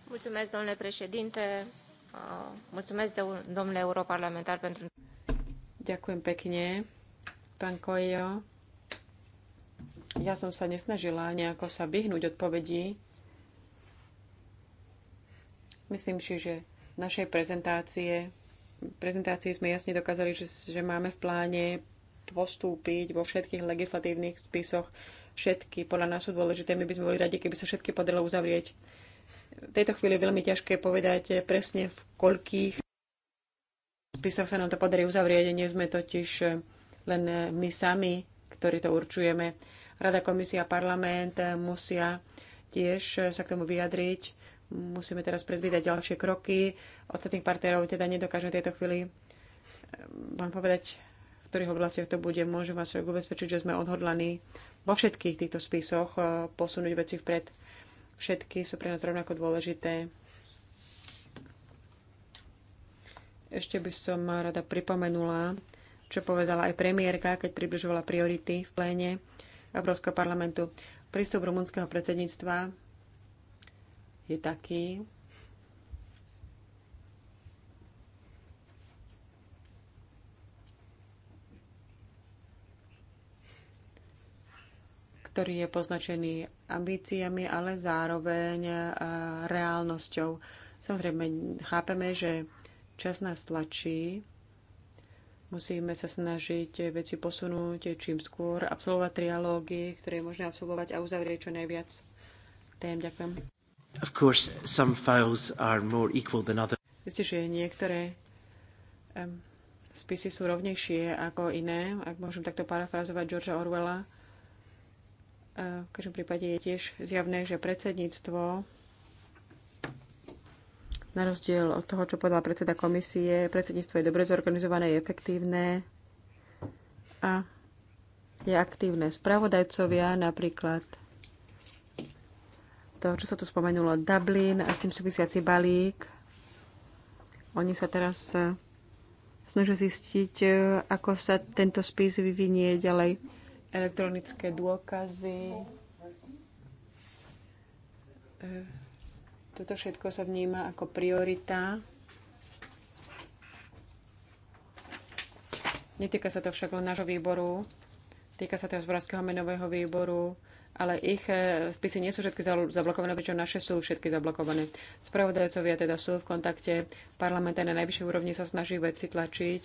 Mulțumesc, domnule președinte. Uh, mulțumesc, domnule europarlamentar, pentru... Ďakujem pekne, pán Kojo. Ja som sa nesnažila nejako sa vyhnúť odpovedí. Myslím si, že našej prezentácie, prezentácii sme jasne dokázali, že, že máme v pláne postúpiť vo všetkých legislatívnych spisoch. Všetky podľa nás sú dôležité. My by sme boli radi, keby sa všetky podarilo uzavrieť. V tejto chvíli je veľmi ťažké povedať presne v koľkých spisoch sa nám to podarí uzavrieť. Nie sme totiž eh, len eh, my sami, ktorí to určujeme. Rada, komisia, parlament eh, musia tiež sa k tomu vyjadriť. Musíme teraz predvídať ďalšie kroky. Ostatných partnerov teda nedokážeme v tejto chvíli vám povedať ktorých oblastiach to bude. Môžem vás ubezpečiť, že sme odhodlaní vo všetkých týchto spisoch eh, posunúť veci vpred. Všetky sú pre nás rovnako dôležité. Ešte by som rada pripomenula, čo povedala aj premiérka, keď približovala priority v pléne Európskeho parlamentu. Prístup rumunského predsedníctva je taký, ktorý je poznačený ambíciami, ale zároveň e, reálnosťou. Samozrejme, chápeme, že čas nás tlačí, musíme sa snažiť veci posunúť čím skôr, absolvovať trialógy, ktoré je možné absolvovať a uzavrieť čo najviac tém. Ďakujem. Of course, some files are more equal than other. Isté, že niektoré um, spisy sú rovnejšie ako iné, ak môžem takto parafrazovať Georgea Orwella. V každom prípade je tiež zjavné, že predsedníctvo na rozdiel od toho, čo povedala predseda komisie, predsedníctvo je dobre zorganizované, je efektívne a je aktívne. Spravodajcovia napríklad to, čo sa tu spomenulo, Dublin a s tým súvisiaci balík. Oni sa teraz eh, snažia zistiť, eh, ako sa tento spis vyvinie ďalej elektronické dôkazy. E, toto všetko sa vníma ako priorita. Netýka sa to však len nášho výboru, týka sa to hospodárskeho menového výboru, ale ich e, spisy nie sú všetky zablokované, pričom naše sú všetky zablokované. Spravodajcovia teda sú v kontakte, parlament na najvyššej úrovni sa snaží veci tlačiť.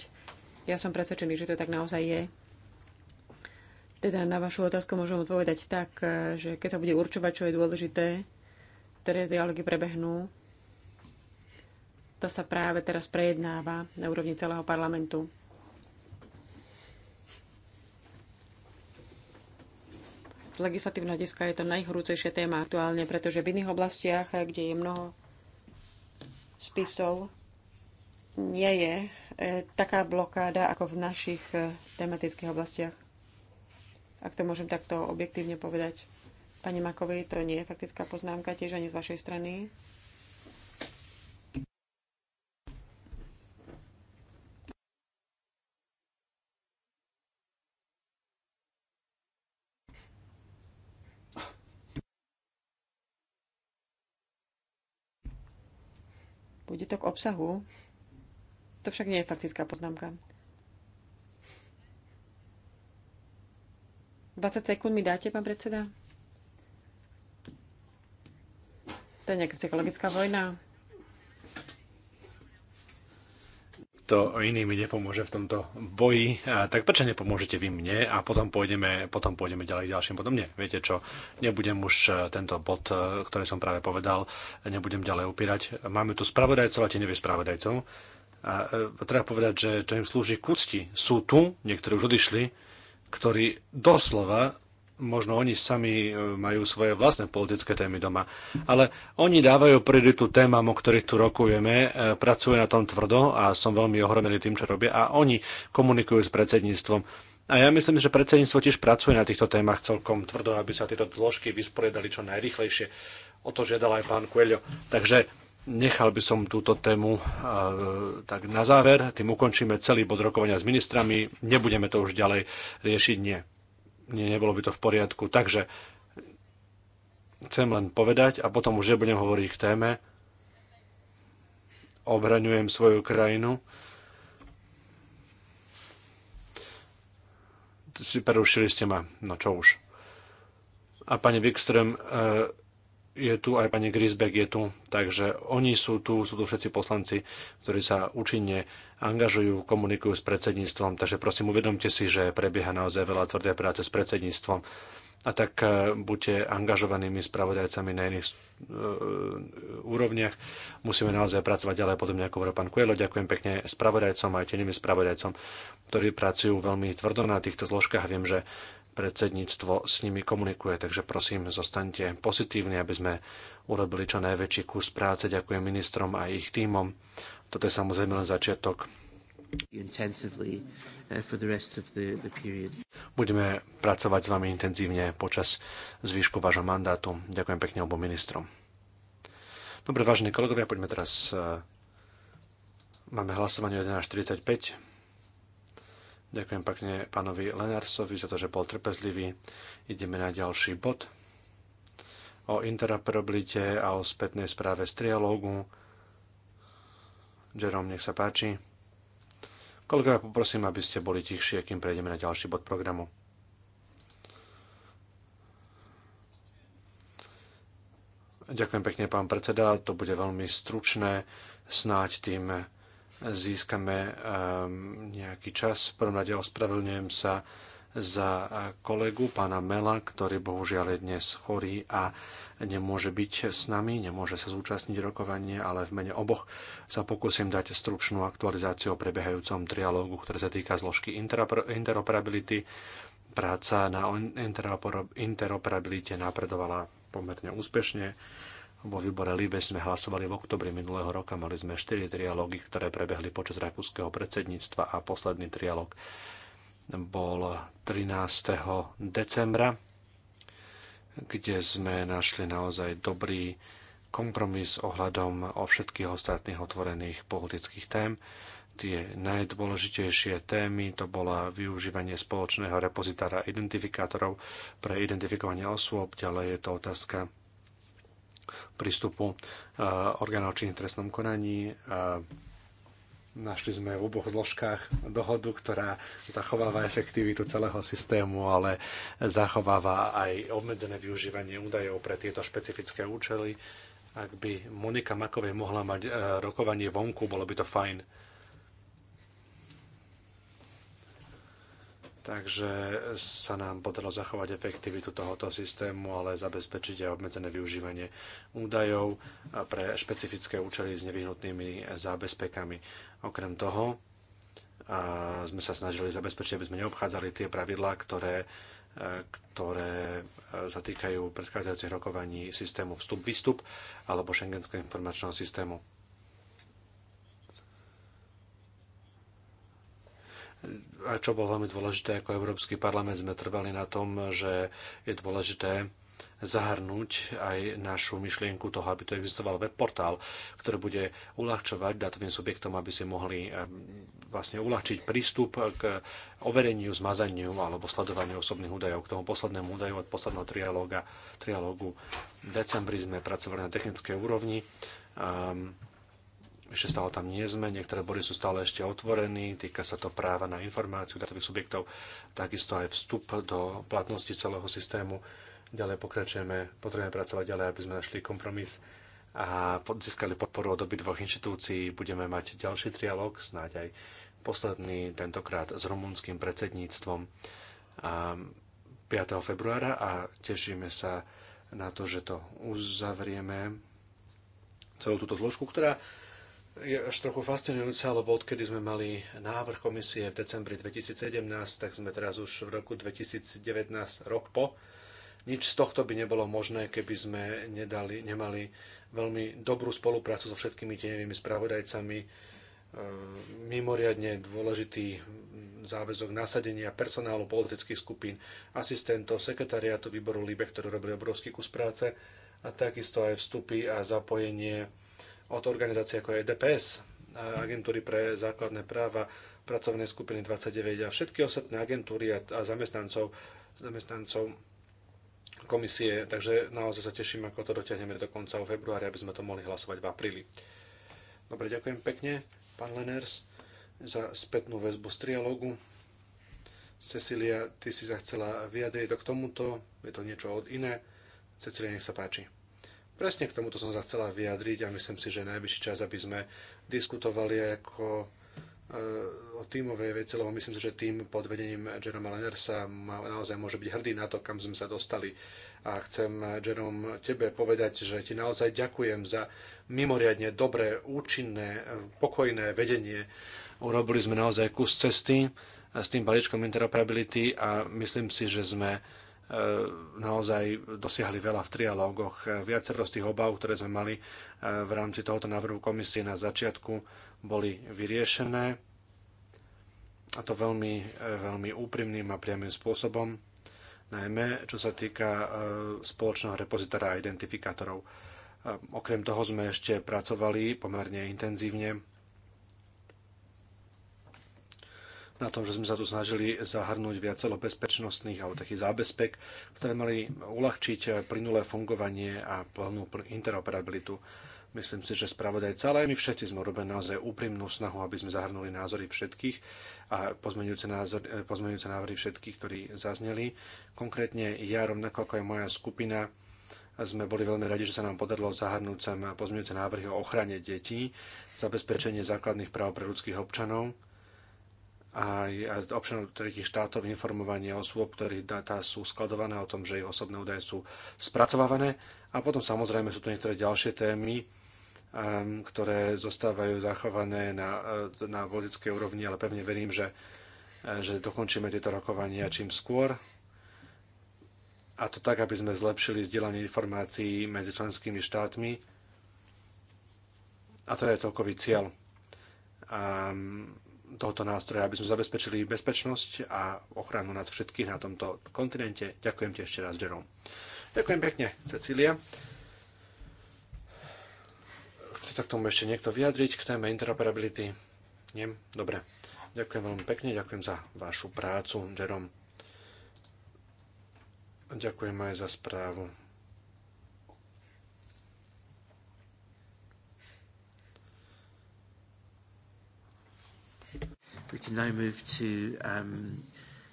Ja som presvedčený, že to tak naozaj je. Teda na vašu otázku môžem odpovedať tak, e, že keď sa bude určovať, čo je dôležité, ktoré dialógy prebehnú, to sa práve teraz prejednáva na úrovni celého parlamentu. Z legislatívneho hľadiska je to najhorúcejšia téma aktuálne, pretože v iných oblastiach, kde je mnoho spisov, nie je e, taká blokáda ako v našich e, tematických oblastiach ak to môžem takto objektívne povedať. Pani Makovej, to nie je faktická poznámka, tiež ani z vašej strany. Bude to k obsahu. To však nie je faktická poznámka. 20 sekúnd mi dáte, pán predseda? To je nejaká psychologická vojna. To iným mi nepomôže v tomto boji. A, tak prečo nepomôžete vy mne a potom pôjdeme, potom pôjdeme ďalej ďalším potom nie. Viete čo, nebudem už e, tento bod, e, ktorý som práve povedal, nebudem ďalej upírať. Máme tu spravodajcov a tie nevie spravodajcov. A, e, treba povedať, že to im slúži k úcti. Sú tu, niektorí už odišli, ktorí doslova možno oni sami e, majú svoje vlastné politické témy doma. Ale oni dávajú prioritu témam, o ktorých tu rokujeme, e, pracujú na tom tvrdo a som veľmi ohromený tým, čo robia a oni komunikujú s predsedníctvom. A ja myslím, že predsedníctvo tiež pracuje na týchto témach celkom tvrdo, aby sa tieto zložky vysporiadali čo najrychlejšie. O to žiadal aj pán Coelho. Takže Nechal by som túto tému tak na záver, tým ukončíme celý bod rokovania s ministrami, nebudeme to už ďalej riešiť, nie. Nie, nebolo by to v poriadku. Takže chcem len povedať a potom už nebudem hovoriť k téme. Obraňujem svoju krajinu. Si prerušili ste ma, no čo už. A pani Wikström, e je tu aj pani Grisbeck je tu, takže oni sú tu, sú tu všetci poslanci, ktorí sa účinne angažujú, komunikujú s predsedníctvom, takže prosím uvedomte si, že prebieha naozaj veľa tvrdé práce s predsedníctvom a tak e, buďte angažovanými spravodajcami na iných e, úrovniach. Musíme naozaj pracovať ďalej, podobne ako hovoril pán Kuelo. Ďakujem pekne spravodajcom aj tenými spravodajcom, ktorí pracujú veľmi tvrdo na týchto zložkách. Viem, že predsedníctvo s nimi komunikuje, takže prosím, zostaňte pozitívni, aby sme urobili čo najväčší kus práce. Ďakujem ministrom a ich týmom. Toto je samozrejme len začiatok. Eh, Budeme pracovať s vami intenzívne počas zvýšku vášho mandátu. Ďakujem pekne obom ministrom. Dobre, vážení kolegovia, poďme teraz... Eh, máme hlasovanie 11.45. Ďakujem pekne pánovi Lenarsovi za to, že bol trpezlivý. Ideme na ďalší bod o interoperabilite a o spätnej správe z trialógu. Jerome, nech sa páči. Kolegovia, poprosím, aby ste boli tichšie, kým prejdeme na ďalší bod programu. Ďakujem pekne, pán predseda. To bude veľmi stručné. Snáď tým získame ehm, nejaký čas. V prvom rade ospravedlňujem sa za eh, kolegu pána Mela, ktorý bohužiaľ je dnes chorý a nemôže byť s nami, nemôže sa zúčastniť rokovanie, ale v mene oboch sa pokúsim dať stručnú aktualizáciu o prebiehajúcom trialógu, ktorý sa týka zložky interoperability. Práca na interoperabilite napredovala pomerne úspešne vo výbore Líbe sme hlasovali v oktobri minulého roka, mali sme 4 trialógy, ktoré prebehli počas rakúskeho predsedníctva a posledný trialóg bol 13. decembra, kde sme našli naozaj dobrý kompromis ohľadom o všetkých ostatných otvorených politických tém tie najdôležitejšie témy, to bola využívanie spoločného repozitára identifikátorov pre identifikovanie osôb, ďalej je to otázka prístupu e, orgánov činných trestnom konaní. E, našli sme v oboch zložkách dohodu, ktorá zachováva efektivitu celého systému, ale zachováva aj obmedzené využívanie údajov pre tieto špecifické účely. Ak by Monika Makovej mohla mať e, rokovanie vonku, bolo by to fajn Takže sa nám podarilo zachovať efektivitu tohoto systému, ale zabezpečiť aj obmedzené využívanie údajov pre špecifické účely s nevyhnutnými zábezpekami. Okrem toho a sme sa snažili zabezpečiť, aby sme neobchádzali tie pravidlá, ktoré, e, ktoré e, sa týkajú predchádzajúcich rokovaní systému vstup-výstup alebo šengenského informačného systému a čo bolo veľmi dôležité, ako Európsky parlament sme trvali na tom, že je dôležité zahrnúť aj našu myšlienku toho, aby tu existoval webportál, ktorý bude uľahčovať datovým subjektom, aby si mohli eh, vlastne uľahčiť prístup k overeniu, zmazaniu alebo sledovaniu osobných údajov. K tomu poslednému údaju od posledného trialóga, trialógu v decembri sme pracovali na technickej úrovni. Um, ešte stále tam nie sme, niektoré body sú stále ešte otvorení, týka sa to práva na informáciu datových subjektov, takisto aj vstup do platnosti celého systému. Ďalej pokračujeme, potrebujeme pracovať ďalej, aby sme našli kompromis a získali podporu od dvoch inštitúcií. Budeme mať ďalší trialog, snáď aj posledný, tentokrát s rumunským predsedníctvom 5. februára a tešíme sa na to, že to uzavrieme celú túto zložku, ktorá je až trochu fascinujúce, lebo odkedy sme mali návrh komisie v decembri 2017, tak sme teraz už v roku 2019, rok po, nič z tohto by nebolo možné, keby sme nedali, nemali veľmi dobrú spoluprácu so všetkými tieňovými spravodajcami, e, mimoriadne dôležitý záväzok nasadenia personálu politických skupín, asistentov, sekretariátu výboru LIBE, ktorý robili obrovský kus práce, a takisto aj vstupy a zapojenie od organizácie ako je e DPS, e, agentúry pre základné práva, pracovné skupiny 29 a všetky ostatné agentúry a, zamestnancov, zamestnancov komisie. Takže naozaj sa teším, ako to dotiahneme do konca v februári, aby sme to mohli hlasovať v apríli. Dobre, ďakujem pekne, pán Leners, za spätnú väzbu z trialógu. Cecilia, ty si sa chcela vyjadriť k tomuto, je to niečo od iné. Cecilia, nech sa páči. Presne k tomuto som sa chcela vyjadriť a myslím si, že je najvyšší čas, aby sme diskutovali ako eh, o tímovej veci, lebo myslím si, že tým pod vedením Jeroma Lennersa naozaj môže byť hrdý na to, kam sme sa dostali. A chcem, eh, Jerome, tebe povedať, že ti naozaj ďakujem za mimoriadne dobré, účinné, eh, pokojné vedenie. Urobili sme naozaj kus cesty s tým balíčkom interoperability a myslím si, že sme E, naozaj dosiahli veľa v trialógoch. E, viacero z tých obav, ktoré sme mali e, v rámci tohoto návrhu komisie na začiatku, boli vyriešené a to veľmi, veľmi úprimným a priamým spôsobom, najmä čo sa týka spoločného repozitára a identifikátorov. Okrem toho sme ešte pracovali pomerne intenzívne na tom, že sme sa tu snažili zahrnúť viacelo bezpečnostných alebo takých zábezpek, ktoré mali uľahčiť plynulé fungovanie a plnú interoperabilitu. Myslím si, že spravodajca, ale aj my všetci sme robili naozaj úprimnú snahu, aby sme zahrnuli názory všetkých a pozmeňujúce, názor, e, pozmeňujúce návrhy všetkých, ktorí zazneli. Konkrétne ja, rovnako ako aj moja skupina, sme boli veľmi radi, že sa nám podarilo zahrnúť sem pozmeňujúce návrhy o ochrane detí, zabezpečenie základných práv pre ľudských občanov, aj občanov tretich štátov informovanie osôb, ktorých dáta sú skladované o tom, že ich osobné údaje sú spracovávané. A potom samozrejme sú tu niektoré ďalšie témy, um, ktoré zostávajú zachované na, eh, na vodickej úrovni, ale pevne verím, že, eh, že dokončíme tieto rokovania čím skôr. A to tak, aby sme zlepšili zdieľanie informácií medzi členskými štátmi. A to je celkový cieľ tohoto nástroja, aby sme zabezpečili bezpečnosť a ochranu nás všetkých na tomto kontinente. Ďakujem ti ešte raz, Jerome. Ďakujem pekne, Cecília. Chce sa k tomu ešte niekto vyjadriť k téme interoperability? Nie? Dobre. Ďakujem veľmi pekne, ďakujem za vašu prácu, Jerome. Ďakujem aj za správu We can now move to um,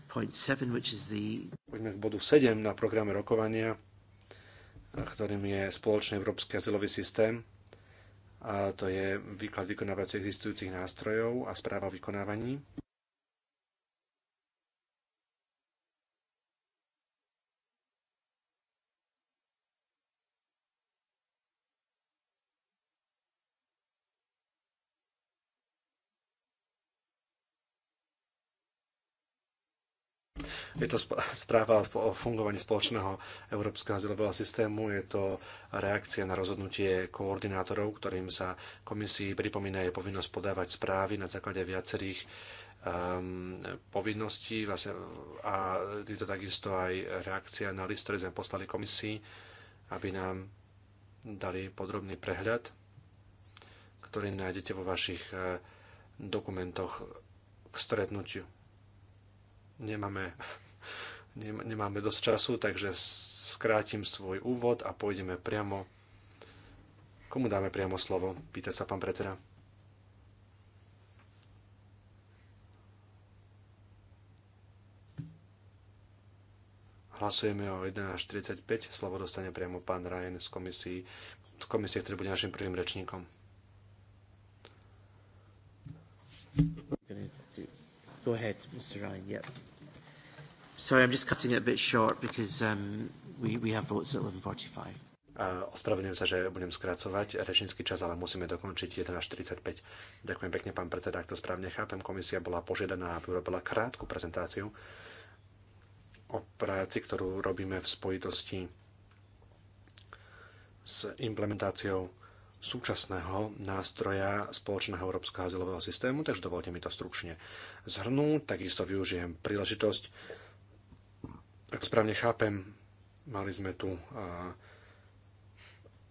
point seven, which is the... Poďme k bodu 7 na programe rokovania, ktorým je spoločný európsky azylový systém. A to je výklad vykonávacích existujúcich nástrojov a správa o vykonávaní. Je to správa o fungovaní spoločného európskeho azylového systému, je to reakcia na rozhodnutie koordinátorov, ktorým sa komisii pripomína je povinnosť podávať správy na základe viacerých um, povinností vlastne, a je to takisto aj reakcia na list, ktorý sme poslali komisii, aby nám dali podrobný prehľad, ktorý nájdete vo vašich e, dokumentoch k stretnutiu. Nemáme nemáme dosť času, takže skrátim svoj úvod a pôjdeme priamo. Komu dáme priamo slovo? Pýta sa pán predseda. Hlasujeme o 11.45. Slovo dostane priamo pán Ryan z komisie, z komisie, ktorý bude našim prvým rečníkom. Go ahead, Mr. Ryan. Yep. Sorry, I'm just cutting it a bit short because um, we, we have votes at 11.45. ospravedlňujem sa, že budem skracovať rečnícky čas, ale musíme dokončiť 11.45. Ďakujem pekne, pán predseda, ak to správne chápem. Komisia bola požiadaná, aby urobila krátku prezentáciu o práci, ktorú robíme v spojitosti s implementáciou súčasného nástroja spoločného európskeho azylového systému, takže dovolte mi to stručne zhrnúť. Takisto využijem príležitosť ak správne chápem, mali sme tu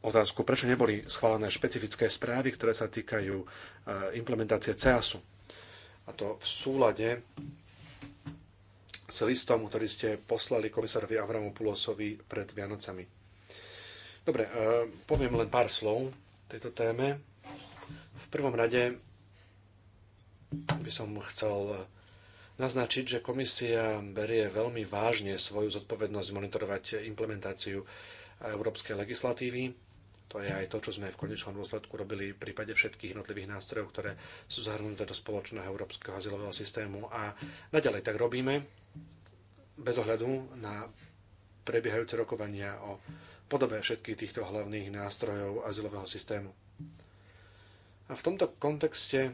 otázku, prečo neboli schválené špecifické správy, ktoré sa týkajú implementácie CEASu. A to v súlade s listom, ktorý ste poslali komisárovi Pulosovi pred Vianocami. Dobre, poviem len pár slov tejto téme. V prvom rade by som chcel naznačiť, že komisia berie veľmi vážne svoju zodpovednosť monitorovať implementáciu európskej legislatívy. To je aj to, čo sme v konečnom dôsledku robili v prípade všetkých jednotlivých nástrojov, ktoré sú zahrnuté do spoločného európskeho azylového systému. A naďalej tak robíme, bez ohľadu na prebiehajúce rokovania o podobe všetkých týchto hlavných nástrojov azylového systému. A v tomto kontexte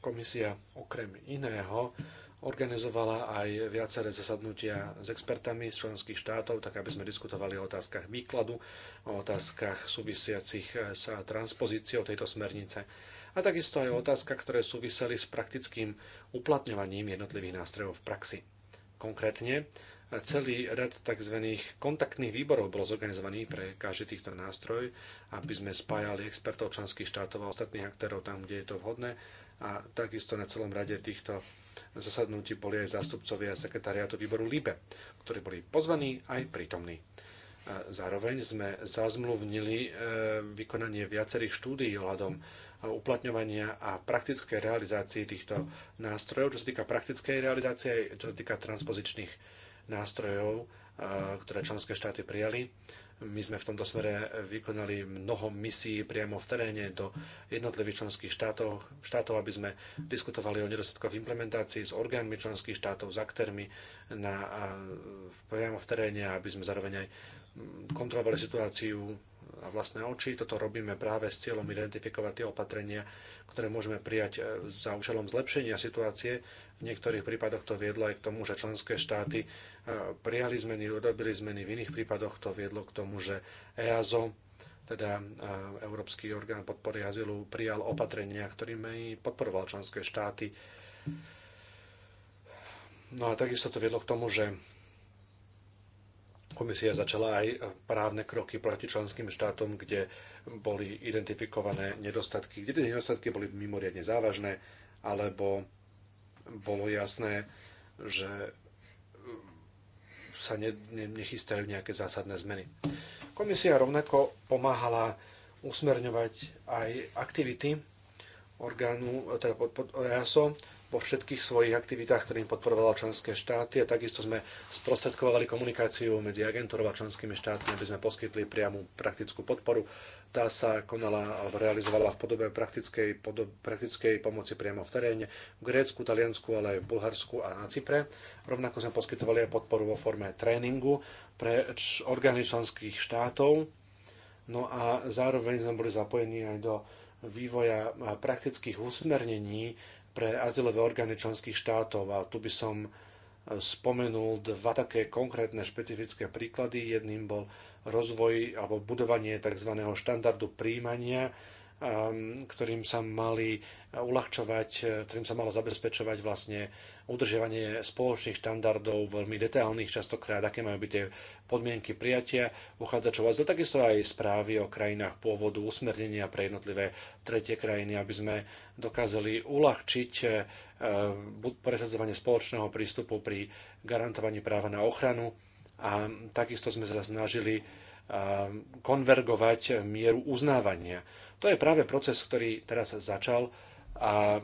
komisia okrem iného organizovala aj viaceré zasadnutia s expertami z členských štátov, tak aby sme diskutovali o otázkach výkladu, o otázkach súvisiacich s transpozíciou tejto smernice a takisto aj o otázkach, ktoré súviseli s praktickým uplatňovaním jednotlivých nástrojov v praxi. Konkrétne celý rad tzv. kontaktných výborov bol zorganizovaný pre každý týchto nástroj, aby sme spájali expertov členských štátov a ostatných aktérov tam, kde je to vhodné, a takisto na celom rade týchto zasadnutí boli aj zástupcovia sekretariátu výboru LIBE, ktorí boli pozvaní aj prítomní. Zároveň sme zazmluvnili e, vykonanie viacerých štúdií ohľadom uplatňovania a praktickej realizácie týchto nástrojov, čo sa týka praktickej realizácie, čo sa týka transpozičných nástrojov, e, ktoré členské štáty prijali my sme v tomto smere vykonali mnoho misií priamo v teréne do jednotlivých členských štátov, štátov aby sme diskutovali o nedostatkoch implementácií s orgánmi členských štátov, s aktérmi na, priamo v teréne, aby sme zároveň aj kontrolovali situáciu na vlastné oči. Toto robíme práve s cieľom identifikovať tie opatrenia, ktoré môžeme prijať e, za účelom zlepšenia situácie. V niektorých prípadoch to viedlo aj k tomu, že členské štáty prijali zmeny, urobili zmeny. V iných prípadoch to viedlo k tomu, že EASO, teda e, Európsky orgán podpory azylu, prijal opatrenia, ktorými podporoval členské štáty. No a takisto to viedlo k tomu, že komisia začala aj právne kroky proti členským štátom, kde boli identifikované nedostatky, kde tie nedostatky boli mimoriadne závažné, alebo bolo jasné, že sa ne, ne, nechystajú nejaké zásadné zmeny. Komisia rovnako pomáhala usmerňovať aj aktivity orgánu, teda pod, pod EASO, vo všetkých svojich aktivitách, ktorým podporovala členské štáty a takisto sme sprostredkovali komunikáciu medzi agentúrou a členskými štátmi, aby sme poskytli priamu praktickú podporu. Tá sa konala alebo realizovala v podobe praktickej, podob, praktickej pomoci priamo v teréne v Grécku, Taliansku, ale aj v Bulharsku a na Cypre. Rovnako sme poskytovali aj podporu vo forme tréningu pre orgány členských štátov. No a zároveň sme boli zapojení aj do vývoja praktických usmernení pre azylové orgány členských štátov. A tu by som e, spomenul dva také konkrétne špecifické príklady. Jedným bol rozvoj alebo budovanie tzv. štandardu príjmania Um, ktorým sa mali uľahčovať, eh, ktorým sa malo zabezpečovať vlastne udržiavanie spoločných štandardov, veľmi detailných častokrát, aké majú byť tie podmienky prijatia uchádzačov. A takisto aj správy o krajinách pôvodu, usmernenia pre jednotlivé tretie krajiny, aby sme dokázali uľahčiť eh, eh, presadzovanie spoločného prístupu pri garantovaní práva na ochranu. A takisto sme sa snažili konvergovať mieru uznávania to je práve proces, ktorý teraz začal a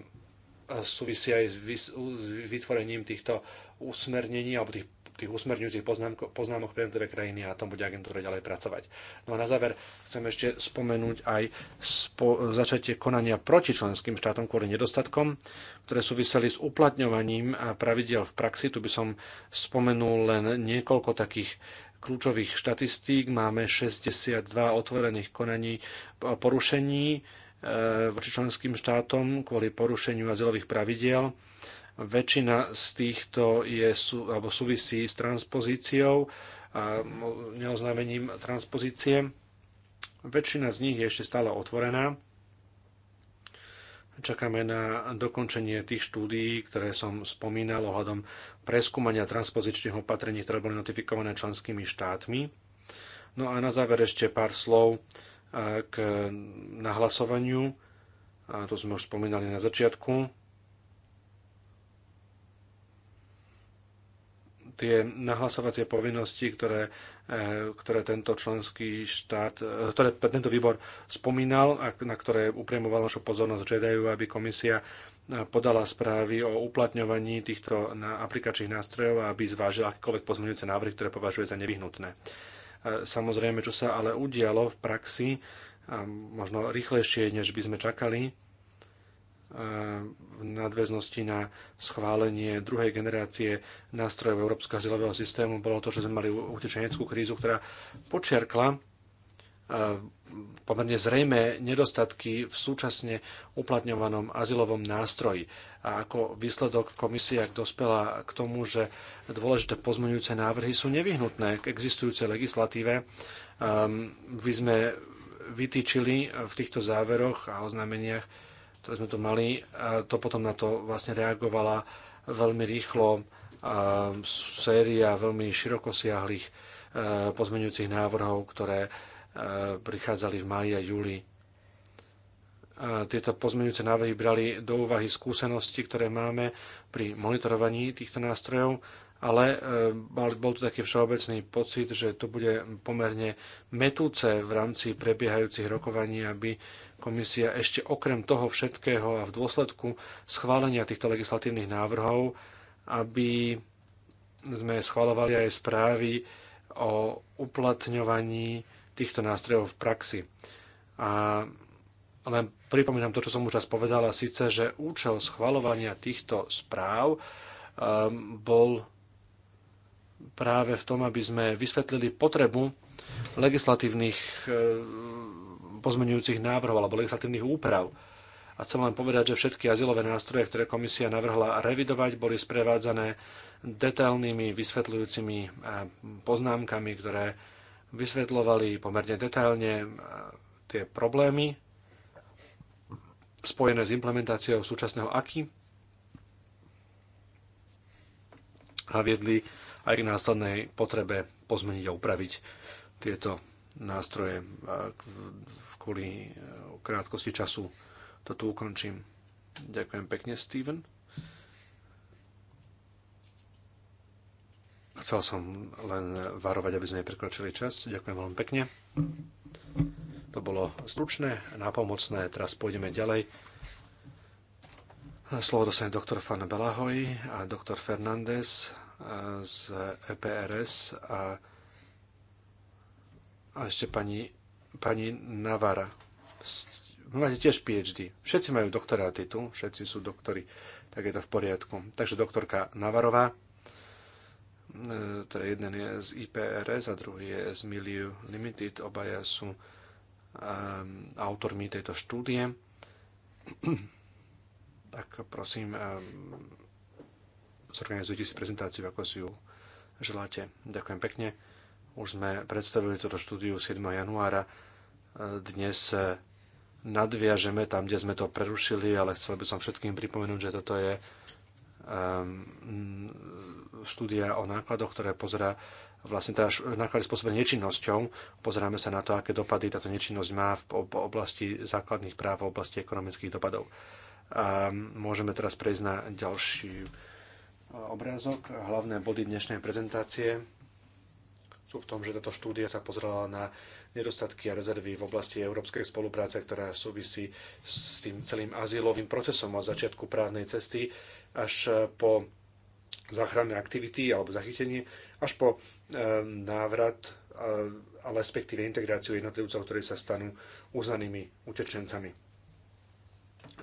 súvisí aj s vytvorením týchto usmernení alebo tých tých usmerňujúcich poznámok, pre jednotlivé krajiny a tom bude agentúra ďalej pracovať. No a na záver chcem ešte spomenúť aj spo, začatie konania proti členským štátom kvôli nedostatkom, ktoré súviseli s uplatňovaním pravidel v praxi. Tu by som spomenul len niekoľko takých kľúčových štatistík máme 62 otvorených konaní e, porušení e, voči členským štátom kvôli porušeniu azylových pravidiel. Väčšina z týchto je, sú, alebo súvisí s transpozíciou a neoznámením transpozície. Väčšina z nich je ešte stále otvorená Čakáme na dokončenie tých štúdií, ktoré som spomínal ohľadom preskúmania transpozičných opatrení, ktoré boli notifikované členskými štátmi. No a na záver ešte pár slov e, k nahlasovaniu. A to sme už spomínali na začiatku. tie nahlasovacie povinnosti, ktoré, e, ktoré tento členský štát, e, ktoré tento výbor spomínal a na ktoré upriemoval našu pozornosť Jedajú, aby komisia e, podala správy o uplatňovaní týchto aplikačných nástrojov a aby zvážila akékoľvek pozmeňujúce návrhy, ktoré považuje za nevyhnutné. Samozrejme, čo sa ale udialo v praxi, možno rýchlejšie, než by sme čakali, v nadväznosti na schválenie druhej generácie nástrojov Európskeho azylového systému bolo to, že sme mali utečeneckú krízu, ktorá počerkla e, pomerne zrejme nedostatky v súčasne uplatňovanom azylovom nástroji. A ako výsledok komisia dospela k tomu, že dôležité pozmeňujúce návrhy sú nevyhnutné k existujúcej legislatíve. E, my vy sme vytýčili v týchto záveroch a oznámeniach ktoré sme tu mali, to potom na to vlastne reagovala veľmi rýchlo séria veľmi širokosiahlých e, pozmeňujúcich návrhov, ktoré e, prichádzali v máji a júli. Tieto pozmeňujúce návrhy brali do úvahy skúsenosti, ktoré máme pri monitorovaní týchto nástrojov, ale e, bol tu taký všeobecný pocit, že to bude pomerne metúce v rámci prebiehajúcich rokovaní, aby Komisia ešte okrem toho všetkého a v dôsledku schválenia týchto legislatívnych návrhov, aby sme schvalovali aj správy o uplatňovaní týchto nástrojov v praxi. A len pripomínam to, čo som už raz povedala, síce, že účel schvalovania týchto správ um, bol práve v tom, aby sme vysvetlili potrebu legislatívnych pozmenujúcich návrhov alebo legislatívnych úprav. A chcem len povedať, že všetky azylové nástroje, ktoré komisia navrhla revidovať, boli sprevádzané detailnými vysvetľujúcimi eh, poznámkami, ktoré vysvetľovali pomerne detailne eh, tie problémy spojené s implementáciou súčasného AKI a viedli aj k následnej potrebe pozmeniť a upraviť tieto nástroje eh, v kvôli e, krátkosti času toto ukončím. Ďakujem pekne, Steven. Chcel som len varovať, aby sme neprekročili čas. Ďakujem veľmi pekne. To bolo stručné, nápomocné. Teraz pôjdeme ďalej. Slovo dostane doktor Fan Belahoj a doktor Fernández e, z EPRS a, a ešte pani pani Navara. Máte tiež PhD. Všetci majú doktoráty tu, všetci sú doktori, tak je to v poriadku. Takže doktorka Navarová, to je teda jeden je z IPRS a druhý je z Milieu Limited. Obaja sú um, autormi tejto štúdie. [clears throat] tak prosím, um, zorganizujte si prezentáciu, ako si ju želáte. Ďakujem pekne. Už sme predstavili túto štúdiu 7. januára. Dnes nadviažeme tam, kde sme to prerušili, ale chcel by som všetkým pripomenúť, že toto je ehm, štúdia o nákladoch, ktoré pozera vlastne teda náklady spôsobené nečinnosťou. Pozeráme sa na to, aké dopady táto nečinnosť má v oblasti základných práv, v oblasti ekonomických dopadov. A ehm, môžeme teraz prejsť na ďalší e, obrázok. Hlavné body dnešnej prezentácie v tom, že táto štúdia sa pozrela na nedostatky a rezervy v oblasti európskej spolupráce, ktorá súvisí s tým celým azylovým procesom od začiatku právnej cesty až po záchranné aktivity alebo zachytenie, až po eh, návrat, eh, ale respektíve integráciu jednotlivcov, ktorí sa stanú uznanými utečencami.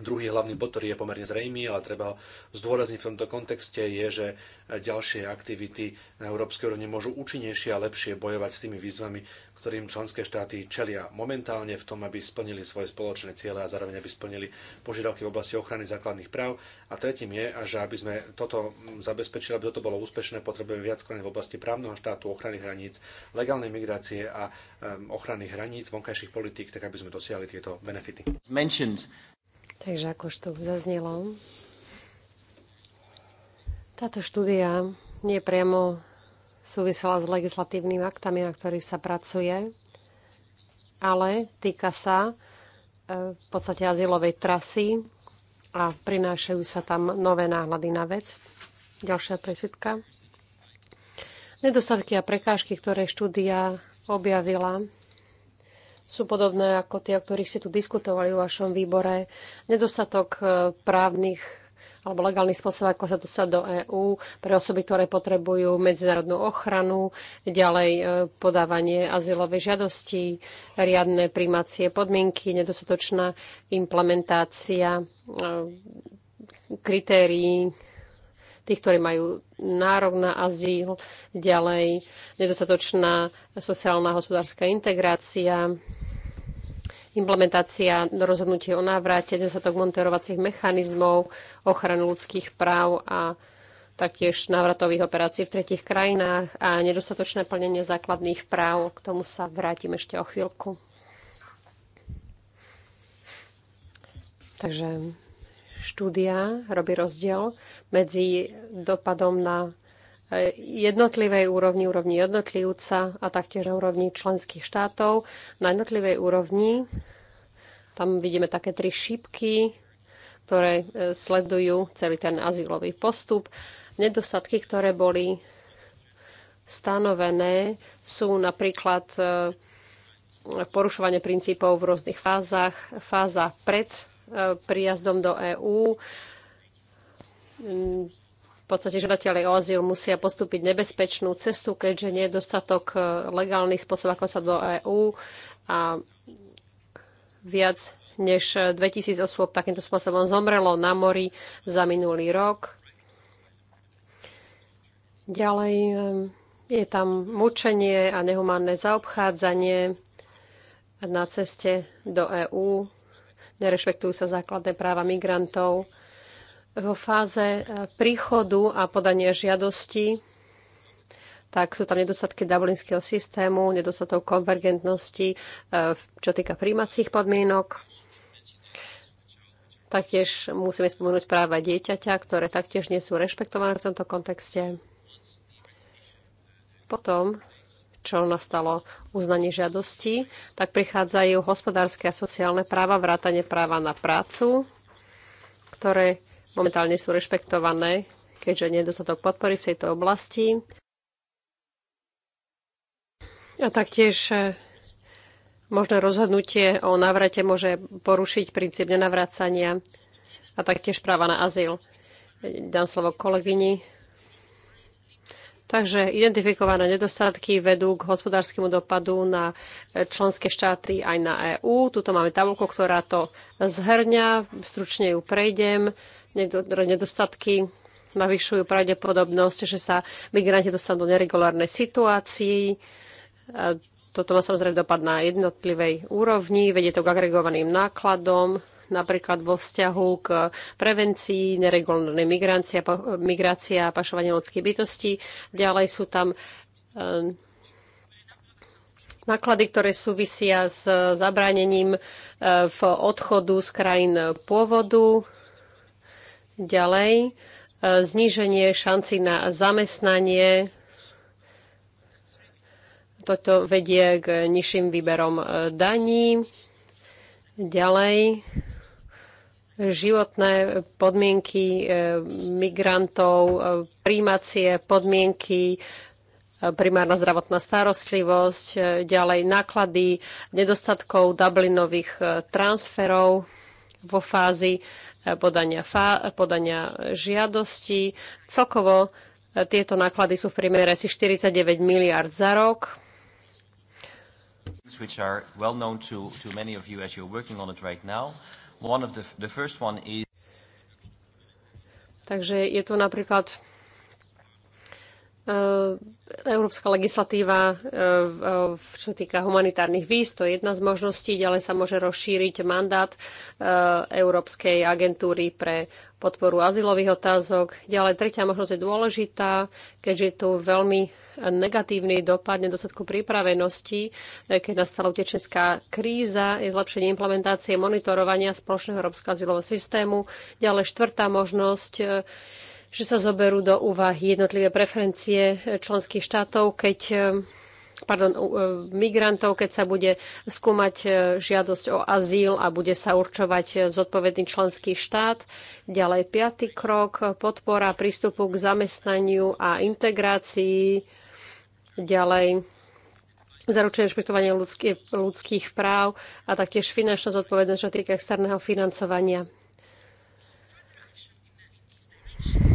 Druhý hlavný bod, ktorý je pomerne zrejmý, ale treba ho zdôrazniť v tomto kontexte, je, že ďalšie aktivity na európskej úrovni môžu účinnejšie a lepšie bojovať s tými výzvami, ktorým členské štáty čelia momentálne v tom, aby splnili svoje spoločné ciele a zároveň aby splnili požiadavky v oblasti ochrany základných práv. A tretím je, že aby sme toto zabezpečili, aby toto bolo úspešné, potrebujeme viac konaní v oblasti právneho štátu, ochrany hraníc, legálnej migrácie a ochrany hraníc, vonkajších politík, tak aby sme dosiahli tieto benefity. Mentioned Takže ako tu zaznelo, táto štúdia nepriamo súvisela s legislatívnymi aktami, na ktorých sa pracuje, ale týka sa e, v podstate azylovej trasy a prinášajú sa tam nové náhľady na vec. Ďalšia presvitka. Nedostatky a prekážky, ktoré štúdia objavila, sú podobné ako tie, o ktorých ste tu diskutovali v vašom výbore. Nedostatok e, právnych alebo legálnych spôsobov, ako sa dostať do EÚ pre osoby, ktoré potrebujú medzinárodnú ochranu, ďalej e, podávanie azylovej žiadosti, riadne príjmacie podmienky, nedostatočná implementácia e, kritérií tých, ktorí majú nárok na azyl, ďalej nedostatočná sociálna hospodárska integrácia, implementácia rozhodnutie o návrate, nedostatok monitorovacích mechanizmov, ochranu ľudských práv a taktiež návratových operácií v tretich krajinách a nedostatočné plnenie základných práv. K tomu sa vrátim ešte o chvíľku. Takže štúdia robí rozdiel medzi dopadom na E, jednotlivej úrovni, úrovni jednotlivca a taktiež na úrovni členských štátov. Na jednotlivej úrovni tam vidíme také tri šípky, ktoré e, sledujú celý ten azylový postup. Nedostatky, ktoré boli stanovené, sú napríklad e, porušovanie princípov v rôznych fázach, fáza pred príjazdom do EÚ, podstate žiadatelia o azyl musia postúpiť nebezpečnú cestu, keďže nie je dostatok e, legálnych spôsob, ako sa do EÚ a viac než 2000 e, osôb takýmto spôsobom zomrelo na mori za minulý rok. Ďalej e, je tam mučenie a nehumánne zaobchádzanie na ceste do EÚ. Nerešpektujú sa základné práva migrantov vo fáze e, príchodu a podania žiadosti, tak sú tam nedostatky dublinského systému, nedostatok konvergentnosti, e, čo týka príjmacích podmienok. Taktiež musíme spomenúť práva dieťaťa, ktoré taktiež nie sú rešpektované v tomto kontexte. Potom, čo nastalo uznanie žiadosti, tak prichádzajú hospodárske a sociálne práva, vrátanie práva na prácu, ktoré momentálne sú rešpektované, keďže nie je dostatok podpory v tejto oblasti. A taktiež e, možné rozhodnutie o navrate môže porušiť princíp nenavracania a taktiež práva na azyl. Dám slovo kolegyni. Takže identifikované nedostatky vedú k hospodárskému dopadu na e, členské štáty aj na EÚ. Tuto máme tabulku, ktorá to zhrňa. Stručne ju prejdem nedostatky navyšujú pravdepodobnosť, že sa migranti dostanú do neregulárnej situácii. Toto má samozrejme dopad na jednotlivej úrovni, vedie to k agregovaným nákladom, napríklad vo vzťahu k prevencii neregulárnej migrácia, migrácia a pašovanie ľudských bytostí. Ďalej sú tam ehm, náklady, ktoré súvisia s zabránením ehm, v odchodu z krajín pôvodu, Ďalej, e, zníženie šanci na zamestnanie. Toto vedie k nižším výberom e, daní. Ďalej, životné podmienky e, migrantov, príjmacie podmienky, primárna zdravotná starostlivosť, ďalej náklady nedostatkov Dublinových transferov vo fázi podania, podania žiadosti. Celkovo e, tieto náklady sú v priemere asi 49 miliard za rok. Which are well known to, to many of you as you're working on it right now. One of the, the first one is... Takže je tu napríklad E, európska legislatíva, e, e, čo týka humanitárnych víz, to je jedna z možností, ďalej sa môže rozšíriť mandát Európskej agentúry pre podporu azylových otázok. Ďalej tretia možnosť je dôležitá, keďže je tu veľmi negatívny dopad nedostatku pripravenosti, keď nastala utečenská kríza, je zlepšenie implementácie monitorovania spoločného európskeho azylového systému. Ďalej štvrtá možnosť že sa zoberú do úvahy jednotlivé preferencie členských štátov, keď eh, pardon, eh, migrantov, keď sa bude skúmať eh, žiadosť o azyl a bude sa určovať zodpovedný členský štát. Ďalej piaty krok, podpora prístupu k zamestnaniu a integrácii. Ďalej zaručenie rešpektovania ľudských, ľudských práv a taktiež finančná zodpovednosť, čo týka externého financovania.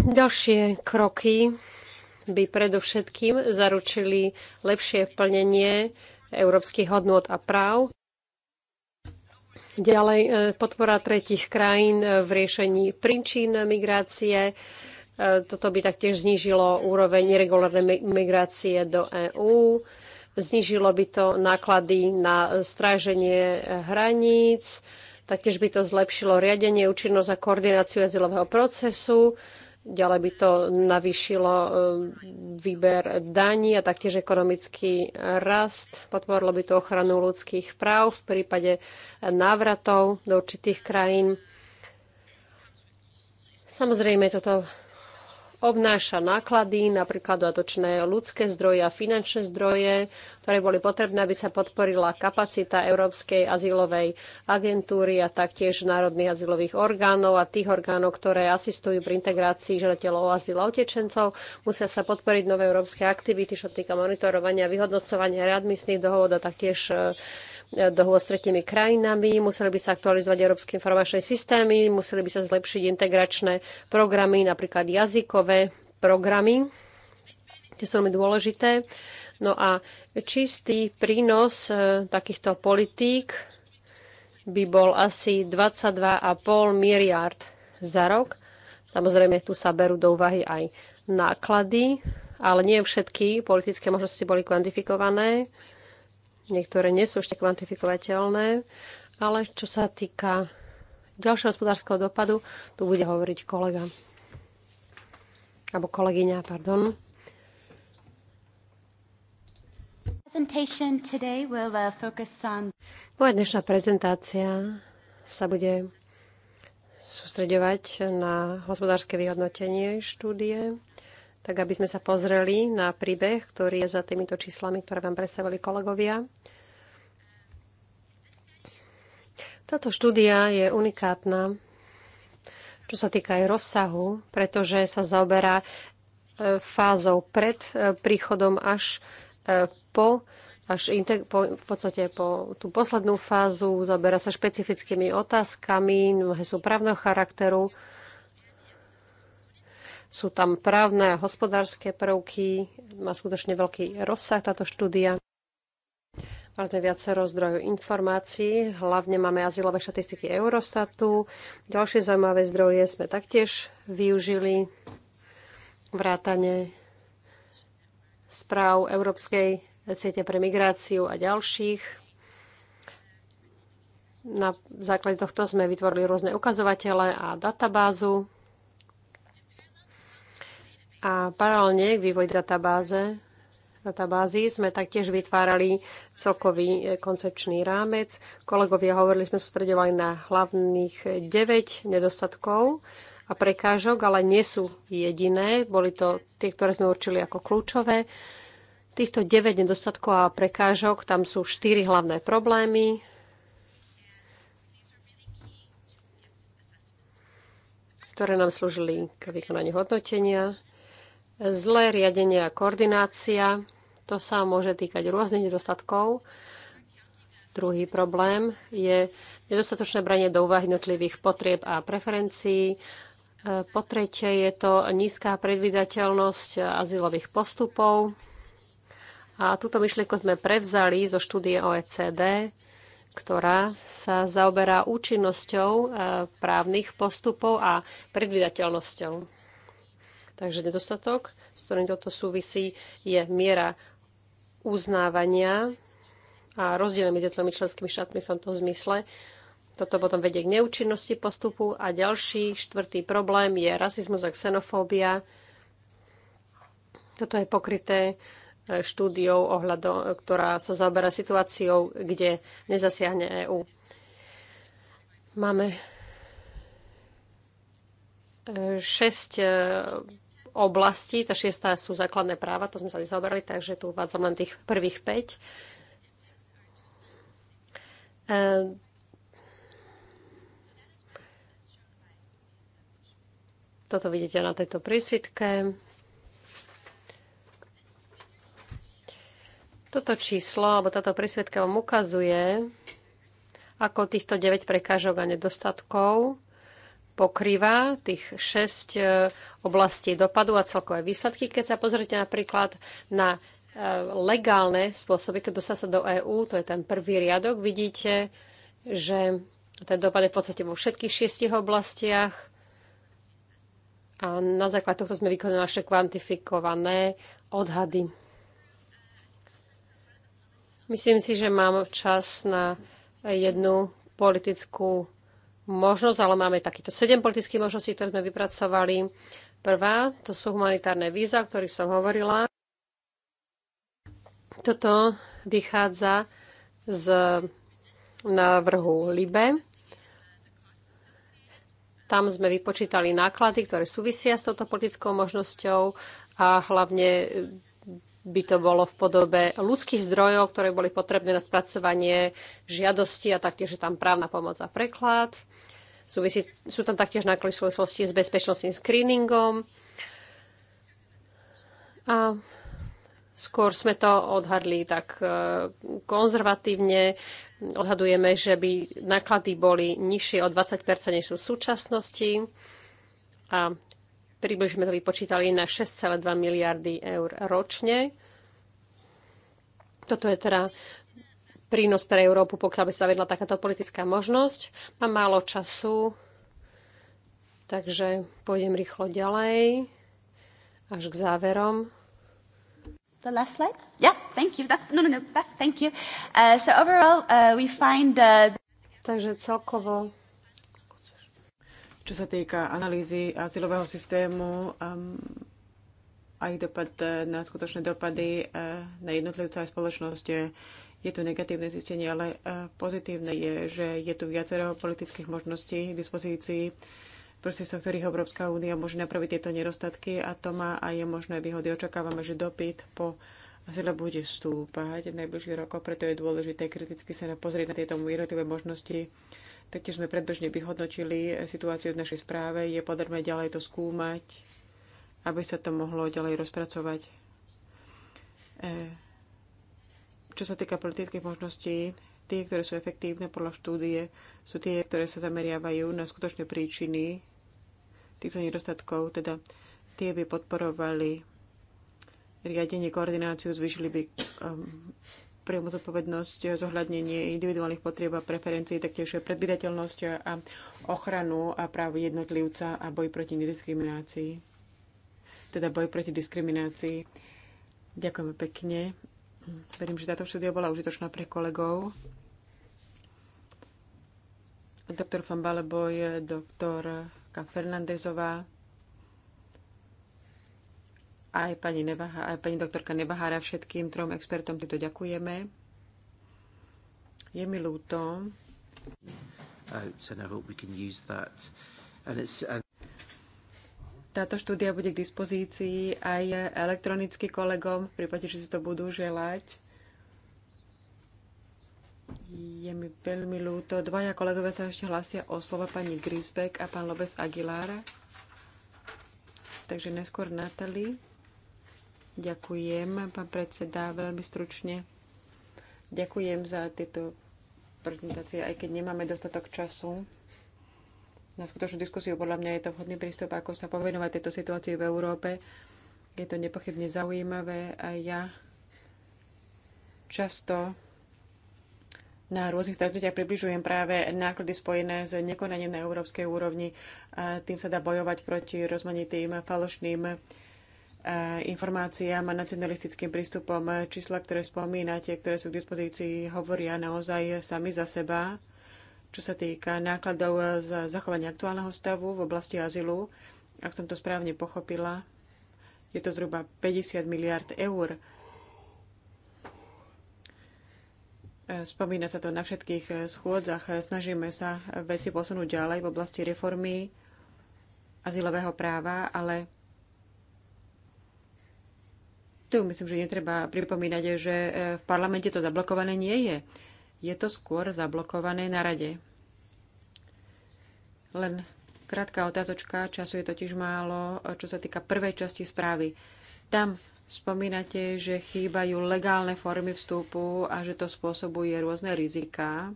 Ďalšie kroky by predovšetkým zaručili lepšie plnenie európskych hodnôt a práv. Ďalej e, podpora tretich krajín v riešení príčin migrácie. E, toto by taktiež znížilo úroveň regulárnej migrácie do EÚ. Znížilo by to náklady na stráženie hraníc. Taktiež by to zlepšilo riadenie, účinnosť a koordináciu azylového procesu Ďalej by to navýšilo e, výber daní a taktiež ekonomický rast. Podporilo by to ochranu ľudských práv v prípade návratov do určitých krajín. Samozrejme, toto obnáša náklady, napríklad dodatočné ľudské zdroje a finančné zdroje, ktoré boli potrebné, aby sa podporila kapacita Európskej azylovej agentúry a taktiež národných azylových orgánov a tých orgánov, ktoré asistujú pri integrácii žiadateľov o azyl a utečencov. Musia sa podporiť nové európske aktivity, čo týka monitorovania, vyhodnocovania readmisných dohôd a taktiež e, dohôd s tretimi krajinami, museli by sa aktualizovať európske informačné systémy, museli by sa zlepšiť integračné programy, napríklad jazykové programy, tie sú veľmi dôležité. No a čistý prínos e, takýchto politík by bol asi 22,5 miliard za rok. Samozrejme, tu sa berú do úvahy aj náklady, ale nie všetky politické možnosti boli kvantifikované niektoré nie sú ešte kvantifikovateľné, ale čo sa týka ďalšieho hospodárskeho dopadu, tu bude hovoriť kolega. Alebo kolegyňa, pardon. Uh, Moja dnešná prezentácia sa bude sústreďovať na hospodárske vyhodnotenie štúdie tak aby sme sa pozreli na príbeh, ktorý je za týmito číslami, ktoré vám predstavili kolegovia. Táto štúdia je unikátna, čo sa týka aj rozsahu, pretože sa zaoberá e, fázou pred e, príchodom až e, po až po, v podstate po tú poslednú fázu, zaoberá sa špecifickými otázkami, mnohé sú právneho charakteru. Sú tam právne a hospodárske prvky, má skutočne veľký rozsah táto štúdia. Mali sme viacero zdrojov informácií, hlavne máme azylové štatistiky Eurostatu. Ďalšie zaujímavé zdroje sme taktiež využili vrátane správ Európskej siete pre migráciu a ďalších. Na základe tohto sme vytvorili rôzne ukazovatele a databázu. A paralelne k vývoj databáze, databázy sme taktiež vytvárali celkový e, koncepčný rámec. Kolegovia hovorili, sme sústredovali na hlavných 9 nedostatkov a prekážok, ale nie sú jediné. Boli to tie, ktoré sme určili ako kľúčové. Týchto 9 nedostatkov a prekážok, tam sú 4 hlavné problémy. ktoré nám slúžili k vykonaniu hodnotenia. Zlé riadenie a koordinácia, to sa môže týkať rôznych nedostatkov. Druhý problém je nedostatočné branie do úvahy jednotlivých potrieb a preferencií. E, po tretie je to nízka predvydateľnosť azylových postupov. A túto myšlienku sme prevzali zo štúdie OECD, ktorá sa zaoberá účinnosťou e, právnych postupov a predvydateľnosťou. Takže nedostatok, s ktorým toto súvisí, je miera uznávania a rozdiel medzi jednotlivými členskými štátmi v tomto zmysle. Toto potom vedie k neúčinnosti postupu. A ďalší, štvrtý problém je rasizmus a xenofóbia. Toto je pokryté e, štúdiou, ohľado, ktorá sa zaoberá situáciou, kde nezasiahne EÚ. Máme e, šesť e, oblasti. Tá šiesta sú základné práva, to sme sa zaoberali, takže tu uvádzam len tých prvých 5. Ehm, toto vidíte na tejto prísvitke. Toto číslo, alebo táto prísvitka vám ukazuje, ako týchto 9 prekážok a nedostatkov pokrýva tých 6 e, oblastí dopadu a celkové výsledky. Keď sa pozrite napríklad na e, legálne spôsoby, keď dostá sa do EÚ, to je ten prvý riadok, vidíte, že ten dopad je v podstate vo všetkých šiestich oblastiach a na základe tohto sme vykonali naše kvantifikované odhady. Myslím si, že mám čas na jednu politickú možnosť, ale máme takýto sedem politických možností, ktoré sme vypracovali. Prvá, to sú humanitárne víza, o ktorých som hovorila. Toto vychádza z návrhu LIBE. Tam sme vypočítali náklady, ktoré súvisia s touto politickou možnosťou a hlavne by to bolo v podobe ľudských zdrojov, ktoré boli potrebné na spracovanie žiadosti a taktiež je tam právna pomoc a preklad. Súvisí, sú tam taktiež náklady v súvislosti s bezpečnostným screeningom. A skôr sme to odhadli tak e, konzervatívne. Odhadujeme, že by náklady boli nižšie o 20 než sú v súčasnosti. A približme to vypočítali na 6,2 miliardy eur ročne. Toto je teda prínos pre Európu, pokiaľ by sa vedla takáto politická možnosť. Mám málo času, takže pôjdem rýchlo ďalej až k záverom. The last slide? Yeah, thank you. That's, no, no, no, that, thank you. Uh, so overall, uh, we find... Uh... Takže celkovo čo sa týka analýzy azylového systému um, aj dopad eh, na skutočné dopady eh, na jednotlivca aj spoločnosť, eh, je tu negatívne zistenie, ale pozitívne je, že je tu viacero politických možností k dispozícii, prostredstvom ktorých Európska únia môže napraviť tieto nedostatky a to má aj možné výhody. Očakávame, že dopyt po azyle bude stúpať v najbližších rokoch, preto je dôležité kriticky sa pozrieť na tieto jednotlivé možnosti Taktiež sme predbežne vyhodnotili situáciu v našej správe. Je podarme ďalej to skúmať, aby sa to mohlo ďalej rozpracovať. E, čo sa týka politických možností, tie, ktoré sú efektívne podľa štúdie, sú tie, ktoré sa zameriavajú na skutočné príčiny týchto nedostatkov, teda tie by podporovali riadenie, koordináciu, zvyšili by um, priamo zodpovednosť, eh, zohľadnenie individuálnych potrieb a preferencií, taktiež predvydateľnosť a ochranu a práv jednotlivca a boj proti nediskriminácii. Teda boj proti diskriminácii. Ďakujeme pekne. Verím, že táto štúdia bola užitočná pre kolegov. Doktor Fambaleboj, doktor Fernandezová aj pani, Nebaha, aj pani doktorka Nebahára, všetkým trom expertom týmto ďakujeme. Je mi ľúto. Táto štúdia bude k dispozícii aj elektronicky kolegom, v prípade, že si to budú želať. Je mi veľmi ľúto. Dvaja kolegovia sa ešte hlasia o slova pani Grisbeck a pán Lobes Aguilar. Takže neskôr Natalie. Ďakujem, pán predseda, veľmi stručne. Ďakujem za tieto prezentácie, aj keď nemáme dostatok času. Na skutočnú diskusiu podľa mňa je to vhodný prístup, ako sa povenovať tejto situácii v Európe. Je to nepochybne zaujímavé a ja často na rôznych stretnutiach približujem práve náklady spojené s nekonaním na európskej úrovni. A tým sa dá bojovať proti rozmanitým falošným Eh, informáciám a nacionalistickým prístupom. Čísla, ktoré spomínate, ktoré sú k dispozícii, hovoria naozaj sami za seba, čo sa týka nákladov za zachovanie aktuálneho stavu v oblasti azylu. Ak som to správne pochopila, je to zhruba 50 miliard eur. Eh, spomína sa to na všetkých schôdzach. Snažíme sa veci posunúť ďalej v oblasti reformy azylového práva, ale tu myslím, že netreba pripomínať, že e, v parlamente to zablokované nie je. Je to skôr zablokované na rade. Len krátka otázočka, času je totiž málo, e, čo sa týka prvej časti správy. Tam spomínate, že chýbajú legálne formy vstupu a že to spôsobuje rôzne riziká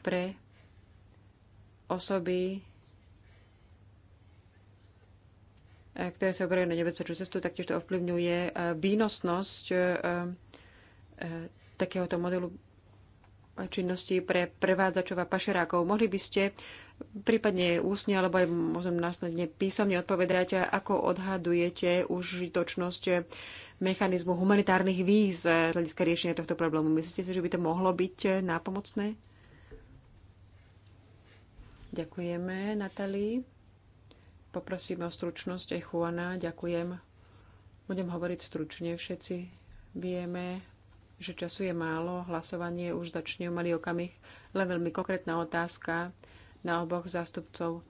pre osoby, ktoré sa oberajú na nebezpečnú cestu, taktiež to ovplyvňuje eh, výnosnosť eh, eh, takéhoto modelu činnosti pre prevádzačov a pašerákov. Mohli by ste prípadne ústne alebo aj možno následne písomne odpovedať, ako odhadujete užitočnosť mechanizmu humanitárnych víz z hľadiska riešenia tohto problému. Myslíte si, že by to mohlo byť nápomocné? Ďakujeme, Natalii. Poprosím o stručnosť aj Juana. Ďakujem. Budem hovoriť stručne. Všetci vieme, že času je málo. Hlasovanie už začne o malý okamih. Len veľmi konkrétna otázka na oboch zástupcov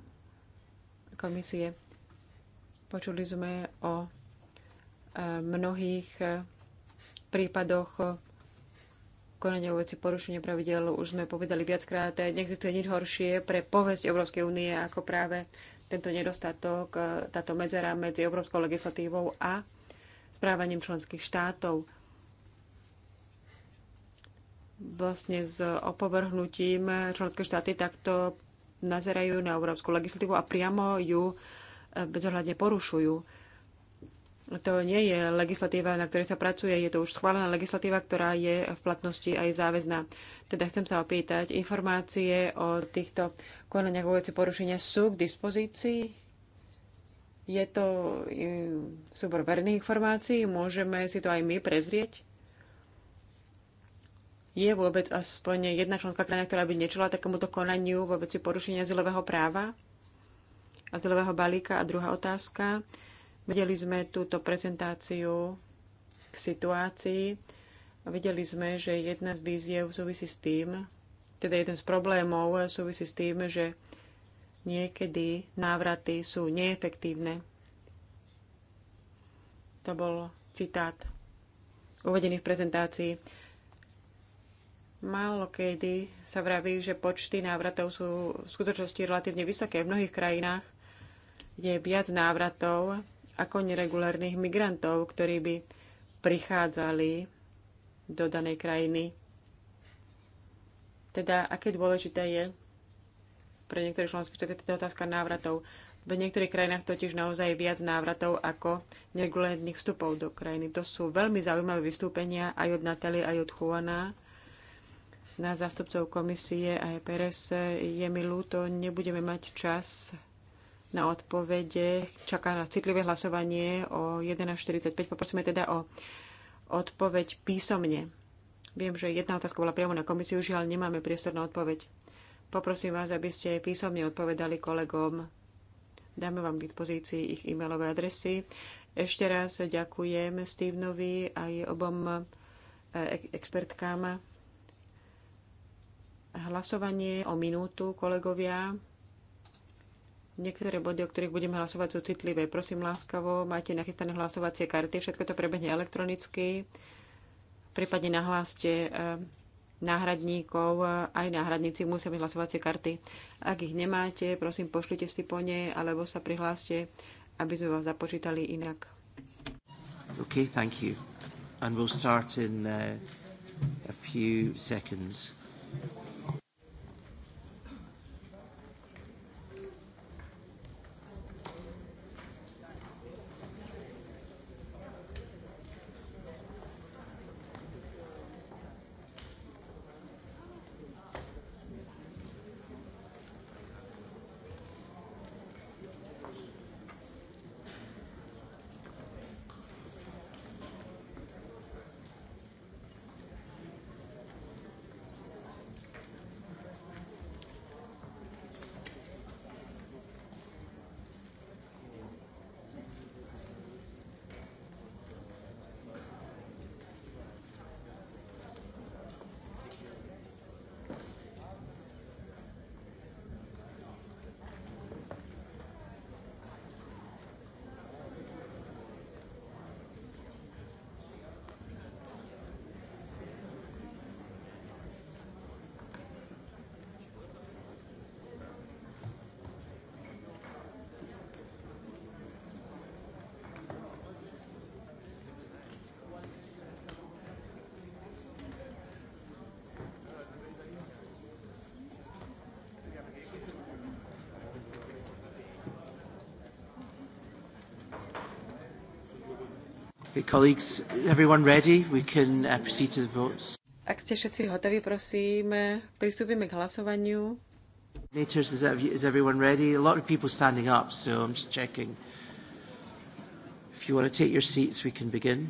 komisie. Počuli sme o e, mnohých e, prípadoch konania veci porušenia pravidel už sme povedali viackrát, neexistuje nič horšie pre povesť Európskej únie ako práve tento nedostatok, e, táto medzera medzi európskou legislatívou a správaním členských štátov. Vlastne s opovrhnutím členské štáty takto nazerajú na európsku legislatívu a priamo ju e, bezohľadne porušujú. To nie je legislatíva, na ktorej sa pracuje, je to už schválená legislatíva, ktorá je v platnosti aj záväzná. Teda chcem sa opýtať, informácie o týchto konaniach vo veci porušenia sú k dispozícii? Je to e, súbor verných informácií? Môžeme si to aj my prezrieť? Je vôbec aspoň jedna členská krajina, ktorá by nečela takémuto konaniu vo veci porušenia zilového práva a zilového balíka? A druhá otázka, Videli sme túto prezentáciu k situácii a videli sme, že jedna z víziev súvisí s tým, teda jeden z problémov súvisí s tým, že niekedy návraty sú neefektívne. To bol citát uvedený v prezentácii. Málo kedy sa vraví, že počty návratov sú v skutočnosti relatívne vysoké. V mnohých krajinách je viac návratov ako neregulárnych migrantov, ktorí by prichádzali do danej krajiny. Teda, aké dôležité je pre niektoré členské štáty teda otázka návratov. V niektorých krajinách totiž naozaj viac návratov ako neregulárnych vstupov do krajiny. To sú veľmi zaujímavé vystúpenia aj od Natalie, aj od Juana na zástupcov komisie a EPRS. Je mi ľúto, nebudeme mať čas na odpovede. Čaká na citlivé hlasovanie o 11.45. Poprosíme teda o odpoveď písomne. Viem, že jedna otázka bola priamo na komisiu, žiaľ nemáme priestor na odpoveď. Poprosím vás, aby ste písomne odpovedali kolegom. Dáme vám k dispozícii ich e-mailové adresy. Ešte raz ďakujem Stevenovi aj obom e, expertkám. Hlasovanie o minútu, kolegovia. Niektoré body, o ktorých budeme hlasovať, sú citlivé. Prosím láskavo, máte nachystané hlasovacie karty, všetko to prebehne elektronicky. Prípadne nahláste eh, náhradníkov, aj náhradníci musia mať hlasovacie karty. Ak ich nemáte, prosím, pošlite si po ne, alebo sa prihláste, aby sme vás započítali inak. OK, thank you. And we'll start in uh, a few seconds. colleagues, everyone ready? We can uh, proceed to the votes. Ak ste všetci hotoví, prosím, eh, pristúpime k hlasovaniu. Nators, is, is everyone ready? A lot of people standing up, so I'm just checking. If you want to take your seats, we can begin.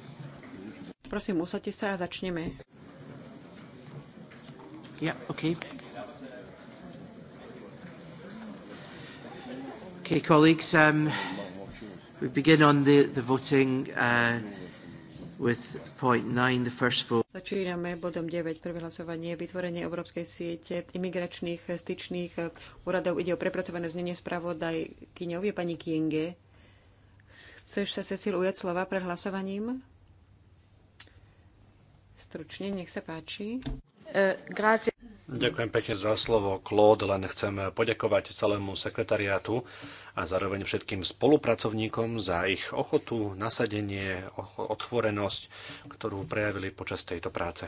Prosím, usadte sa a začneme. Yeah, okay. Okay, colleagues, um, we begin on the, the voting. Uh, Začíname bodom 9. Prvé hlasovanie. Vytvorenie Európskej siete imigračných styčných eh, úradov. Ide o prepracované znenie spravodajkyňov. Je pani Kienge. Chceš sa, Cecil, ujať slova pred hlasovaním? Stručne, nech sa páči. Uh, Ďakujem pekne za slovo, Claude. Len chcem poďakovať celému sekretariátu a zároveň všetkým spolupracovníkom za ich ochotu, nasadenie, otvorenosť, ktorú prejavili počas tejto práce.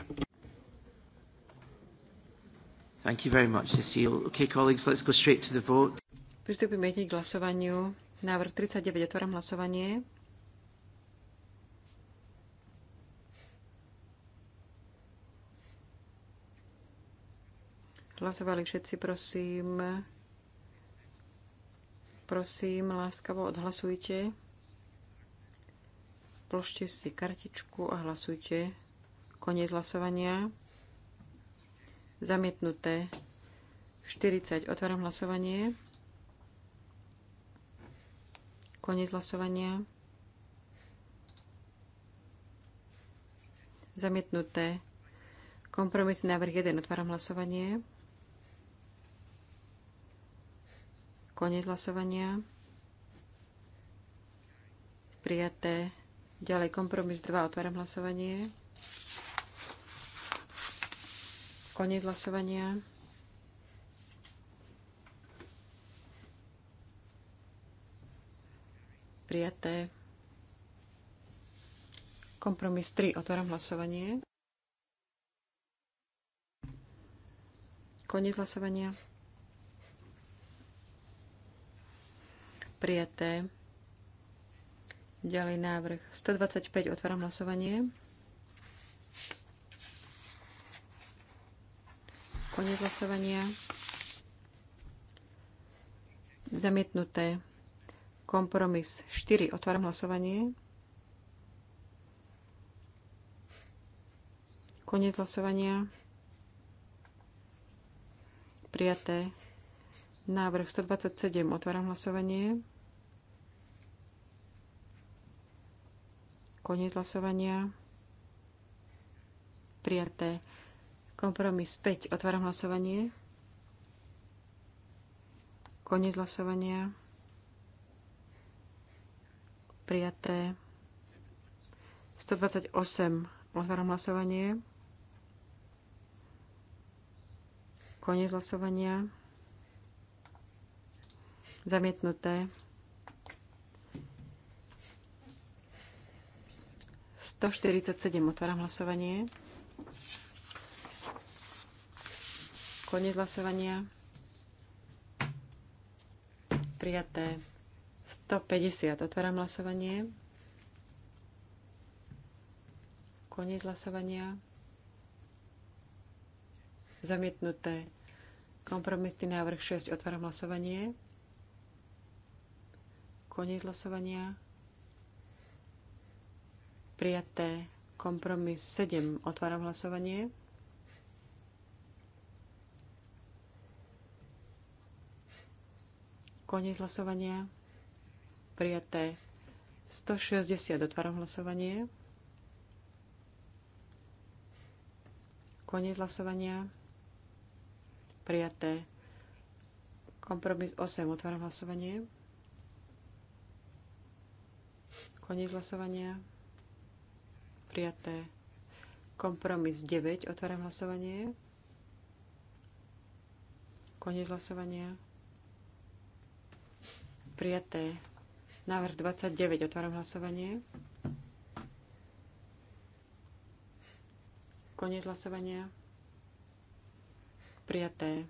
Thank you very much, Cecile. Okay, colleagues, let's go straight to the vote. Pristúpime k hlasovaniu. Návrh 39, otváram hlasovanie. Hlasovali všetci, prosím. Prosím, láskavo odhlasujte. Pložte si kartičku a hlasujte. Koniec hlasovania. Zamietnuté. 40. Otváram hlasovanie. Koniec hlasovania. Zamietnuté. Kompromisný návrh 1. Otváram hlasovanie. Konec hlasovania. Prijaté. Ďalej kompromis 2. Otváram hlasovanie. Konec hlasovania. Prijaté. Kompromis 3. Otváram hlasovanie. Koniec hlasovania. Prijaté. Ďalej návrh 125. Otváram hlasovanie. Konec hlasovania. Zamietnuté. Kompromis 4. Otváram hlasovanie. Koniec hlasovania. Prijaté. Návrh 127. Otváram hlasovanie. Koniec hlasovania. Prijaté. Kompromis 5. Otváram hlasovanie. Koniec hlasovania. Prijaté. 128. Otváram hlasovanie. Koniec hlasovania. Zamietnuté. 147. Otváram hlasovanie. Koniec hlasovania. Prijaté. 150. Otváram hlasovanie. Koniec hlasovania. Zamietnuté. Kompromisný návrh 6. Otváram hlasovanie. Koniec hlasovania. Prijaté. Kompromis 7. Otváram hlasovanie. Koniec hlasovania. Prijaté. 160. Otváram hlasovanie. Koniec hlasovania. Prijaté. Kompromis 8. Otváram hlasovanie. Koniec hlasovania prijaté. Kompromis 9. Otváram hlasovanie. Koniec hlasovania. Prijaté. Návrh 29. Otváram hlasovanie. Koniec hlasovania. Prijaté.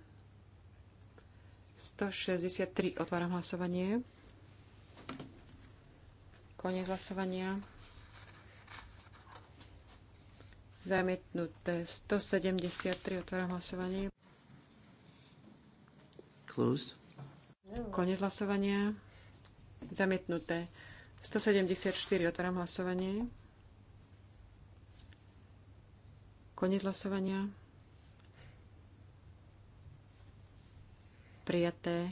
163. Otváram hlasovanie. Koniec hlasovania. Zamietnuté 173. Otváram hlasovanie. Closed. Konec hlasovania. Zamietnuté 174. Otváram hlasovanie. Konec hlasovania. Prijaté.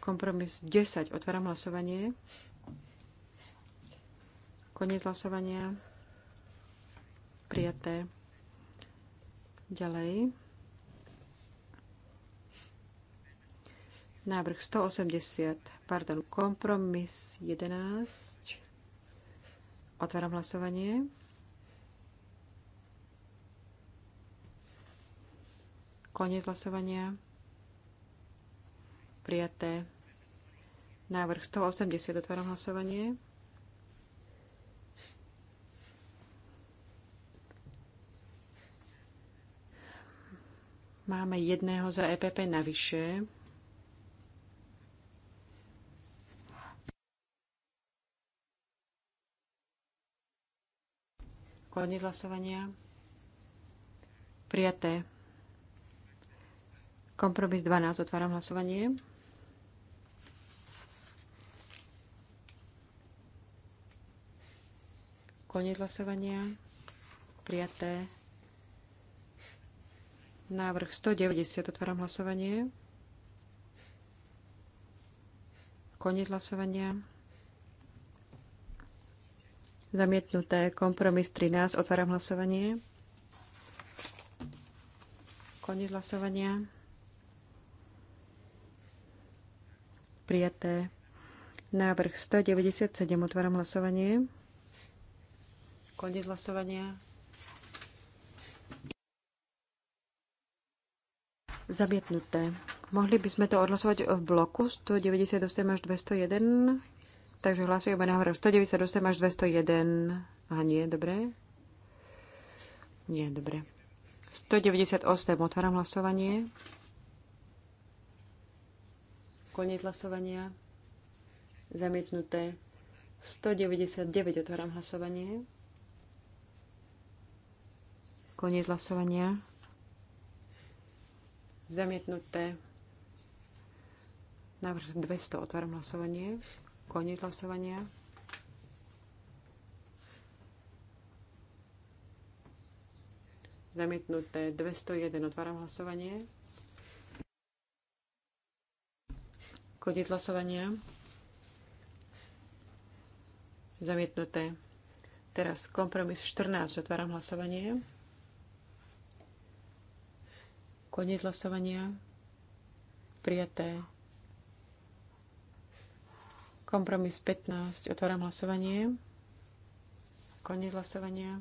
Kompromis 10. Otváram hlasovanie. Konec hlasovania prijaté. Ďalej. Návrh 180, pardon, kompromis 11. Otváram hlasovanie. Koniec hlasovania. Prijaté. Návrh 180, otváram hlasovanie. Máme jedného za EPP navyše. Konec hlasovania. Prijaté. Kompromis 12. Otváram hlasovanie. Konec hlasovania. Prijaté. Návrh 190. Otváram hlasovanie. Koniec hlasovania. Zamietnuté kompromis 13. Otváram hlasovanie. Koniec hlasovania. Prijaté. Návrh 197. Otváram hlasovanie. Koniec hlasovania. Zamietnuté. Mohli by sme to odhlasovať v bloku 198 až 201. Takže hlasujeme na 198 až 201. A nie, dobre. Nie, dobre. 198, otváram hlasovanie. Koniec hlasovania. Zamietnuté. 199, otváram hlasovanie. Koniec hlasovania. Zamietnuté. Návrh 200. Otváram hlasovanie. Koniec hlasovania. Zamietnuté 201. Otváram hlasovanie. Koniec hlasovania. Zamietnuté. Teraz kompromis 14. Otváram hlasovanie. Koniec hlasovania. Prijaté. Kompromis 15. Otváram hlasovanie. Koniec hlasovania.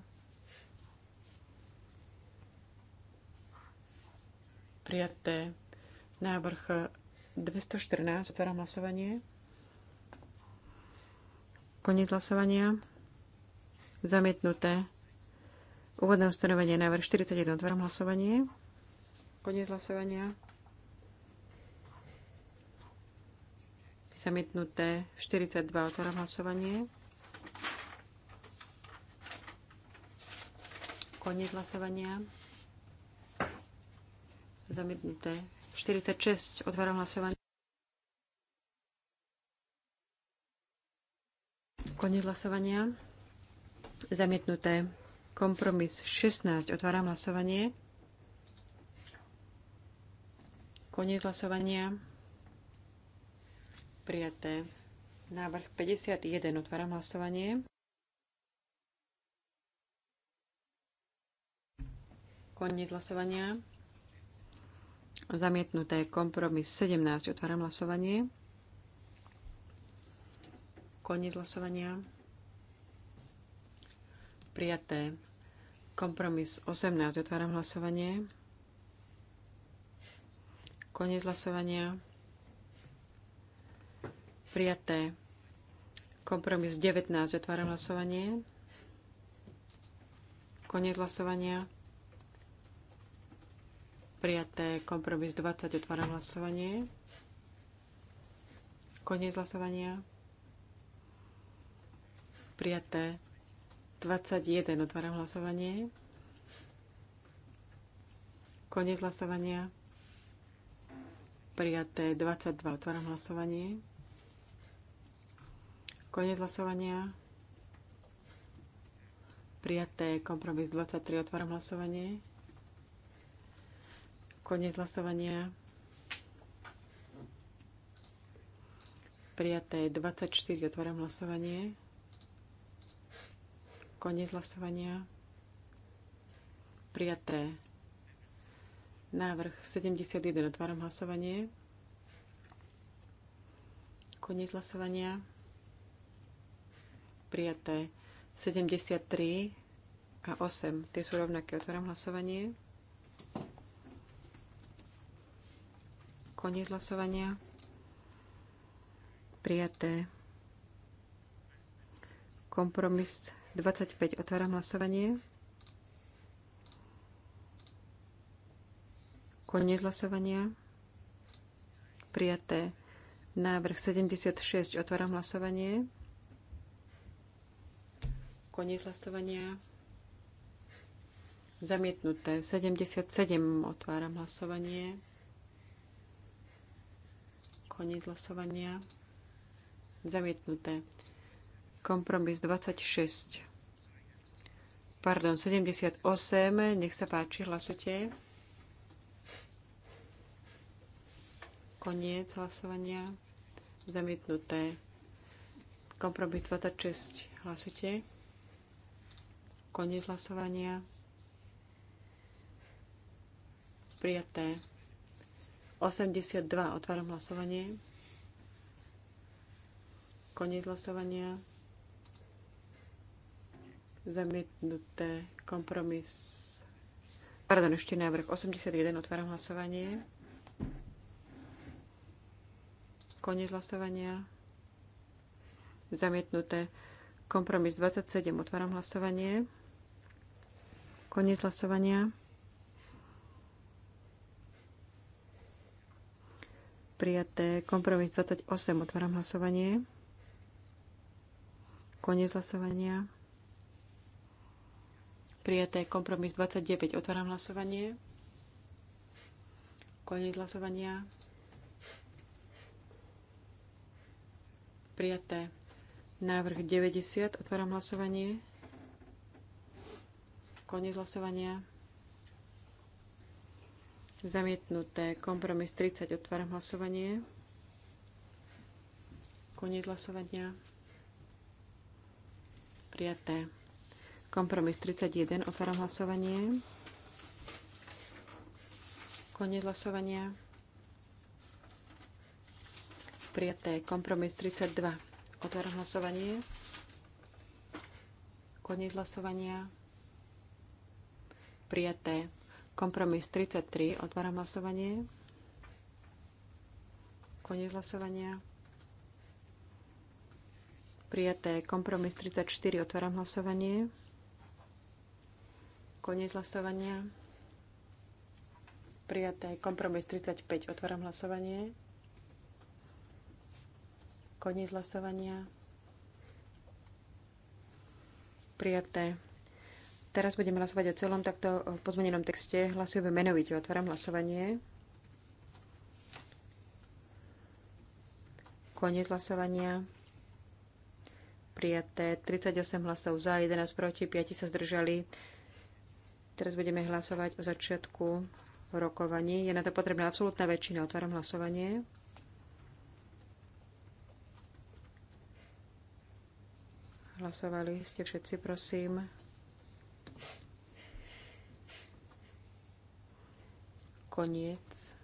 Prijaté. Návrh 214. Otváram hlasovanie. Koniec hlasovania. Zamietnuté. Úvodné ustanovenie návrh 41. Otváram hlasovanie. Koniec hlasovania. Zamietnuté 42. Otváram hlasovanie. Koniec hlasovania. Zamietnuté 46. Otváram hlasovanie. Koniec hlasovania. Zamietnuté. Kompromis 16. Otváram hlasovanie. Koniec hlasovania. Prijaté. Návrh 51. Otváram hlasovanie. Koniec hlasovania. Zamietnuté. Kompromis 17. Otváram hlasovanie. Koniec hlasovania. Prijaté. Kompromis 18. Otváram hlasovanie. Koniec hlasovania. Prijaté. Kompromis 19. Otváram hlasovanie. Koniec hlasovania. Prijaté. Kompromis 20. Otváram hlasovanie. Koniec hlasovania. Prijaté. 21. Otváram hlasovanie. Koniec hlasovania. Prijaté 22. Otváram hlasovanie. Konec hlasovania. Prijaté kompromis 23. Otváram hlasovanie. Konec hlasovania. Prijaté 24. Otváram hlasovanie. Konec hlasovania. Prijaté Návrh 71. Otváram hlasovanie. Koniec hlasovania. Prijaté 73 a 8. Tie sú rovnaké. Otváram hlasovanie. Koniec hlasovania. Prijaté. Kompromis 25. Otváram hlasovanie. Koniec hlasovania. Prijaté. Návrh 76. Otváram hlasovanie. Koniec hlasovania. Zamietnuté. 77. Otváram hlasovanie. Koniec hlasovania. Zamietnuté. Kompromis 26. Pardon, 78. Nech sa páči, hlasujte. Koniec hlasovania. Zamietnuté. Kompromis 26. Hlasujte. Koniec hlasovania. Prijaté. 82. Otváram hlasovanie. Koniec hlasovania. Zamietnuté. Kompromis. Pardon, ešte návrh 81. Otváram hlasovanie. Koniec hlasovania. Zamietnuté. Kompromis 27. Otváram hlasovanie. Koniec hlasovania. Prijaté. Kompromis 28. Otváram hlasovanie. Koniec hlasovania. Prijaté. Kompromis 29. Otváram hlasovanie. Koniec hlasovania. prijaté. Návrh 90. Otváram hlasovanie. Koniec hlasovania. Zamietnuté. Kompromis 30. Otváram hlasovanie. Koniec hlasovania. Prijaté. Kompromis 31. Otváram hlasovanie. Koniec hlasovania prijaté. Kompromis 32. Otváram hlasovanie. Koniec hlasovania. Prijaté. Kompromis 33. Otváram hlasovanie. Koniec hlasovania. Prijaté. Kompromis 34. Otváram hlasovanie. Koniec hlasovania. Prijaté. Kompromis 35. Otváram hlasovanie. Koniec hlasovania. Prijaté. Teraz budeme hlasovať o celom takto pozmenenom texte. Hlasujeme menovite. Otváram hlasovanie. Koniec hlasovania. Prijaté 38 hlasov za, 11 proti, 5 sa zdržali. Teraz budeme hlasovať o začiatku rokovaní. Je na to potrebná absolútna väčšina. Otváram hlasovanie. Hlasovali ste všetci, prosím. Koniec.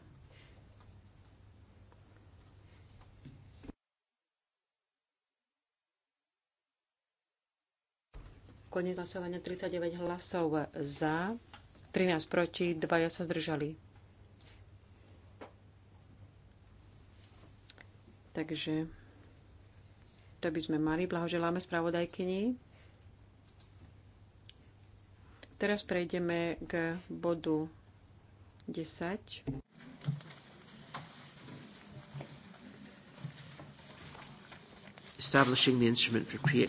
Koniec hlasovania 39 hlasov za, 13 proti, 2 sa zdržali. Takže to by sme mali. Blahoželáme spravodajkyni. Teraz prejdeme k bodu 10. Establishing the instrument for pre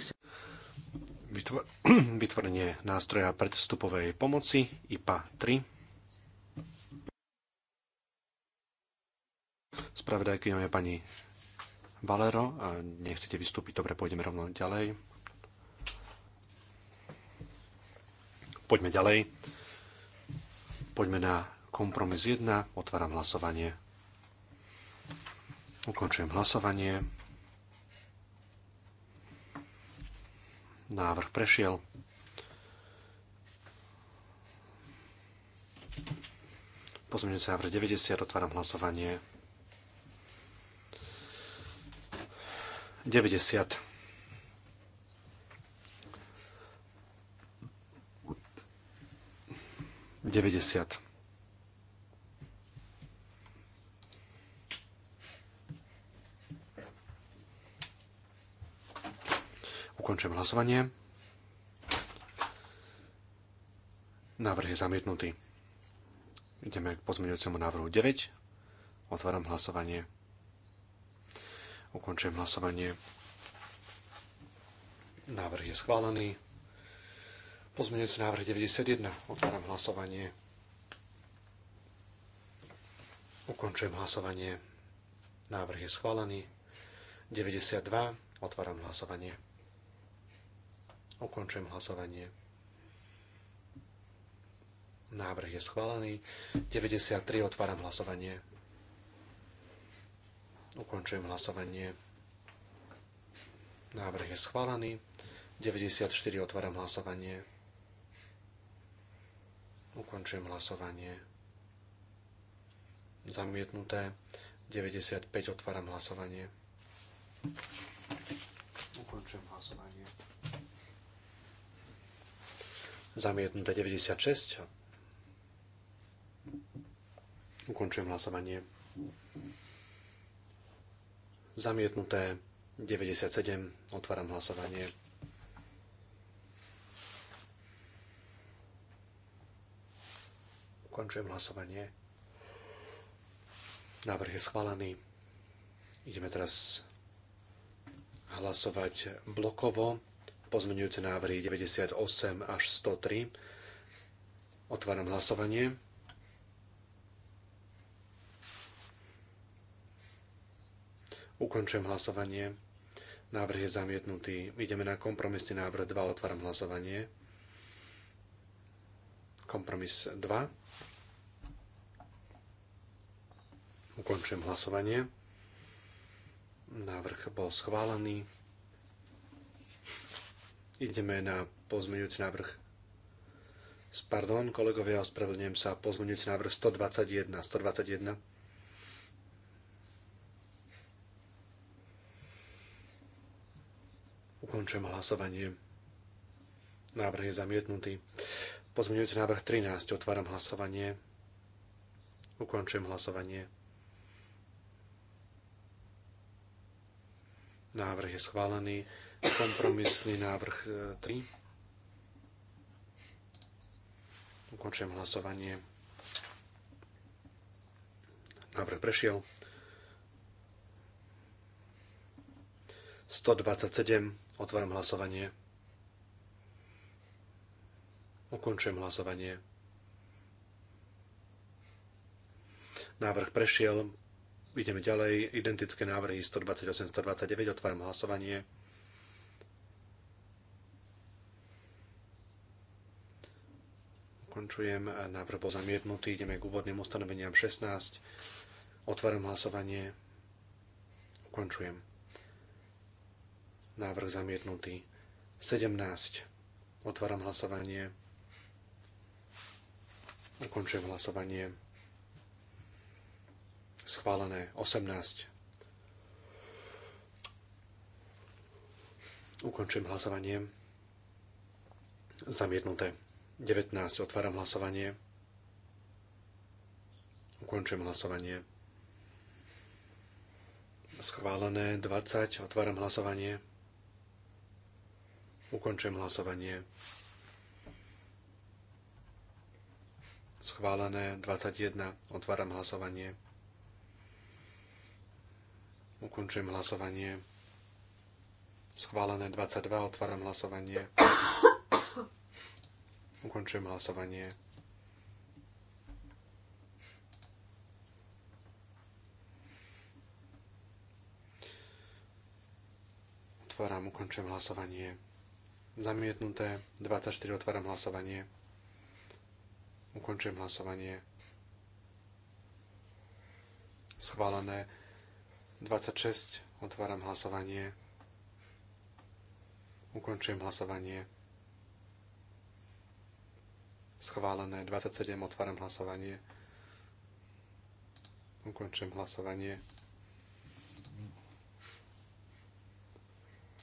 [clears throat] Vytvorenie nástroja predvstupovej pomoci IPA 3. Spravodajkyňou je pani Valero, nechcete vystúpiť? Dobre, pôjdeme rovno ďalej. Poďme ďalej. Poďme na kompromis 1. Otváram hlasovanie. Ukončujem hlasovanie. Návrh prešiel. Pozmeňujúci návrh 90. Otváram hlasovanie. 90. Deväťdesiat. Ukončím hlasovanie. Návrh je zamietnutý. Ideme k pozmeňujúcemu návrhu 9. Otváram hlasovanie. Ukončujem hlasovanie. Návrh je schválený. Pozmeňujúci návrh 91. Otváram hlasovanie. Ukončujem hlasovanie. Návrh je schválený. 92. Otváram hlasovanie. Ukončujem hlasovanie. Návrh je schválený. 93. Otváram hlasovanie. Ukončujem hlasovanie. Návrh je schválený. 94 otváram hlasovanie. Ukončujem hlasovanie. Zamietnuté. 95 otváram hlasovanie. Ukončujem hlasovanie. Zamietnuté 96. Ukončujem hlasovanie. Zamietnuté 97. Otváram hlasovanie. Končujem hlasovanie. Návrh je schválený. Ideme teraz hlasovať blokovo pozmenujúce návrhy 98 až 103. Otváram hlasovanie. Ukončujem hlasovanie. Návrh je zamietnutý. Ideme na kompromisný návrh 2. Otváram hlasovanie. Kompromis 2. Ukončujem hlasovanie. Návrh bol schválený. Ideme na pozmeňujúci návrh. Pardon, kolegovia, ospravedlňujem sa. Pozmeňujúci návrh 121. 121. Ukončujem hlasovanie. Návrh je zamietnutý. Pozmeňujúci návrh 13. Otváram hlasovanie. Ukončujem hlasovanie. Návrh je schválený. Kompromisný návrh 3. E, Ukončujem hlasovanie. Návrh prešiel. 127 Otváram hlasovanie. Ukončujem hlasovanie. Návrh prešiel. Ideme ďalej. Identické návrhy 128, 129. Otváram hlasovanie. Ukončujem. Návrh bol zamietnutý. Ideme k úvodným ustanoveniam 16. Otváram hlasovanie. Ukončujem. Návrh zamietnutý. 17. Otváram hlasovanie. Ukončujem hlasovanie. Schválené. 18. Ukončujem hlasovanie. Zamietnuté. 19. Otváram hlasovanie. Ukončujem hlasovanie. Schválené. 20. Otváram hlasovanie. Ukončujem hlasovanie. Schválené 21. Otváram hlasovanie. Ukončujem hlasovanie. Schválené 22. Otváram hlasovanie. Ukončujem hlasovanie. Otváram, ukončujem hlasovanie. Zamietnuté. 24. Otváram hlasovanie. Ukončujem hlasovanie. Schválené. 26. Otváram hlasovanie. Ukončujem hlasovanie. Schválené. 27. Otváram hlasovanie. Ukončujem hlasovanie.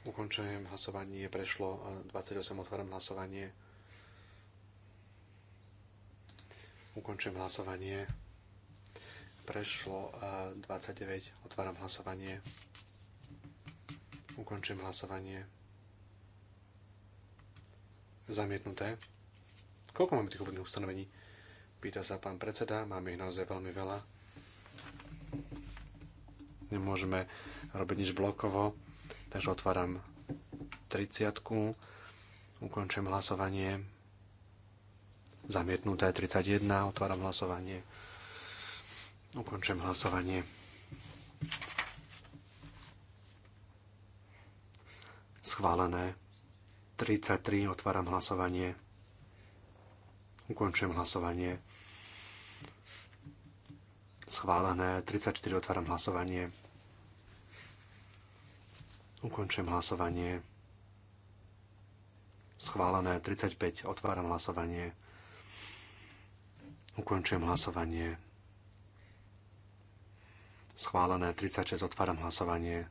Ukončujem hlasovanie, prešlo 28, e, otváram hlasovanie. Ukončujem hlasovanie. Prešlo 29, e, otváram hlasovanie. Ukončujem hlasovanie. Zamietnuté. Koľko máme tých úvodných ustanovení? Pýta sa pán predseda, máme ich naozaj veľmi veľa. Nemôžeme robiť nič blokovo Takže otváram 30. Ukončujem hlasovanie. Zamietnuté 31. Otváram hlasovanie. Ukončujem hlasovanie. Schválené. 33. Otváram hlasovanie. Ukončujem hlasovanie. Schválené. 34. Otváram hlasovanie. Ukončujem hlasovanie. Schválené 35. Otváram hlasovanie. Ukončujem hlasovanie. Schválené 36. Otváram hlasovanie.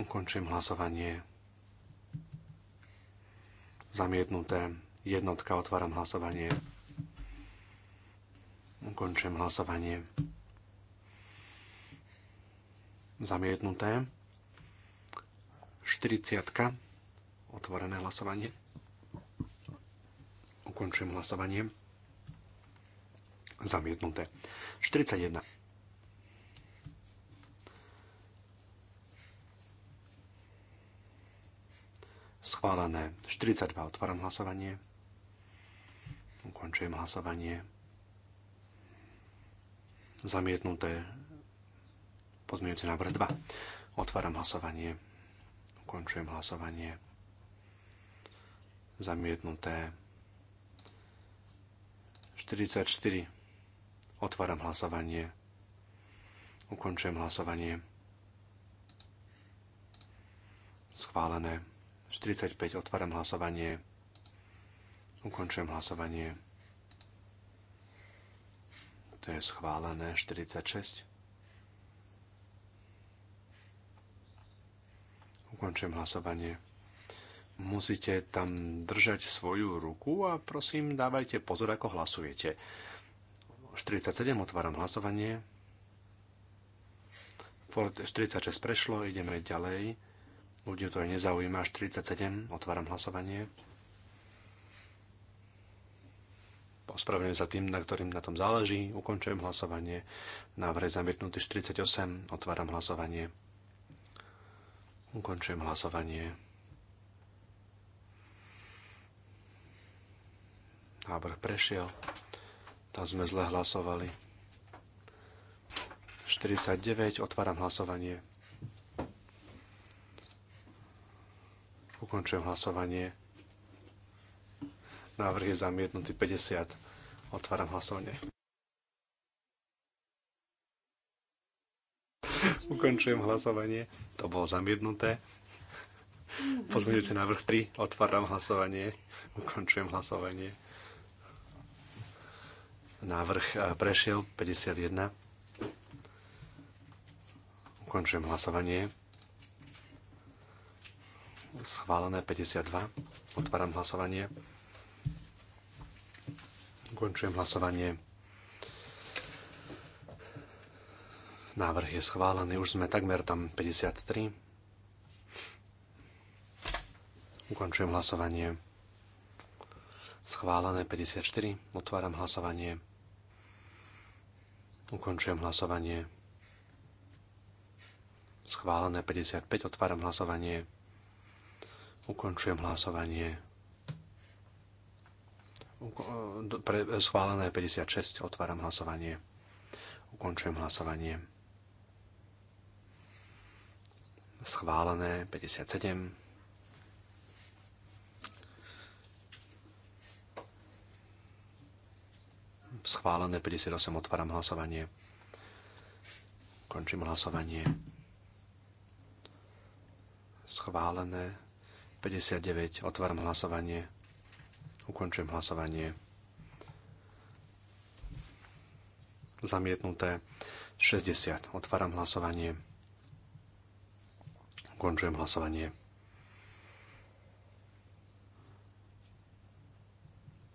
Ukončujem hlasovanie. Zamietnuté. Jednotka. Otváram hlasovanie. Ukončujem hlasovanie. Zamietnuté. 40. Otvorené hlasovanie. Ukončujem hlasovanie. Zamietnuté. 41. Schválené. 42. Otváram hlasovanie. Ukončujem hlasovanie. Zamietnuté. Pozmeňujúci návrh 2. Otváram hlasovanie. Končujem hlasovanie. Zamietnuté. 44. Otváram hlasovanie. Ukončujem hlasovanie. Schválené. 45. Otváram hlasovanie. Ukončujem hlasovanie. To je schválené. 46. Ukončujem hlasovanie. Musíte tam držať svoju ruku a prosím dávajte pozor, ako hlasujete. 47 otváram hlasovanie. 46 prešlo, ideme ďalej. Ľudí to aj nezaujíma. 47 otváram hlasovanie. Ospravedlňujem sa tým, na ktorým na tom záleží. Ukončujem hlasovanie. Návrh zamietnutý 48. Otváram hlasovanie. Ukončujem hlasovanie. Návrh prešiel. Tam sme zle hlasovali. 49. Otváram hlasovanie. Ukončujem hlasovanie. Návrh je zamietnutý 50. Otváram hlasovanie. [laughs] Ukončujem hlasovanie. To bolo zamiednuté. Pozmeňujúci návrh 3. Otváram hlasovanie. Ukončujem hlasovanie. Návrh e, prešiel 51. Ukončujem hlasovanie. Schválené 52. Otváram hlasovanie. Ukončujem hlasovanie. Návrh je schválený, už sme takmer tam 53. Ukončujem hlasovanie. Schválené 54. Otváram hlasovanie. Ukončujem hlasovanie. Schválené 55. Otváram hlasovanie. Ukončujem hlasovanie. Schválené 56. Otváram hlasovanie. Ukončujem hlasovanie schválené 57. Schválené 58, otváram hlasovanie. Končím hlasovanie. Schválené 59, otváram hlasovanie. Ukončujem hlasovanie. Zamietnuté 60, otváram hlasovanie. Ukončujem hlasovanie.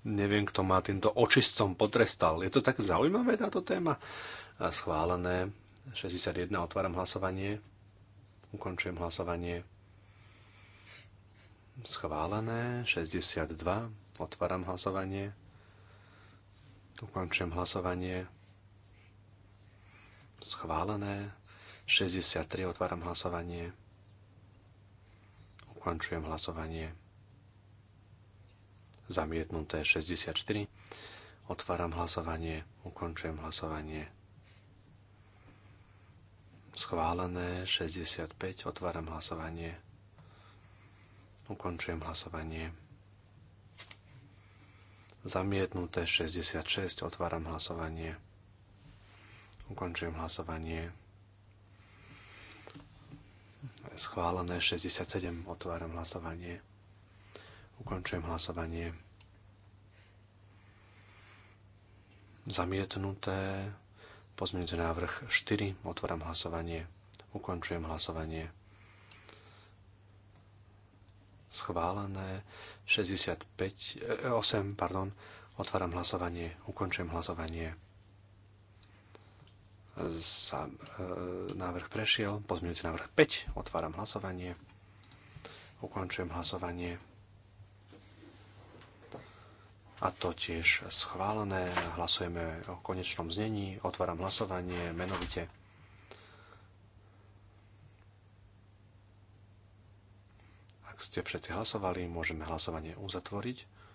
Neviem, kto má týmto očistcom potrestal. Je to tak zaujímavé táto téma? A schválené. 61. Otváram hlasovanie. Ukončujem hlasovanie. Schválené. 62. Otváram hlasovanie. Ukončujem hlasovanie. Schválené. 63. Otváram hlasovanie. Ukončujem hlasovanie. Zamietnuté 64. Otváram hlasovanie. Ukončujem hlasovanie. Schválené 65. Otváram hlasovanie. Ukončujem hlasovanie. Zamietnuté 66. Otváram hlasovanie. Ukončujem hlasovanie schválené 67. Otváram hlasovanie. Ukončujem hlasovanie. Zamietnuté. Pozmeňujúci návrh 4. Otváram hlasovanie. Ukončujem hlasovanie. Schválené 65, 8, eh, pardon. Otváram hlasovanie. Ukončujem hlasovanie sa e, návrh prešiel. Pozmeňujúci návrh 5. Otváram hlasovanie. Ukončujem hlasovanie. A to tiež schválené. Hlasujeme o konečnom znení. Otváram hlasovanie menovite. Ak ste všetci hlasovali, môžeme hlasovanie uzatvoriť.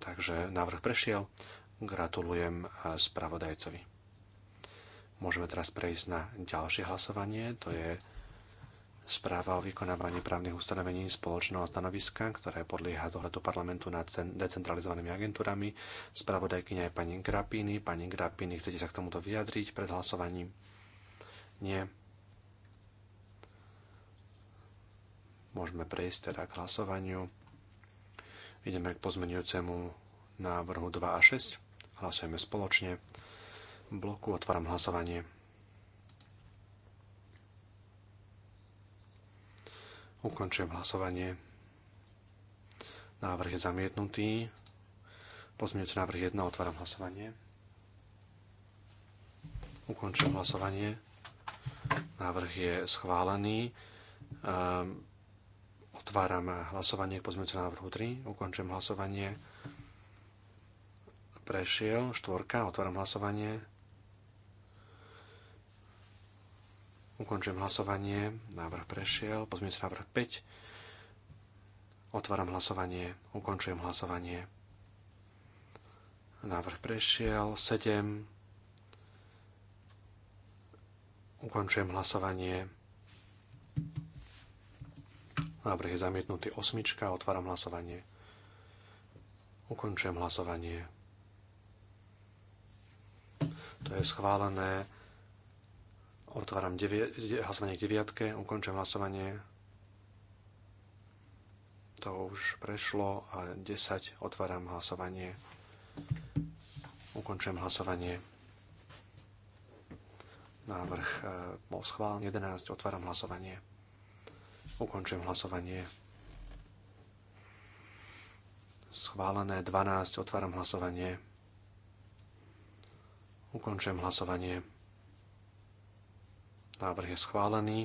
Takže návrh prešiel. Gratulujem eh, spravodajcovi. Môžeme teraz prejsť na ďalšie hlasovanie. To je správa o vykonávaní právnych ustanovení spoločného stanoviska, ktoré podlieha dohľadu parlamentu nad decentralizovanými agentúrami. Spravodajkyňa je pani Grapini. Pani grapíny chcete sa k tomuto vyjadriť pred hlasovaním? Nie. Môžeme prejsť teda k hlasovaniu. Ideme k pozmenujúcemu návrhu 2 a 6. Hlasujeme spoločne. V bloku otváram hlasovanie. Ukončujem hlasovanie. Návrh je zamietnutý. Pozmeňujúci návrh 1. Otváram hlasovanie. Ukončujem hlasovanie. Návrh je schválený. Ehm, otváram hlasovanie k pozmeňujúcemu návrhu 3. Ukončujem hlasovanie prešiel. Štvorka, otváram hlasovanie. Ukončujem hlasovanie. Návrh prešiel. sa návrh 5. Otváram hlasovanie. Ukončujem hlasovanie. Návrh prešiel. 7. Ukončujem hlasovanie. Návrh je zamietnutý. Osmička. Otváram hlasovanie. Ukončujem hlasovanie to je schválené. Otváram devie, hlasovanie k deviatke, ukončujem hlasovanie. To už prešlo a 10 otváram hlasovanie. Ukončujem hlasovanie. Návrh e, bol schválený. 11 otváram hlasovanie. Ukončujem hlasovanie. Schválené 12 otváram hlasovanie. Ukončujem hlasovanie. Návrh je schválený.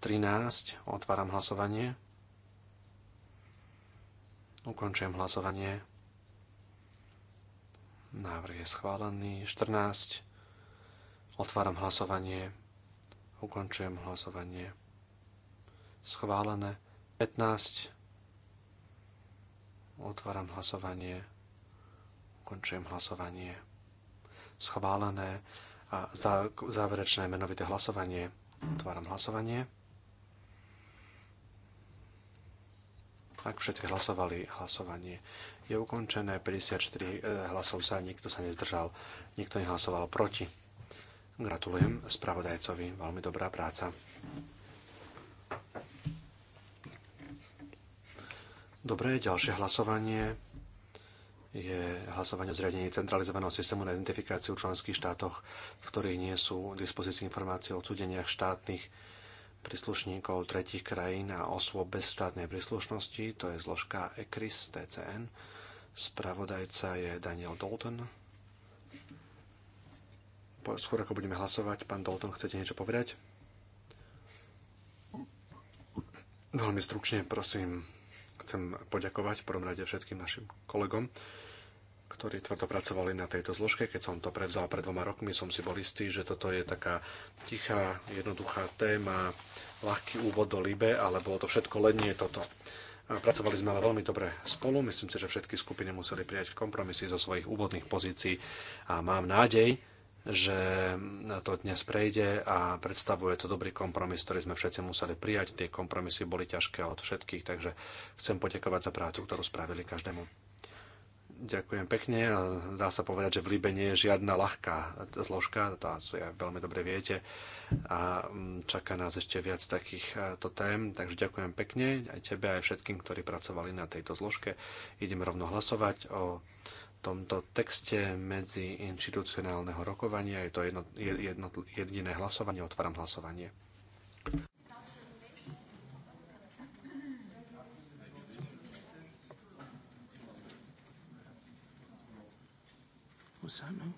13. Otváram hlasovanie. Ukončujem hlasovanie. Návrh je schválený. 14. Otváram hlasovanie. Ukončujem hlasovanie. Schválené. 15. Otváram hlasovanie. Ukončujem hlasovanie schválené a za záverečné menovité hlasovanie. Otváram hlasovanie. Ak všetci hlasovali, hlasovanie je ukončené. 54 eh, hlasov za, nikto sa nezdržal, nikto nehlasoval proti. Gratulujem spravodajcovi, veľmi dobrá práca. Dobre, ďalšie hlasovanie je hlasovanie o zriadení centralizovaného systému na identifikáciu v členských štátoch, v ktorých nie sú k dispozícii informácie o odsudeniach štátnych príslušníkov tretich krajín a osôb bez štátnej príslušnosti, to je zložka ECRIS TCN. Spravodajca je Daniel Dalton. Skôr ako budeme hlasovať, pán Dalton, chcete niečo povedať? Veľmi stručne, prosím, chcem poďakovať v prvom rade všetkým našim kolegom, ktorí tvrdo pracovali na tejto zložke. Keď som to prevzal pred dvoma rokmi, som si bol istý, že toto je taká tichá, jednoduchá téma, ľahký úvod do Libe, ale bolo to všetko len nie toto. Pracovali sme ale veľmi dobre spolu, myslím si, že všetky skupiny museli prijať kompromisy zo svojich úvodných pozícií a mám nádej, že to dnes prejde a predstavuje to dobrý kompromis, ktorý sme všetci museli prijať. Tie kompromisy boli ťažké od všetkých, takže chcem poďakovať za prácu, ktorú spravili každému. Ďakujem pekne. Dá sa povedať, že v Libe nie je žiadna ľahká zložka, to asi ja veľmi dobre viete. A mm, čaká nás ešte viac takýchto tém, takže ďakujem pekne aj tebe, aj všetkým, ktorí pracovali na tejto zložke. Idem rovno hlasovať o tomto texte medzi inštitucionálneho rokovania. Je to jedno, jedno, jediné hlasovanie, otváram hlasovanie. was that now?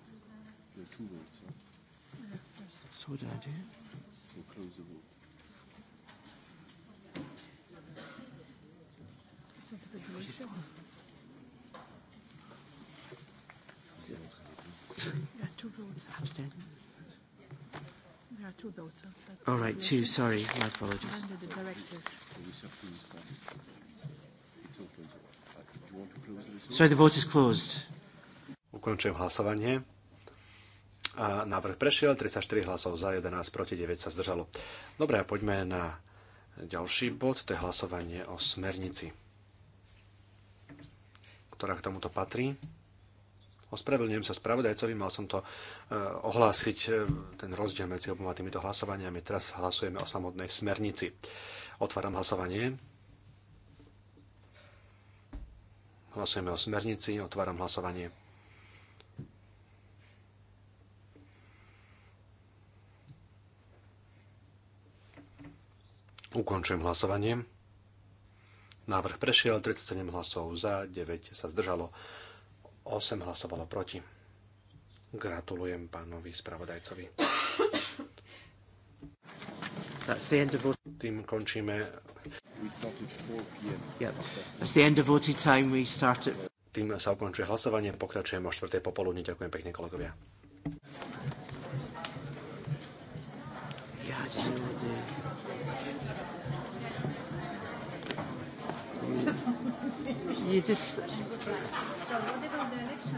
There are two votes. Huh? So what did I do? We'll close the vote. There are two votes. Abstain. There are two votes. All right, two. Sorry, my apologies. Under the directive. Sorry, the vote is closed. Ukončujem hlasovanie. A návrh prešiel, 34 hlasov za, 11 proti, 9 sa zdržalo. Dobre, a poďme na ďalší bod, to je hlasovanie o smernici, ktorá k tomuto patrí. Ospravedlňujem sa spravodajcovi, mal som to e, ohlásiť, e, ten rozdiel medzi oboma týmito hlasovaniami. Teraz hlasujeme o samotnej smernici. Otváram hlasovanie. Hlasujeme o smernici, otváram hlasovanie. Ukončujem hlasovanie. Návrh prešiel, 37 hlasov za, 9 sa zdržalo, 8 hlasovalo proti. Gratulujem pánovi spravodajcovi. Tým končíme. Tým sa ukončuje hlasovanie, pokračujem o 4. popoludní. Ďakujem pekne, kolegovia. Yeah, [laughs] you just. So what about the election?